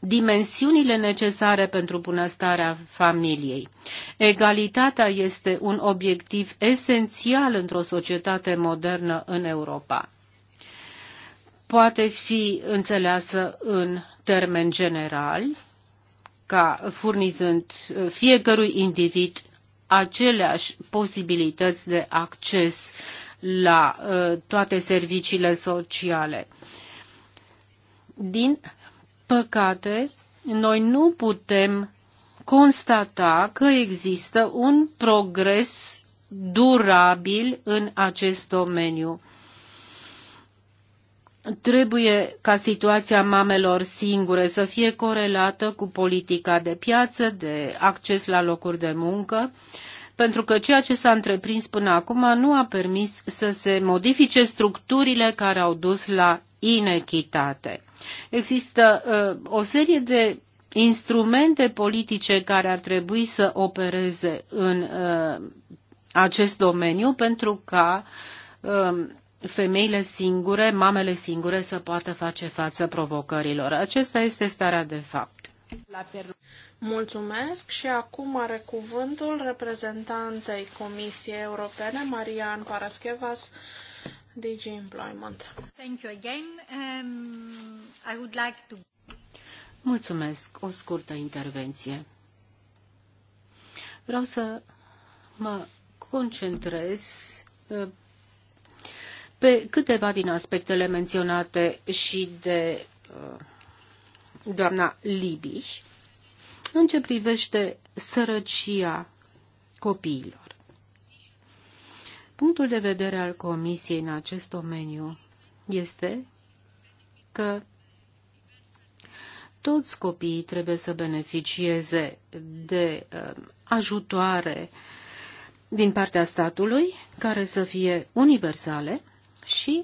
dimensiunile necesare pentru bunăstarea familiei. Egalitatea este un obiectiv esențial într-o societate modernă în Europa poate fi înțeleasă în termen general, ca furnizând uh, fiecărui individ aceleași posibilități de acces la uh, toate serviciile sociale. Din păcate, noi nu putem constata că există un progres durabil în acest domeniu trebuie ca situația mamelor singure să fie corelată cu politica de piață, de acces la locuri de muncă, pentru că ceea ce s-a întreprins până acum nu a permis să se modifice structurile care au dus la inechitate. Există uh, o serie de instrumente politice care ar trebui să opereze în uh, acest domeniu pentru ca uh, femeile singure, mamele singure să poată face față provocărilor. Acesta este starea de fapt. Mulțumesc și acum are cuvântul reprezentantei Comisiei Europene, Marian Paraschevas, DG Employment. Thank you again. Um, I would like to... Mulțumesc. O scurtă intervenție. Vreau să mă concentrez uh, pe câteva din aspectele menționate și de uh, doamna Libiș în ce privește sărăcia copiilor. Punctul de vedere al Comisiei în acest domeniu este că toți copiii trebuie să beneficieze de uh, ajutoare din partea statului, care să fie universale și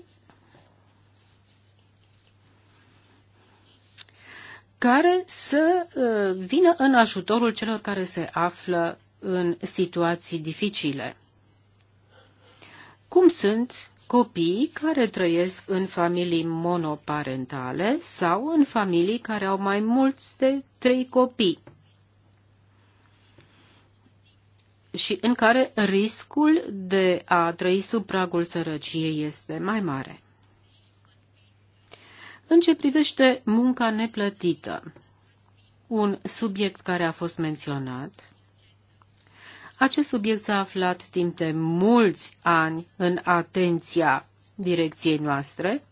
care să uh, vină în ajutorul celor care se află în situații dificile. Cum sunt copiii care trăiesc în familii monoparentale sau în familii care au mai mulți de trei copii? și în care riscul de a trăi sub pragul sărăciei este mai mare. În ce privește munca neplătită, un subiect care a fost menționat, acest subiect s-a aflat timp de mulți ani în atenția direcției noastre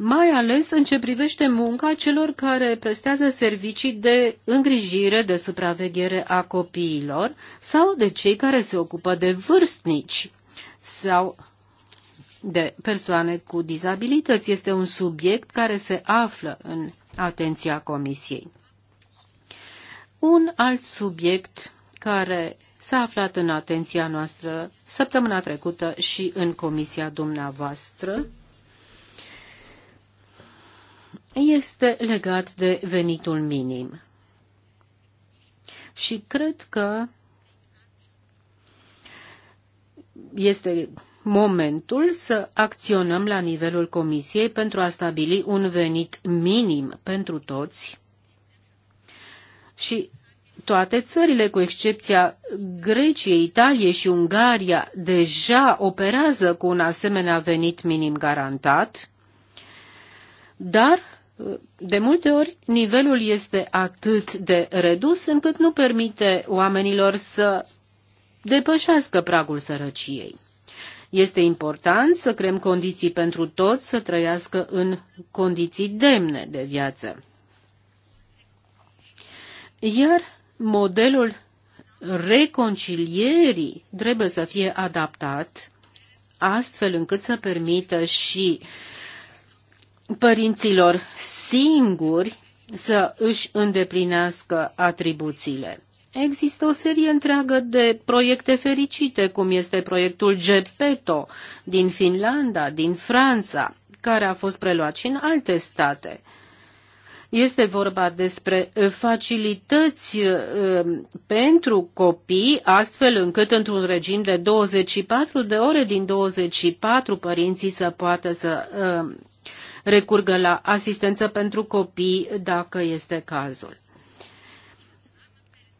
mai ales în ce privește munca celor care prestează servicii de îngrijire, de supraveghere a copiilor sau de cei care se ocupă de vârstnici sau de persoane cu dizabilități. Este un subiect care se află în atenția Comisiei. Un alt subiect care s-a aflat în atenția noastră săptămâna trecută și în comisia dumneavoastră este legat de venitul minim. Și cred că este momentul să acționăm la nivelul Comisiei pentru a stabili un venit minim pentru toți și toate țările, cu excepția Greciei, Italiei și Ungaria, deja operează cu un asemenea venit minim garantat, dar de multe ori nivelul este atât de redus încât nu permite oamenilor să depășească pragul sărăciei. Este important să creăm condiții pentru toți să trăiască în condiții demne de viață. Iar modelul reconcilierii trebuie să fie adaptat astfel încât să permită și uh, părinților singuri să își îndeplinească atribuțiile. Există o serie întreagă de proiecte fericite, cum este proiectul GEPETO din Finlanda, din Franța, care a fost preluat și în alte state. Este vorba despre uh, facilități uh, um, pentru copii, astfel încât într-un regim de 24 de ore din 24 părinții să poată să um, recurgă la asistență pentru copii dacă este cazul.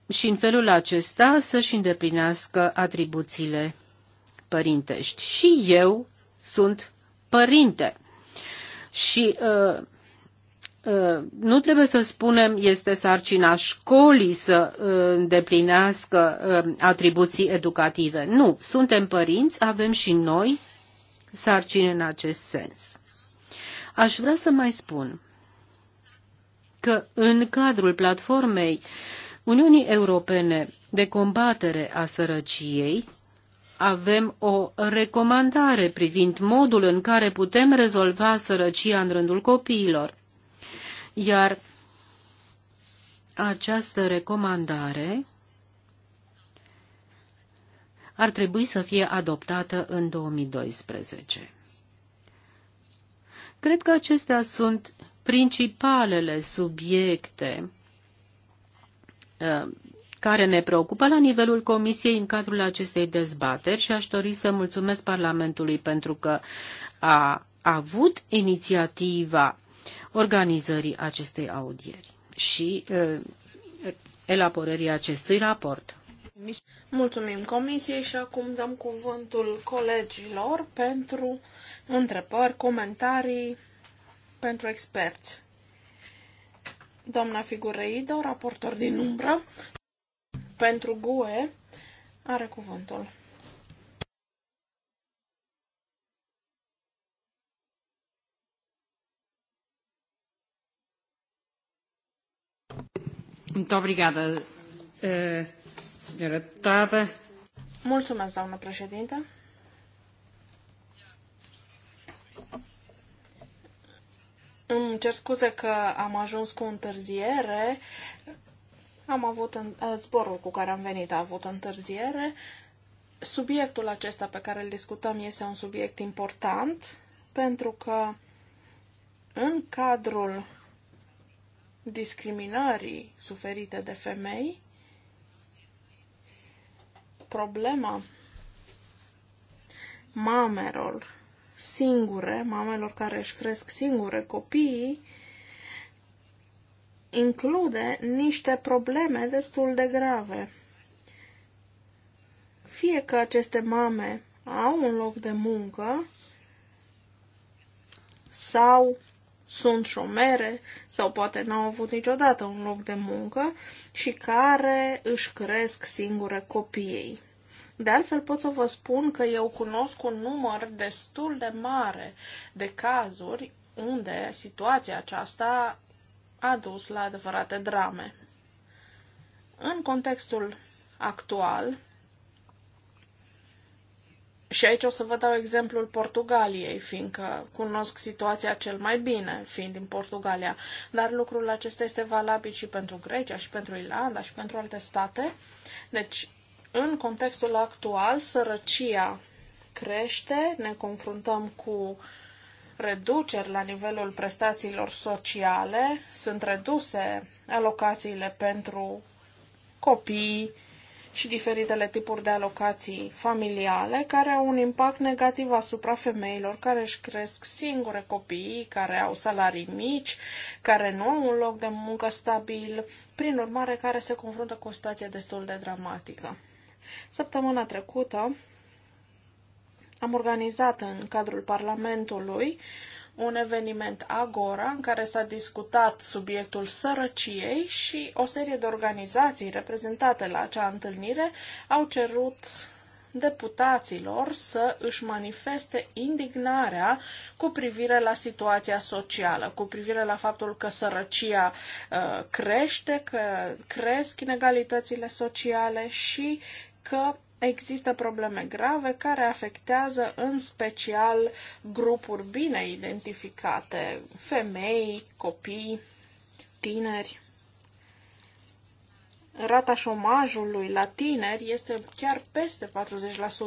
Și în felul acesta să-și îndeplinească atribuțiile părintești. Și eu sunt părinte. Și uh, uh nu trebuie să spunem este sarcina școlii să uh, îndeplinească uh, atribuții educative. Nu, suntem părinți, avem și noi sarcini în acest sens. Aș vrea să mai spun că în cadrul platformei Uniunii Europene de combatere a sărăciei, avem o recomandare privind modul în care putem rezolva sărăcia în rândul copiilor. Iar această recomandare ar trebui să fie adoptată în 2012. Cred că acestea sunt principalele subiecte uh, care ne preocupă la nivelul Comisiei în cadrul acestei dezbateri și aș dori să mulțumesc Parlamentului pentru că a avut inițiativa organizării acestei audieri și uh, elaborării acestui raport. Mulțumim Comisiei și acum dăm cuvântul colegilor pentru întrebări, comentarii pentru experți. Doamna Figureido, raportor din umbră, pentru GUE, are cuvântul. Muito obrigada, uh, senhora deputada. Mulțumesc, doamnă președinte. Îmi cer scuze că am ajuns cu întârziere. Am avut în, eh, zborul cu care am venit a avut întârziere. Subiectul acesta pe care îl discutăm este un subiect important pentru că în cadrul discriminării suferite de femei, problema mamelor singure, mamelor care își cresc singure copiii, include niște probleme destul de grave. Fie că aceste mame au un loc de muncă sau sunt șomere sau poate n-au avut niciodată un loc de muncă și care își cresc singure copiii. De altfel pot să vă spun că eu cunosc un număr destul de mare de cazuri unde situația aceasta a dus la adevărate drame. În contextul actual, și aici o să vă dau exemplul Portugaliei, fiindcă cunosc situația cel mai bine, fiind din Portugalia, dar lucrul acesta este valabil și pentru Grecia, și pentru Irlanda, și pentru alte state. Deci, în contextul actual, sărăcia crește, ne confruntăm cu reduceri la nivelul prestațiilor sociale, sunt reduse alocațiile pentru copii și diferitele tipuri de alocații familiale, care au un impact negativ asupra femeilor care își cresc singure copiii, care au salarii mici, care nu au un loc de muncă stabil, prin urmare care se confruntă cu o situație destul de dramatică. Săptămâna trecută am organizat în cadrul Parlamentului un eveniment Agora în care s-a discutat subiectul sărăciei și o serie de organizații reprezentate la acea întâlnire au cerut deputaților să își manifeste indignarea cu privire la situația socială, cu privire la faptul că sărăcia uh, crește, că cresc inegalitățile sociale și că există probleme grave care afectează în special grupuri bine identificate, femei, copii, tineri. Rata șomajului la tineri este chiar peste 40%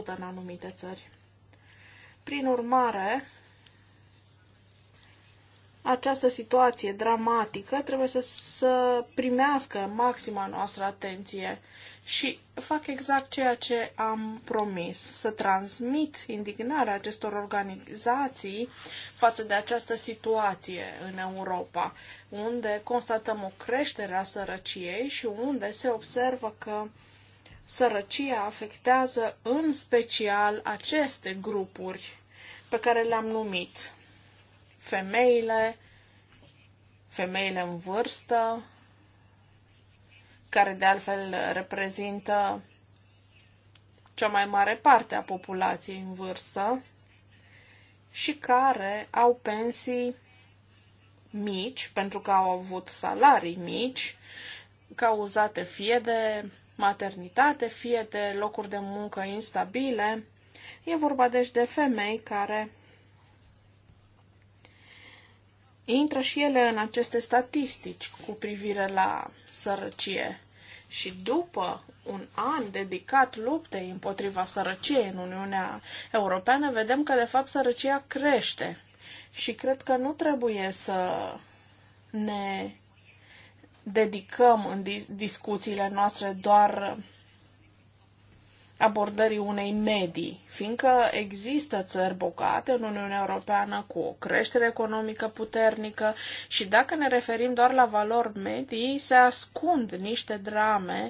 în anumite țări. Prin urmare, această situație dramatică trebuie să, să primească maxima noastră atenție și fac exact ceea ce am promis, să transmit indignarea acestor organizații față de această situație în Europa, unde constatăm o creștere a sărăciei și unde se observă că sărăcia afectează în special aceste grupuri pe care le-am numit femeile, femeile în vârstă, care de altfel reprezintă cea mai mare parte a populației în vârstă și care au pensii mici, pentru că au avut salarii mici, cauzate fie de maternitate, fie de locuri de muncă instabile. E vorba deci de femei care intră și ele în aceste statistici cu privire la sărăcie. Și după un an dedicat luptei împotriva sărăciei în Uniunea Europeană, vedem că, de fapt, sărăcia crește. Și cred că nu trebuie să ne dedicăm în dis- discuțiile noastre doar abordării unei medii, fiindcă există țări bogate în Uniunea Europeană cu o creștere economică puternică și dacă ne referim doar la valori medii, se ascund niște drame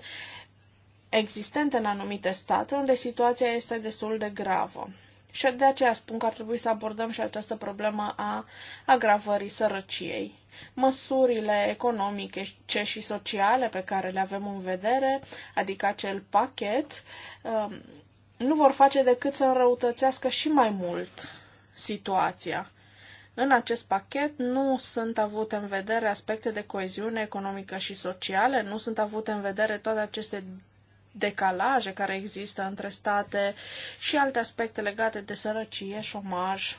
existente în anumite state unde situația este destul de gravă. Și de aceea spun că ar trebui să abordăm și această problemă a agravării sărăciei. Măsurile economice ce și sociale pe care le avem în vedere, adică acel pachet, um, nu vor face decât să înrăutățească și mai mult situația. În acest pachet nu sunt avute în vedere aspecte de coeziune economică și sociale, nu sunt avute în vedere toate aceste decalaje care există între state și alte aspecte legate de sărăcie, șomaj.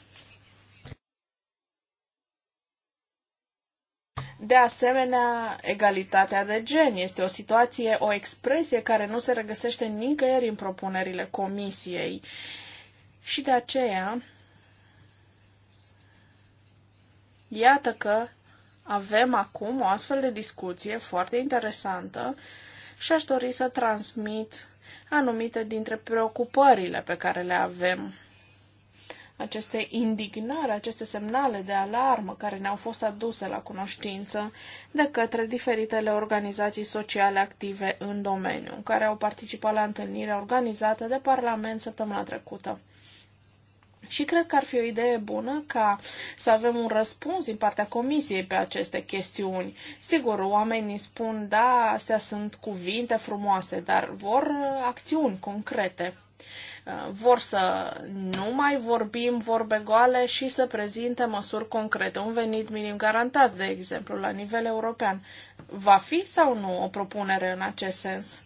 De asemenea, egalitatea de gen este o situație, o expresie care nu se regăsește nicăieri în propunerile comisiei. Și de aceea, iată că avem acum o astfel de discuție foarte interesantă și aș dori să transmit anumite dintre preocupările pe care le avem. Aceste indignări, aceste semnale de alarmă care ne-au fost aduse la cunoștință de către diferitele organizații sociale active în domeniu, care au participat la întâlnirea organizată de Parlament săptămâna trecută. Și cred că ar fi o idee bună ca să avem un răspuns din partea Comisiei pe aceste chestiuni. Sigur, oamenii spun, da, astea sunt cuvinte frumoase, dar vor uh, acțiuni concrete uh, vor să nu mai vorbim vorbe goale și să prezinte măsuri concrete, un venit minim garantat, de exemplu, la nivel european. Va fi sau nu o propunere în acest sens?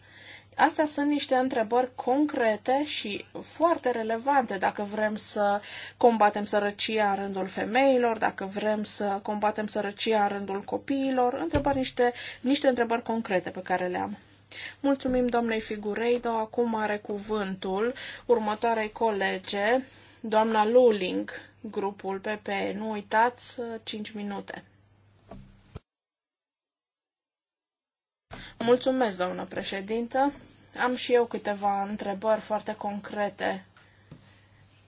Astea sunt niște întrebări concrete și foarte relevante dacă vrem să combatem sărăcia în rândul femeilor, dacă vrem să combatem sărăcia în rândul copiilor, întrebări niște, niște întrebări concrete pe care le am. Mulțumim doamnei Figureido, acum are cuvântul următoarei colege, doamna Luling, grupul PP. Nu uitați, 5 minute. Mulțumesc, doamnă președintă. Am și eu câteva întrebări foarte concrete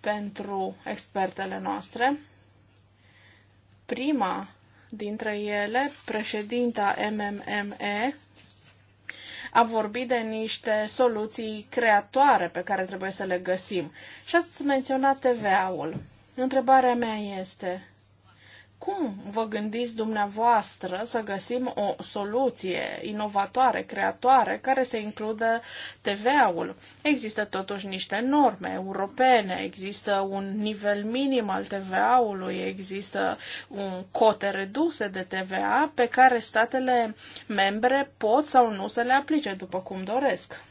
pentru expertele noastre. Prima dintre ele, președinta MMME, a vorbit de niște soluții creatoare pe care trebuie să le găsim. Și ați menționat TVA-ul. Întrebarea mea este, cum vă gândiți dumneavoastră să găsim o soluție inovatoare, creatoare, care să includă TVA-ul? Există totuși niște norme europene, există un nivel minim al TVA-ului, există un cote reduse de TVA pe care statele membre pot sau nu să le aplice după cum doresc.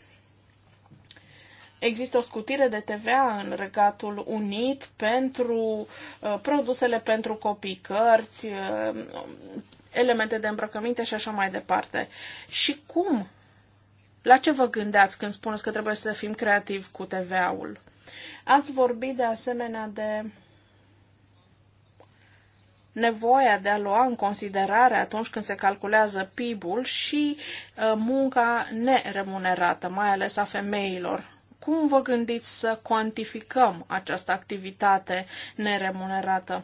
Există o scutire de TVA în Regatul Unit pentru uh, produsele pentru copii, cărți, uh, elemente de îmbrăcăminte și așa mai departe. Și cum? La ce vă gândeați când spuneți că trebuie să fim creativi cu TVA-ul? Ați vorbit de asemenea de nevoia de a lua în considerare atunci când se calculează PIB-ul și uh, munca neremunerată, mai ales a femeilor. Cum vă gândiți să cuantificăm această activitate neremunerată?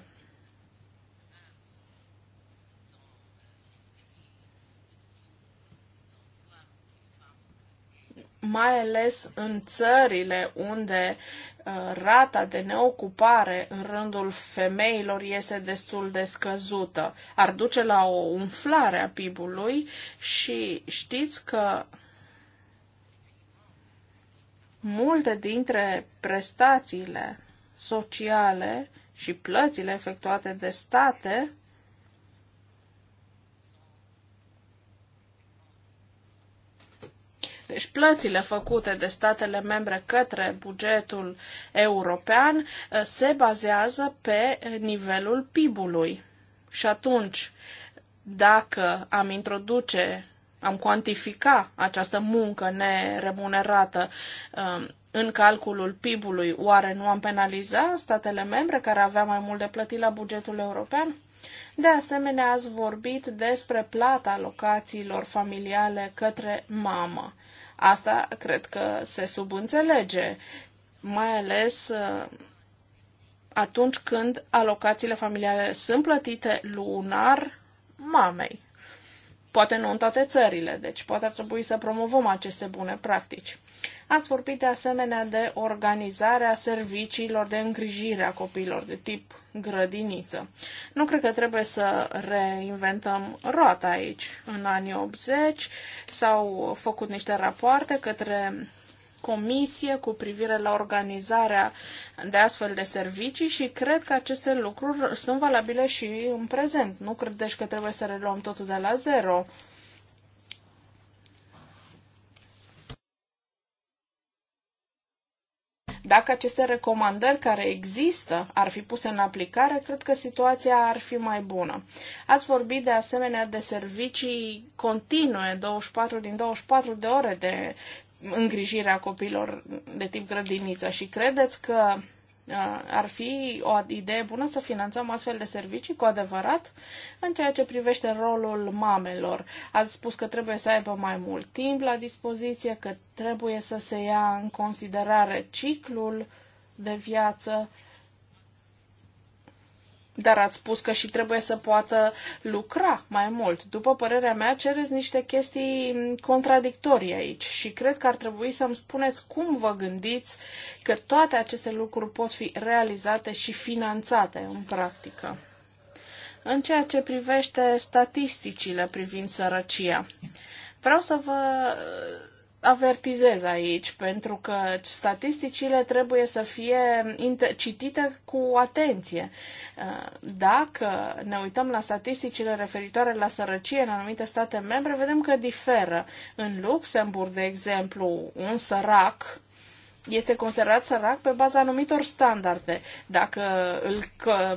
mai ales în țările unde uh, rata de neocupare în rândul femeilor este destul de scăzută. Ar duce la o umflare a PIB-ului și știți că multe dintre prestațiile sociale și plățile efectuate de state Deci plățile făcute de statele membre către bugetul european ă, se bazează pe nivelul PIB-ului. Și atunci, dacă am introduce am cuantifica această muncă neremunerată um, în calculul PIB-ului, oare nu am penaliza statele membre care aveau mai mult de plătit la bugetul european? De asemenea, ați vorbit despre plata locațiilor familiale către mamă. Asta cred că se subînțelege, mai ales uh, atunci când alocațiile familiale sunt plătite lunar mamei. Poate nu în toate țările, deci poate ar trebui să promovăm aceste bune practici. Ați vorbit de asemenea de organizarea serviciilor de îngrijire a copiilor de tip grădiniță. Nu cred că trebuie să reinventăm roata aici. În anii 80 s-au făcut niște rapoarte către comisie cu privire la organizarea de astfel de servicii și cred că aceste lucruri sunt valabile și în prezent. Nu credești deci, că trebuie să reluăm totul de la zero? Dacă aceste recomandări care există ar fi puse în aplicare, cred că situația ar fi mai bună. Ați vorbit de asemenea de servicii continue, 24 din 24 de ore de îngrijirea copilor de tip grădiniță și credeți că uh, ar fi o idee bună să finanțăm astfel de servicii cu adevărat în ceea ce privește rolul mamelor. Ați spus că trebuie să aibă mai mult timp la dispoziție, că trebuie să se ia în considerare ciclul de viață dar ați spus că și trebuie să poată lucra mai mult. După părerea mea, cereți niște chestii contradictorii aici și cred că ar trebui să-mi spuneți cum vă gândiți că toate aceste lucruri pot fi realizate și finanțate în practică. În ceea ce privește statisticile privind sărăcia, vreau să vă avertizez aici, pentru că statisticile trebuie să fie citite cu atenție. Uh, dacă ne uităm la statisticile referitoare la sărăcie în anumite state membre, vedem că diferă. În Luxemburg, de exemplu, un sărac este considerat sărac pe baza anumitor standarde. Dacă îl că,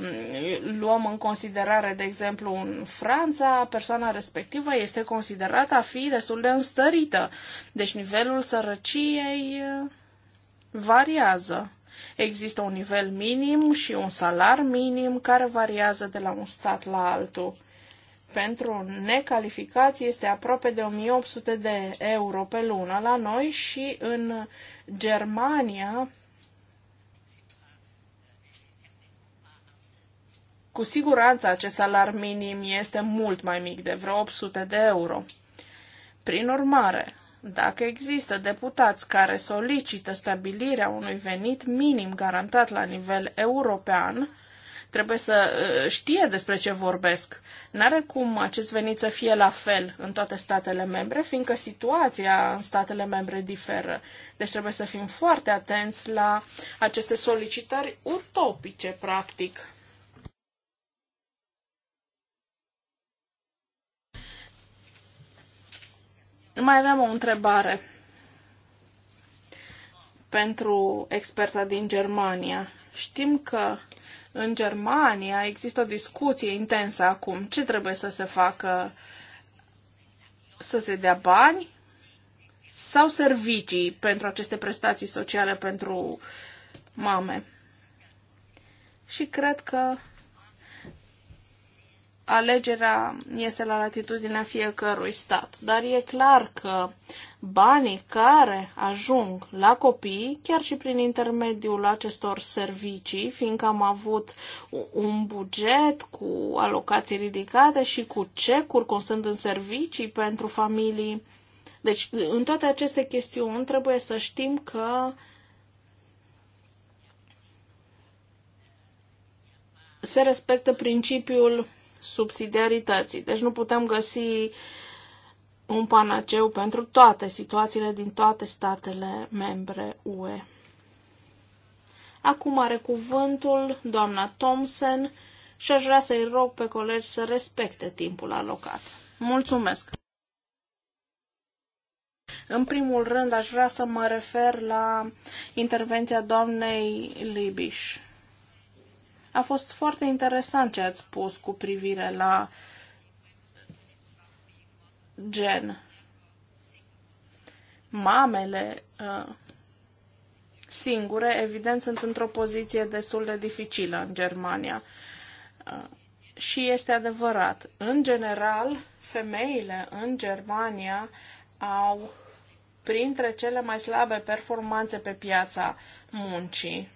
luăm în considerare, de exemplu, în Franța, persoana respectivă este considerată a fi destul de înstărită. Deci nivelul sărăciei uh, variază. Există un nivel minim și un salar minim care variază de la un stat la altul. Pentru necalificați este aproape de 1800 de euro pe lună la noi și în Germania cu siguranță acest salar minim este mult mai mic, de vreo 800 de euro. Prin urmare, dacă există deputați care solicită stabilirea unui venit minim garantat la nivel european, trebuie să uh, știe despre ce vorbesc. N-are cum acest venit să fie la fel în toate statele membre, fiindcă situația în statele membre diferă. Deci trebuie să fim foarte atenți la aceste solicitări utopice, practic. Mai aveam o întrebare pentru experta din Germania. Știm că în Germania există o discuție intensă acum. Ce trebuie să se facă? Să se dea bani sau servicii pentru aceste prestații sociale pentru mame? Și cred că alegerea este la latitudinea fiecărui stat, dar e clar că banii care ajung la copii, chiar și prin intermediul acestor servicii, fiindcă am avut un buget cu alocații ridicate și cu cecuri constând în servicii pentru familii. Deci, în toate aceste chestiuni, trebuie să știm că se respectă principiul subsidiarității. Deci nu putem găsi un panaceu pentru toate situațiile din toate statele membre UE. Acum are cuvântul doamna Thompson și aș vrea să-i rog pe colegi să respecte timpul alocat. Mulțumesc! În primul rând, aș vrea să mă refer la intervenția doamnei Libiș. A fost foarte interesant ce ați spus cu privire la gen. Mamele uh, singure, evident, sunt într-o poziție destul de dificilă în Germania. Uh, și este adevărat. În general, femeile în Germania au printre cele mai slabe performanțe pe piața muncii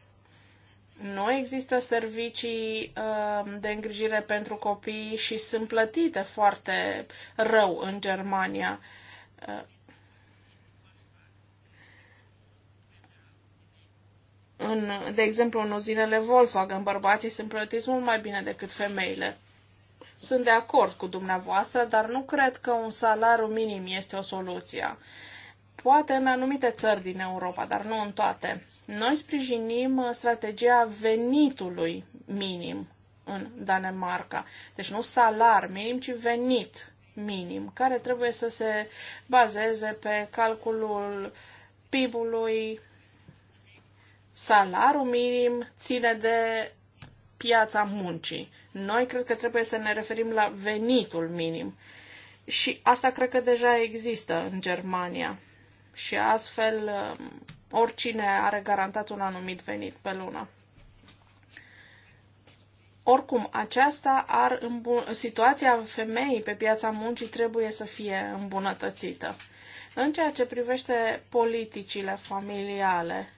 nu există servicii um, de îngrijire pentru copii și sunt plătite foarte rău în Germania. În, de exemplu, în uzinele Volkswagen, bărbații sunt plătiți mult mai bine decât femeile. Sunt de acord cu dumneavoastră, dar nu cred că un salariu minim este o soluție poate în anumite țări din Europa, dar nu în toate. Noi sprijinim uh, strategia venitului minim în Danemarca. Deci nu salar minim, ci venit minim, care trebuie să se bazeze pe calculul PIB-ului. Salarul minim ține de piața muncii. Noi cred că trebuie să ne referim la venitul minim. Și asta cred că deja există în Germania și astfel um, oricine are garantat un anumit venit pe lună. Oricum, aceasta ar îmbun- situația femeii pe piața muncii trebuie să fie îmbunătățită. În ceea ce privește politicile familiale,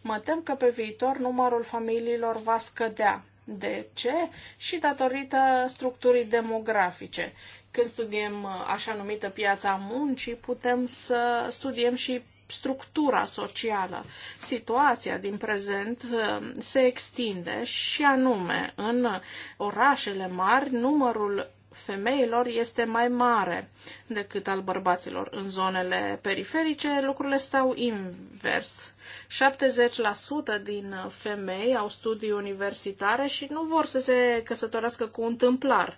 mă tem că pe viitor numărul familiilor va scădea. De ce? Și datorită structurii demografice când studiem uh, așa numită piața muncii, putem să studiem și structura socială. Situația din prezent uh, se extinde și anume în orașele mari numărul femeilor este mai mare decât al bărbaților. În zonele periferice lucrurile stau invers. 70% din femei au studii universitare și nu vor să se căsătorească cu un tâmplar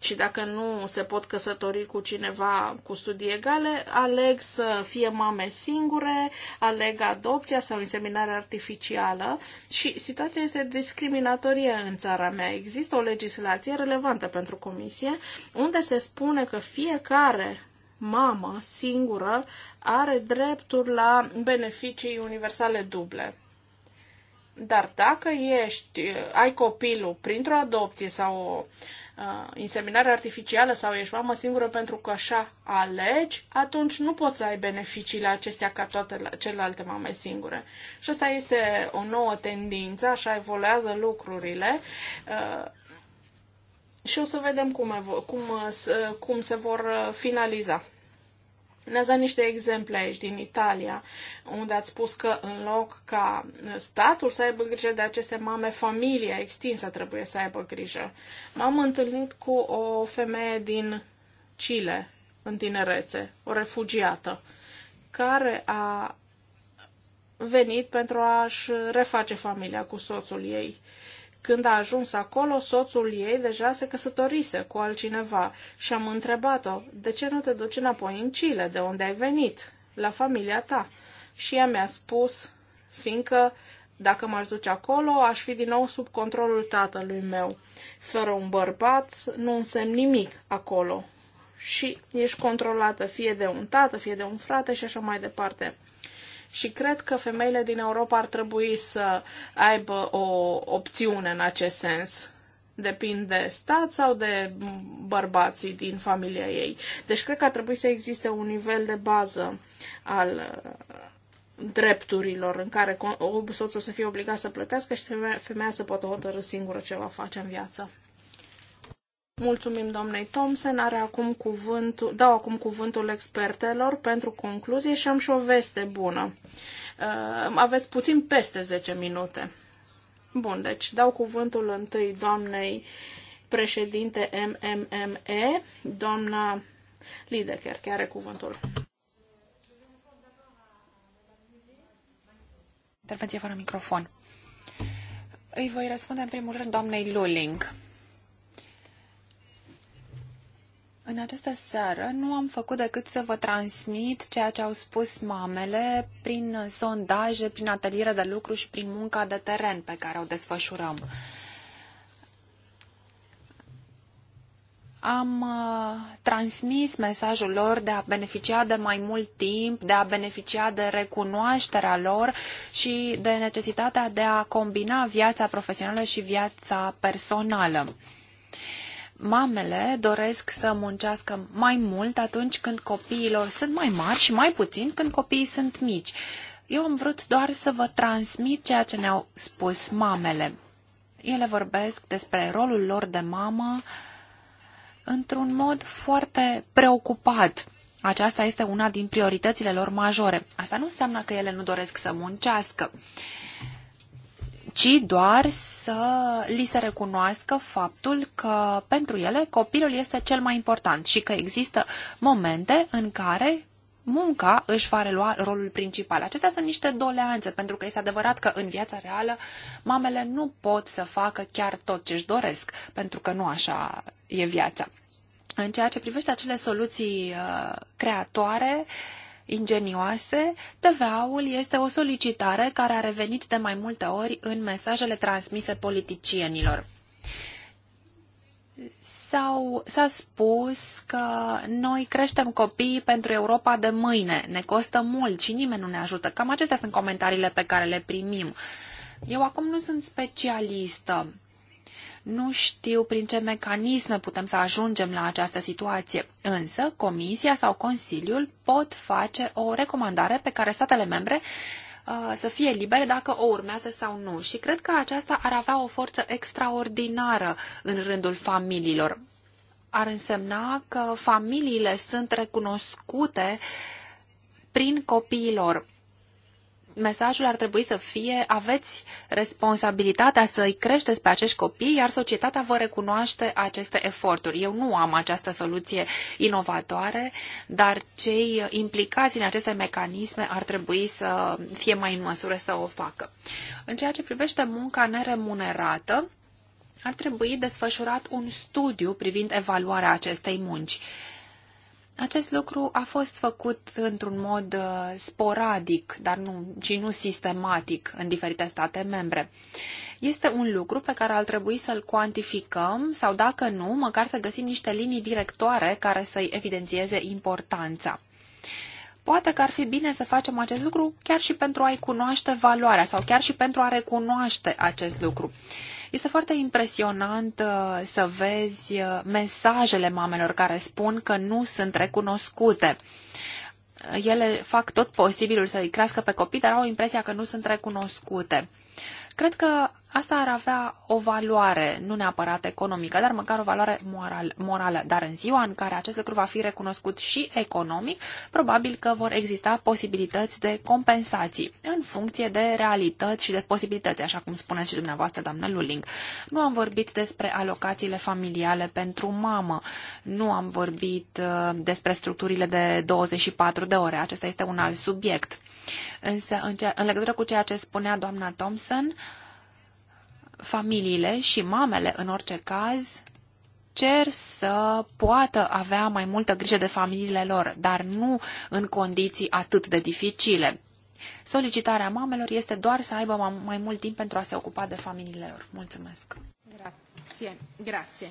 și dacă nu se pot căsători cu cineva cu studii egale, aleg să fie mame singure, aleg adopția sau inseminarea artificială și situația este discriminatorie în țara mea. Există o legislație relevantă pentru comisie unde se spune că fiecare mamă singură are dreptul la beneficii universale duble. Dar dacă ești, ai copilul printr-o adopție sau o uh, inseminare artificială sau ești mamă singură pentru că așa alegi, atunci nu poți să ai beneficiile acestea ca toate celelalte mame singure. Și asta este o nouă tendință, așa evoluează lucrurile. Uh, și o să vedem cum, evo- cum, uh, uh, cum se vor uh, finaliza ne-ați dat niște exemple aici din Italia, unde ați spus că în loc ca statul să aibă grijă de aceste mame, familia extinsă trebuie să aibă grijă. M-am întâlnit cu o femeie din Chile, în tinerețe, o refugiată, care a venit pentru a-și reface familia cu soțul ei când a ajuns acolo, soțul ei deja se căsătorise cu altcineva și am întrebat-o, de ce nu te duci înapoi în Chile, de unde ai venit, la familia ta? Și ea mi-a spus, fiindcă dacă m-aș duce acolo, aș fi din nou sub controlul tatălui meu. Fără un bărbat nu însemn nimic acolo. Și ești controlată fie de un tată, fie de un frate și așa mai departe și cred că femeile din Europa ar trebui să aibă o opțiune în acest sens. Depinde de stat sau de bărbații din familia ei. Deci cred că ar trebui să existe un nivel de bază al uh, drepturilor în care soțul să fie obligat să plătească și femeia să poată hotărâ singură ce va face în viață. Mulțumim doamnei Thompson, are acum cuvântul, dau acum cuvântul expertelor pentru concluzie și am și o veste bună. Uh, aveți puțin peste 10 minute. Bun, deci dau cuvântul întâi doamnei președinte MMME, doamna Lideker, care are cuvântul. Intervenție fără microfon. Îi voi răspunde în primul rând doamnei Luling În această seară nu am făcut decât să vă transmit ceea ce au spus mamele prin sondaje, prin ateliere de lucru și prin munca de teren pe care o desfășurăm. am uh, transmis mesajul lor de a beneficia de mai mult timp, de a beneficia de recunoașterea lor și de necesitatea de a combina viața profesională și viața personală. Mamele doresc să muncească mai mult atunci când copiilor sunt mai mari și mai puțin când copiii sunt mici. Eu am vrut doar să vă transmit ceea ce ne-au spus mamele. Ele vorbesc despre rolul lor de mamă într-un mod foarte preocupat. Aceasta este una din prioritățile lor majore. Asta nu înseamnă că ele nu doresc să muncească. Uh, ci doar să li se recunoască faptul că pentru ele copilul este cel mai important și că există momente în care munca își va relua rolul principal. Acestea sunt niște doleanțe, pentru că este adevărat că în viața reală mamele nu pot să facă chiar tot ce își doresc, pentru că nu așa e viața. În ceea ce privește acele soluții uh, creatoare, uh, ingenioase, TVA-ul este o solicitare care a revenit de mai multe ori în mesajele transmise politicienilor. Sau s-a spus că noi creștem copiii pentru Europa de mâine, ne costă mult și nimeni nu ne ajută. Cam acestea sunt comentariile pe care le primim. Eu acum nu sunt specialistă nu știu prin ce mecanisme putem să ajungem la această situație, însă Comisia sau Consiliul pot face o recomandare pe care statele membre uh, să fie libere dacă o urmează sau nu. Și cred că aceasta ar avea o forță extraordinară în rândul familiilor. Ar însemna că familiile sunt recunoscute prin copiilor mesajul ar trebui să fie aveți responsabilitatea să-i creșteți pe acești copii, iar societatea vă recunoaște aceste eforturi. Eu nu am această soluție inovatoare, dar cei implicați în aceste mecanisme ar trebui să fie mai în măsură să o facă. În ceea ce privește munca neremunerată, ar trebui desfășurat un studiu privind evaluarea acestei munci. Acest lucru a fost făcut într-un mod uh, sporadic, dar nu, ci nu sistematic în diferite state membre. Este un lucru pe care ar trebui să-l cuantificăm sau, dacă nu, măcar să găsim niște linii directoare care să-i evidențieze importanța. Poate că ar fi bine să facem acest lucru chiar și pentru a-i cunoaște valoarea sau chiar și pentru a recunoaște acest lucru. Este foarte impresionant uh, să vezi uh, mesajele mamelor care spun că nu sunt recunoscute ele fac tot posibilul să-i crească pe copii, dar au impresia că nu sunt recunoscute. Cred că asta ar avea o valoare, nu neapărat economică, dar măcar o valoare moral, morală. Dar în ziua în care acest lucru va fi recunoscut și economic, probabil că vor exista posibilități de compensații în funcție de realități și de posibilități, așa cum spuneți și dumneavoastră, doamnă Luling. Nu am vorbit despre alocațiile familiale pentru mamă, nu am vorbit uh, despre structurile de 24 de ore, acesta este un alt subiect. Însă, în, ce, în legătură cu ceea ce spunea doamna Toms, Johnson, familiile și mamele, în orice caz, cer să poată avea mai multă grijă de familiile lor, dar nu în condiții atât de dificile. Solicitarea mamelor este doar să aibă mai mult timp pentru a se ocupa de familiile lor. Mulțumesc! Grație, grație.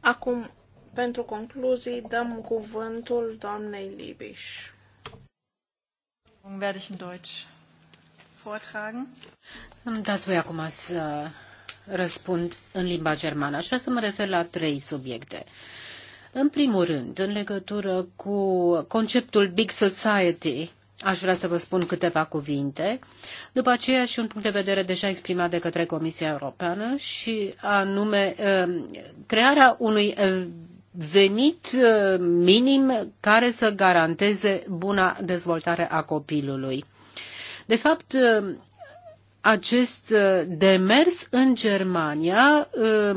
Acum, pentru concluzii, dăm cuvântul doamnei Libiș. Werde ich in Deutsch dați voi acum să răspund în limba germană. Aș vrea să mă refer la trei subiecte. În primul rând, în legătură cu conceptul Big Society, aș vrea să vă spun câteva cuvinte. După aceea și un punct de vedere deja exprimat de către Comisia Europeană și anume um, crearea unui uh, venit uh, minim care să garanteze buna dezvoltare a copilului. De fapt, ă, acest ă, demers în Germania ă,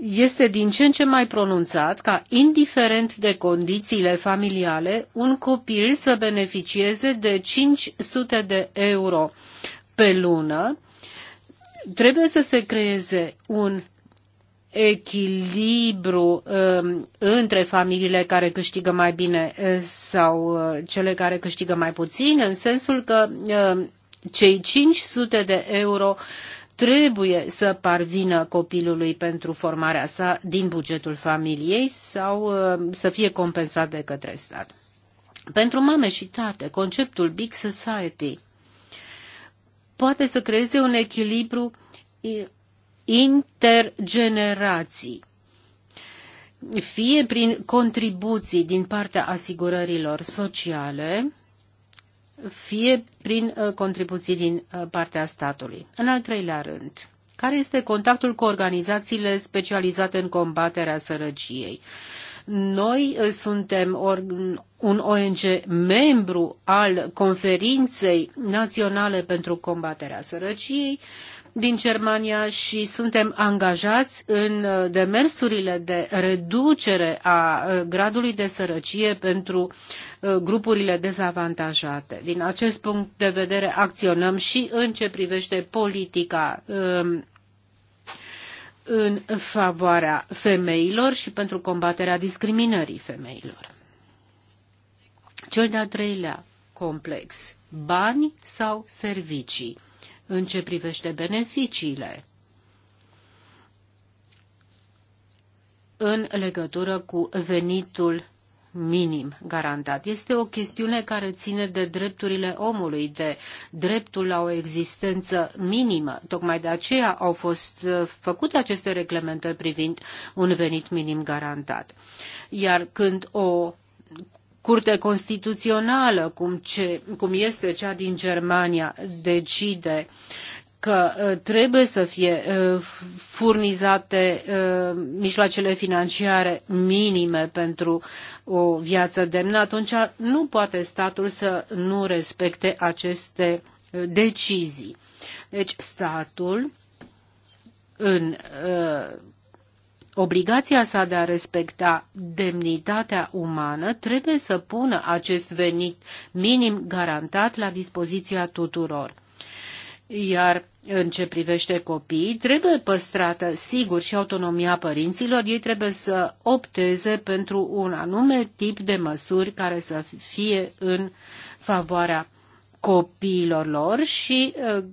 este din ce în ce mai pronunțat ca, indiferent de condițiile familiale, un copil să beneficieze de 500 de euro pe lună. Trebuie să se creeze un echilibru um, între familiile care câștigă mai bine uh, sau uh, cele care câștigă mai puțin, în sensul că um, cei 500 de euro trebuie să parvină copilului pentru formarea sa din bugetul familiei sau um, să fie compensat de către stat. Pentru mame și tate, conceptul Big Society poate să creeze un echilibru intergenerații, fie prin contribuții din partea asigurărilor sociale, fie prin uh, contribuții din uh, partea statului. În al treilea rând, care este contactul cu organizațiile specializate în combaterea sărăciei? Noi uh, suntem un ONG membru al Conferinței Naționale pentru Combaterea Sărăciei, din Germania și suntem angajați în uh, demersurile de reducere a uh, gradului de sărăcie pentru uh, grupurile dezavantajate. Din acest punct de vedere acționăm și în ce privește politica um, în favoarea femeilor și pentru combaterea discriminării femeilor. Cel de-al treilea complex, bani sau servicii în ce privește beneficiile. în legătură cu venitul minim garantat. Este o chestiune care ține de drepturile omului, de dreptul la o existență minimă. Tocmai de aceea au fost uh, făcute aceste reglementări privind un venit minim garantat. Iar când o curte constituțională, cum, ce, cum este cea din Germania, decide că uh, trebuie să fie uh, furnizate uh, mijloacele financiare minime pentru o viață demnă, atunci nu poate statul să nu respecte aceste decizii. Deci statul în obligația sa de a respecta demnitatea umană trebuie să pună acest venit minim garantat la dispoziția tuturor. Iar în ce privește copiii, trebuie păstrată, sigur, și autonomia părinților. Ei trebuie să opteze pentru un anume tip de măsuri care să fie în favoarea copiilor lor și uh,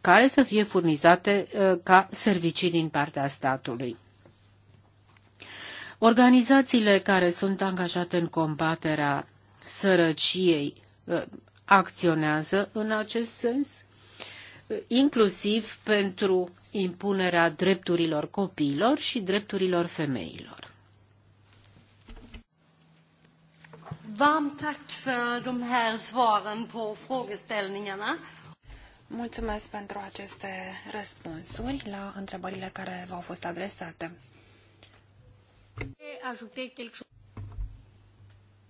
care să fie furnizate uh, ca servicii din partea statului. Organizațiile care sunt angajate în combaterea sărăciei uh, acționează în acest sens, uh, inclusiv pentru impunerea drepturilor copiilor și drepturilor femeilor. Varmt tack för de här svaren på frågeställningarna. Mulțumesc pentru aceste răspunsuri la întrebările care v-au fost adresate.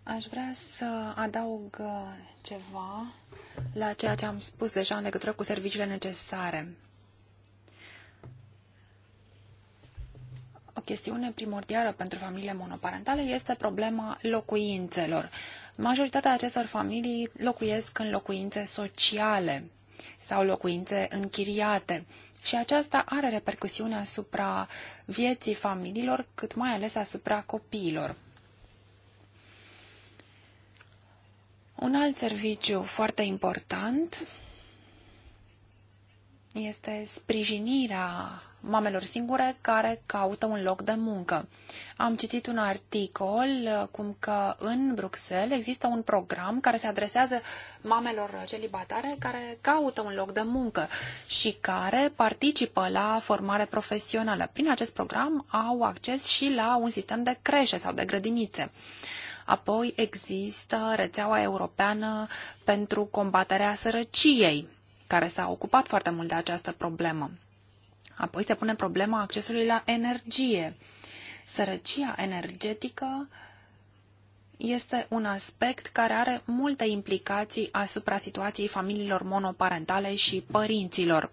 Aș vrea să adaug uh, ceva la ceea ce am spus deja în legătură cu serviciile necesare. O chestiune primordială pentru familiile monoparentale este problema locuințelor. Majoritatea acestor familii locuiesc în locuințe sociale sau locuințe închiriate, și aceasta are repercusiune asupra vieții familiilor, cât mai ales asupra copiilor. Un alt serviciu foarte important este sprijinirea mamelor singure care caută un loc de muncă. Am citit un articol uh, cum că în Bruxelles există un program care se adresează mamelor celibatare care caută un loc de muncă și care participă la formare profesională. Prin acest program au acces și la un sistem de creșe sau de grădinițe. Apoi există rețeaua europeană pentru combaterea sărăciei, care s-a ocupat foarte mult de această problemă. Apoi se pune problema accesului la energie. Sărăcia energetică este un aspect care are multe implicații asupra situației familiilor monoparentale și părinților.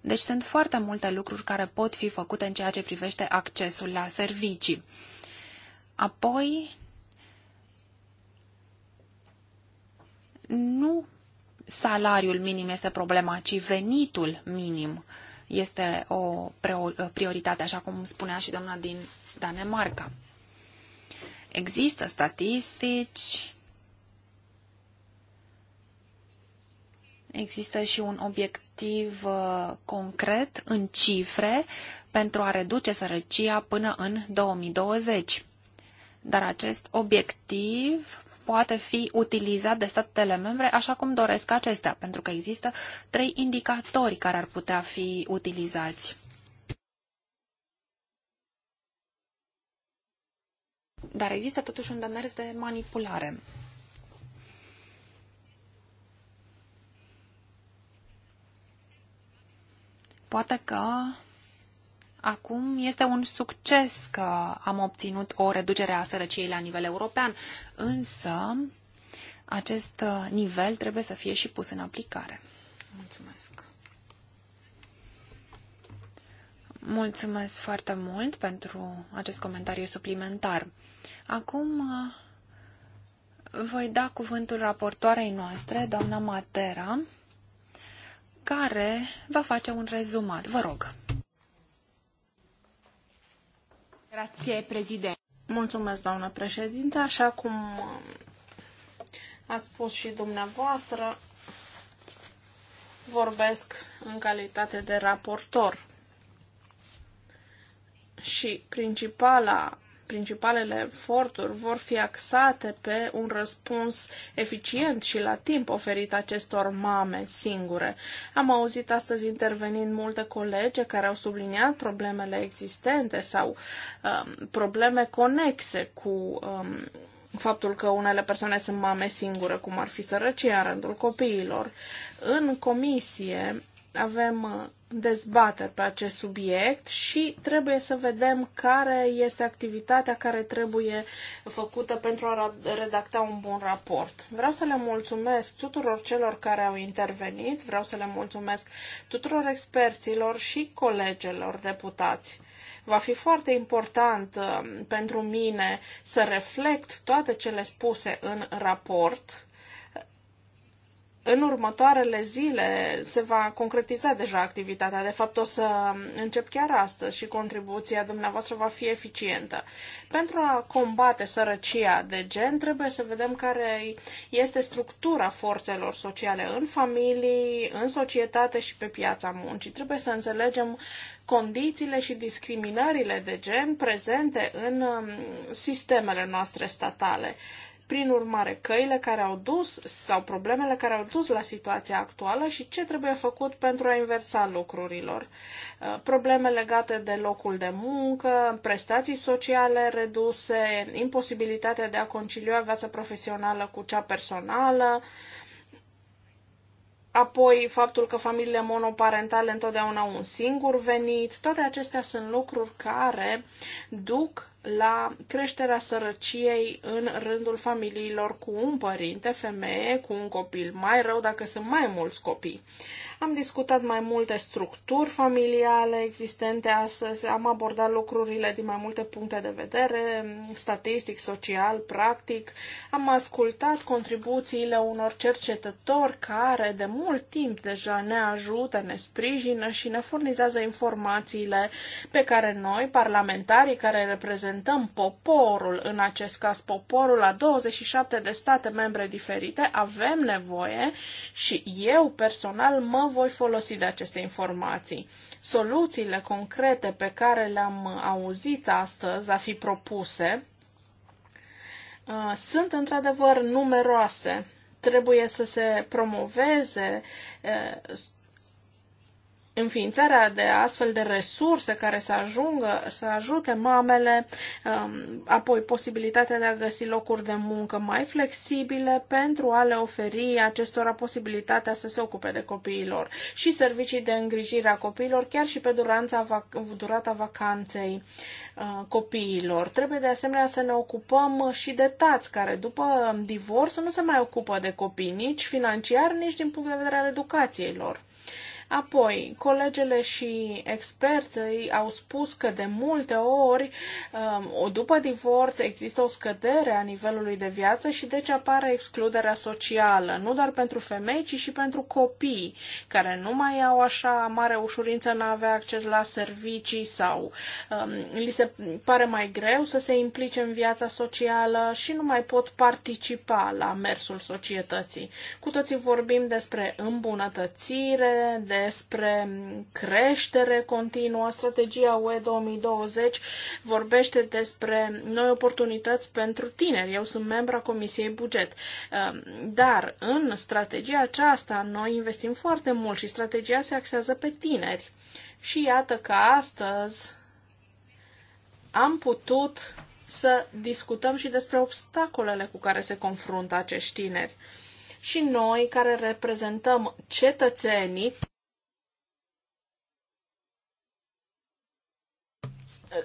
Deci sunt foarte multe lucruri care pot fi făcute în ceea ce privește accesul la servicii. Apoi, nu salariul minim este problema, ci venitul minim. Uh, este o prioritate, așa cum spunea și doamna din Danemarca. Există statistici, există și un obiectiv uh, concret în cifre pentru a reduce sărăcia până în 2020. Dar acest obiectiv poate fi utilizat de statele membre așa cum doresc acestea, pentru că există trei indicatori care ar putea fi utilizați. Dar există totuși un demers de manipulare. Poate că Acum este un succes că am obținut o reducere a sărăciei la nivel european, însă acest uh, nivel trebuie să fie și pus în aplicare. Mulțumesc! Mulțumesc foarte mult pentru acest comentariu suplimentar. Acum uh, voi da cuvântul raportoarei noastre, doamna Matera, care va face un rezumat. Vă rog. Grație, prezident. Mulțumesc, doamnă președinte. Așa cum a spus și dumneavoastră, vorbesc în calitate de raportor. Și principala principalele eforturi vor fi axate pe un răspuns eficient și la timp oferit acestor mame singure. Am auzit astăzi intervenind multe colege care au subliniat problemele existente sau um, probleme conexe cu um, faptul că unele persoane sunt mame singure, cum ar fi sărăcia în rândul copiilor. În comisie avem uh, dezbateri pe acest subiect și trebuie să vedem care este activitatea care trebuie făcută pentru a redacta un bun raport. Vreau să le mulțumesc tuturor celor care au intervenit, vreau să le mulțumesc tuturor experților și colegelor deputați va fi foarte important uh, pentru mine să reflect toate cele spuse în raport în următoarele zile se va concretiza deja activitatea. De fapt, o să încep chiar astăzi și contribuția dumneavoastră va fi eficientă. Pentru a combate sărăcia de gen, trebuie să vedem care este structura forțelor sociale în familii, în societate și pe piața muncii. Trebuie să înțelegem condițiile și discriminările de gen prezente în um, sistemele noastre statale prin urmare, căile care au dus sau problemele care au dus la situația actuală și ce trebuie făcut pentru a inversa lucrurilor. Uh, probleme legate de locul de muncă, prestații sociale reduse, imposibilitatea de a concilia viața profesională cu cea personală, Apoi, faptul că familiile monoparentale întotdeauna au un singur venit, toate acestea sunt lucruri care duc la creșterea sărăciei în rândul familiilor cu un părinte, femeie, cu un copil, mai rău dacă sunt mai mulți copii. Am discutat mai multe structuri familiale existente astăzi, am abordat lucrurile din mai multe puncte de vedere, statistic, social, practic. Am ascultat contribuțiile unor cercetători care de mult timp deja ne ajută, ne sprijină și ne furnizează informațiile pe care noi, parlamentarii care reprezentăm reprezentăm poporul, în acest caz poporul la 27 de state membre diferite, avem nevoie și eu personal mă voi folosi de aceste informații. Soluțiile concrete pe care le-am auzit astăzi a fi propuse uh, sunt într-adevăr numeroase trebuie să se promoveze uh, înființarea de astfel de resurse care să ajungă, să ajute mamele, um, apoi posibilitatea de a găsi locuri de muncă mai flexibile pentru a le oferi acestora posibilitatea să se ocupe de copiilor și servicii de îngrijire a copiilor chiar și pe duranța, durata vacanței uh, copiilor. Trebuie de asemenea să ne ocupăm și de tați care după divorț nu se mai ocupă de copii nici financiar, nici din punct de vedere al educației lor. Apoi, colegele și experții au spus că de multe ori, um, după divorț, există o scădere a nivelului de viață și deci apare excluderea socială, nu doar pentru femei, ci și pentru copii, care nu mai au așa mare ușurință în a avea acces la servicii sau um, li se pare mai greu să se implice în viața socială și nu mai pot participa la mersul societății. Cu toții vorbim despre îmbunătățire, de despre creștere continuă. Strategia UE 2020 vorbește despre noi oportunități pentru tineri. Eu sunt membra Comisiei Buget. Ehm, dar în strategia aceasta noi investim foarte mult și strategia se axează pe tineri. Și iată că astăzi am putut să discutăm și despre obstacolele cu care se confruntă acești tineri. Și noi, care reprezentăm cetățenii,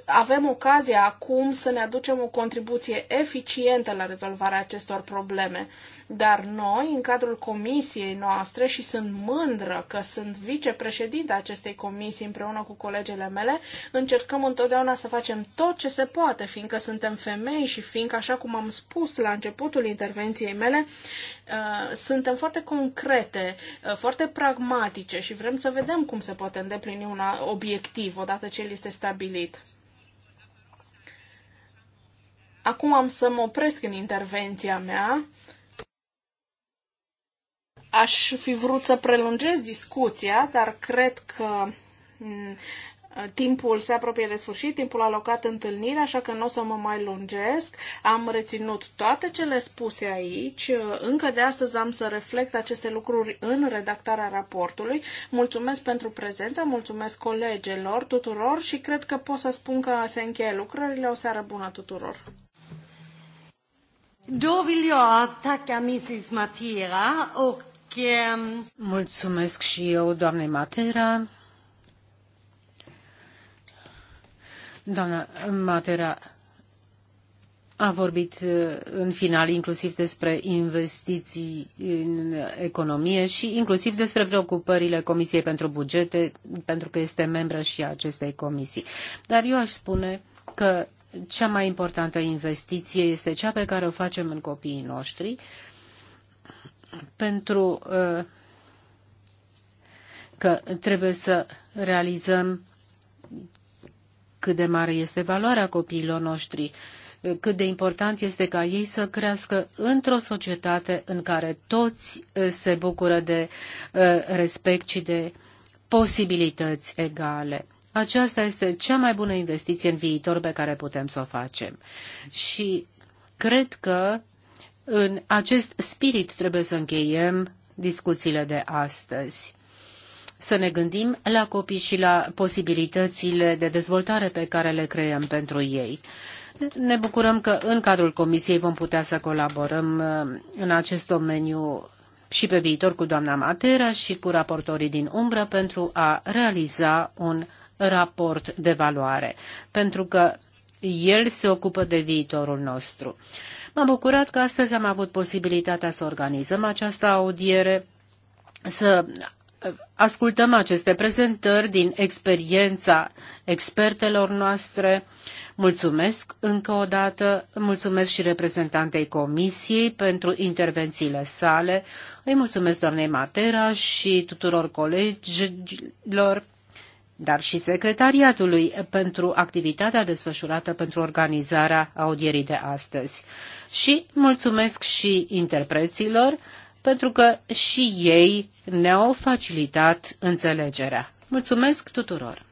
avem ocazia acum să ne aducem o contribuție eficientă la rezolvarea acestor probleme. Dar noi, în cadrul comisiei noastre, și sunt mândră că sunt vicepreședinte acestei comisii împreună cu colegele mele, încercăm întotdeauna să facem tot ce se poate, fiindcă suntem femei și fiindcă, așa cum am spus la începutul intervenției mele, uh, suntem foarte concrete, uh, foarte pragmatice și vrem să vedem cum se poate îndeplini un obiectiv odată ce el este stabilit. Acum am să mă opresc în intervenția mea. Aș fi vrut să prelungesc discuția, dar cred că mm, timpul se apropie de sfârșit, timpul alocat întâlnirii, așa că nu o să mă mai lungesc. Am reținut toate cele spuse aici. Încă de astăzi am să reflect aceste lucruri în redactarea raportului. Mulțumesc pentru prezența, mulțumesc colegelor tuturor și cred că pot să spun că se încheie lucrările. O seară bună tuturor! Då vill jag tacka Mrs. Matera och... Ehm, Mulțumesc și eu, doamnei Matera. Doamna Matera a vorbit eh, în final inclusiv despre investiții în economie și inclusiv despre preocupările Comisiei pentru Bugete, pentru că este membră și a acestei comisii. Dar eu aș spune că cea mai importantă investiție este cea pe care o facem în copiii noștri pentru uh, că trebuie să realizăm cât de mare este valoarea copiilor noștri, uh, cât de important este ca ei să crească într-o societate în care toți uh, se bucură de respect și de posibilități egale aceasta este cea mai bună investiție în viitor pe care putem să o facem. Și cred că în acest spirit trebuie să încheiem discuțiile de astăzi. Să ne gândim la copii și la posibilitățile de dezvoltare pe care le creăm pentru ei. Ne bucurăm că în cadrul Comisiei vom putea să colaborăm uh, în acest domeniu și pe viitor cu doamna Matera și cu raportorii din umbră pentru a realiza un raport de valoare, pentru că el se ocupă de viitorul nostru. M-am bucurat că astăzi am avut posibilitatea să organizăm această audiere, să ascultăm aceste prezentări din experiența expertelor noastre. Mulțumesc încă o dată, mulțumesc și reprezentantei Comisiei pentru intervențiile sale. Îi mulțumesc doamnei Matera și tuturor colegilor dar și secretariatului pentru activitatea desfășurată pentru organizarea audierii de astăzi. Și mulțumesc și interpreților pentru că și ei ne-au facilitat înțelegerea. Mulțumesc tuturor!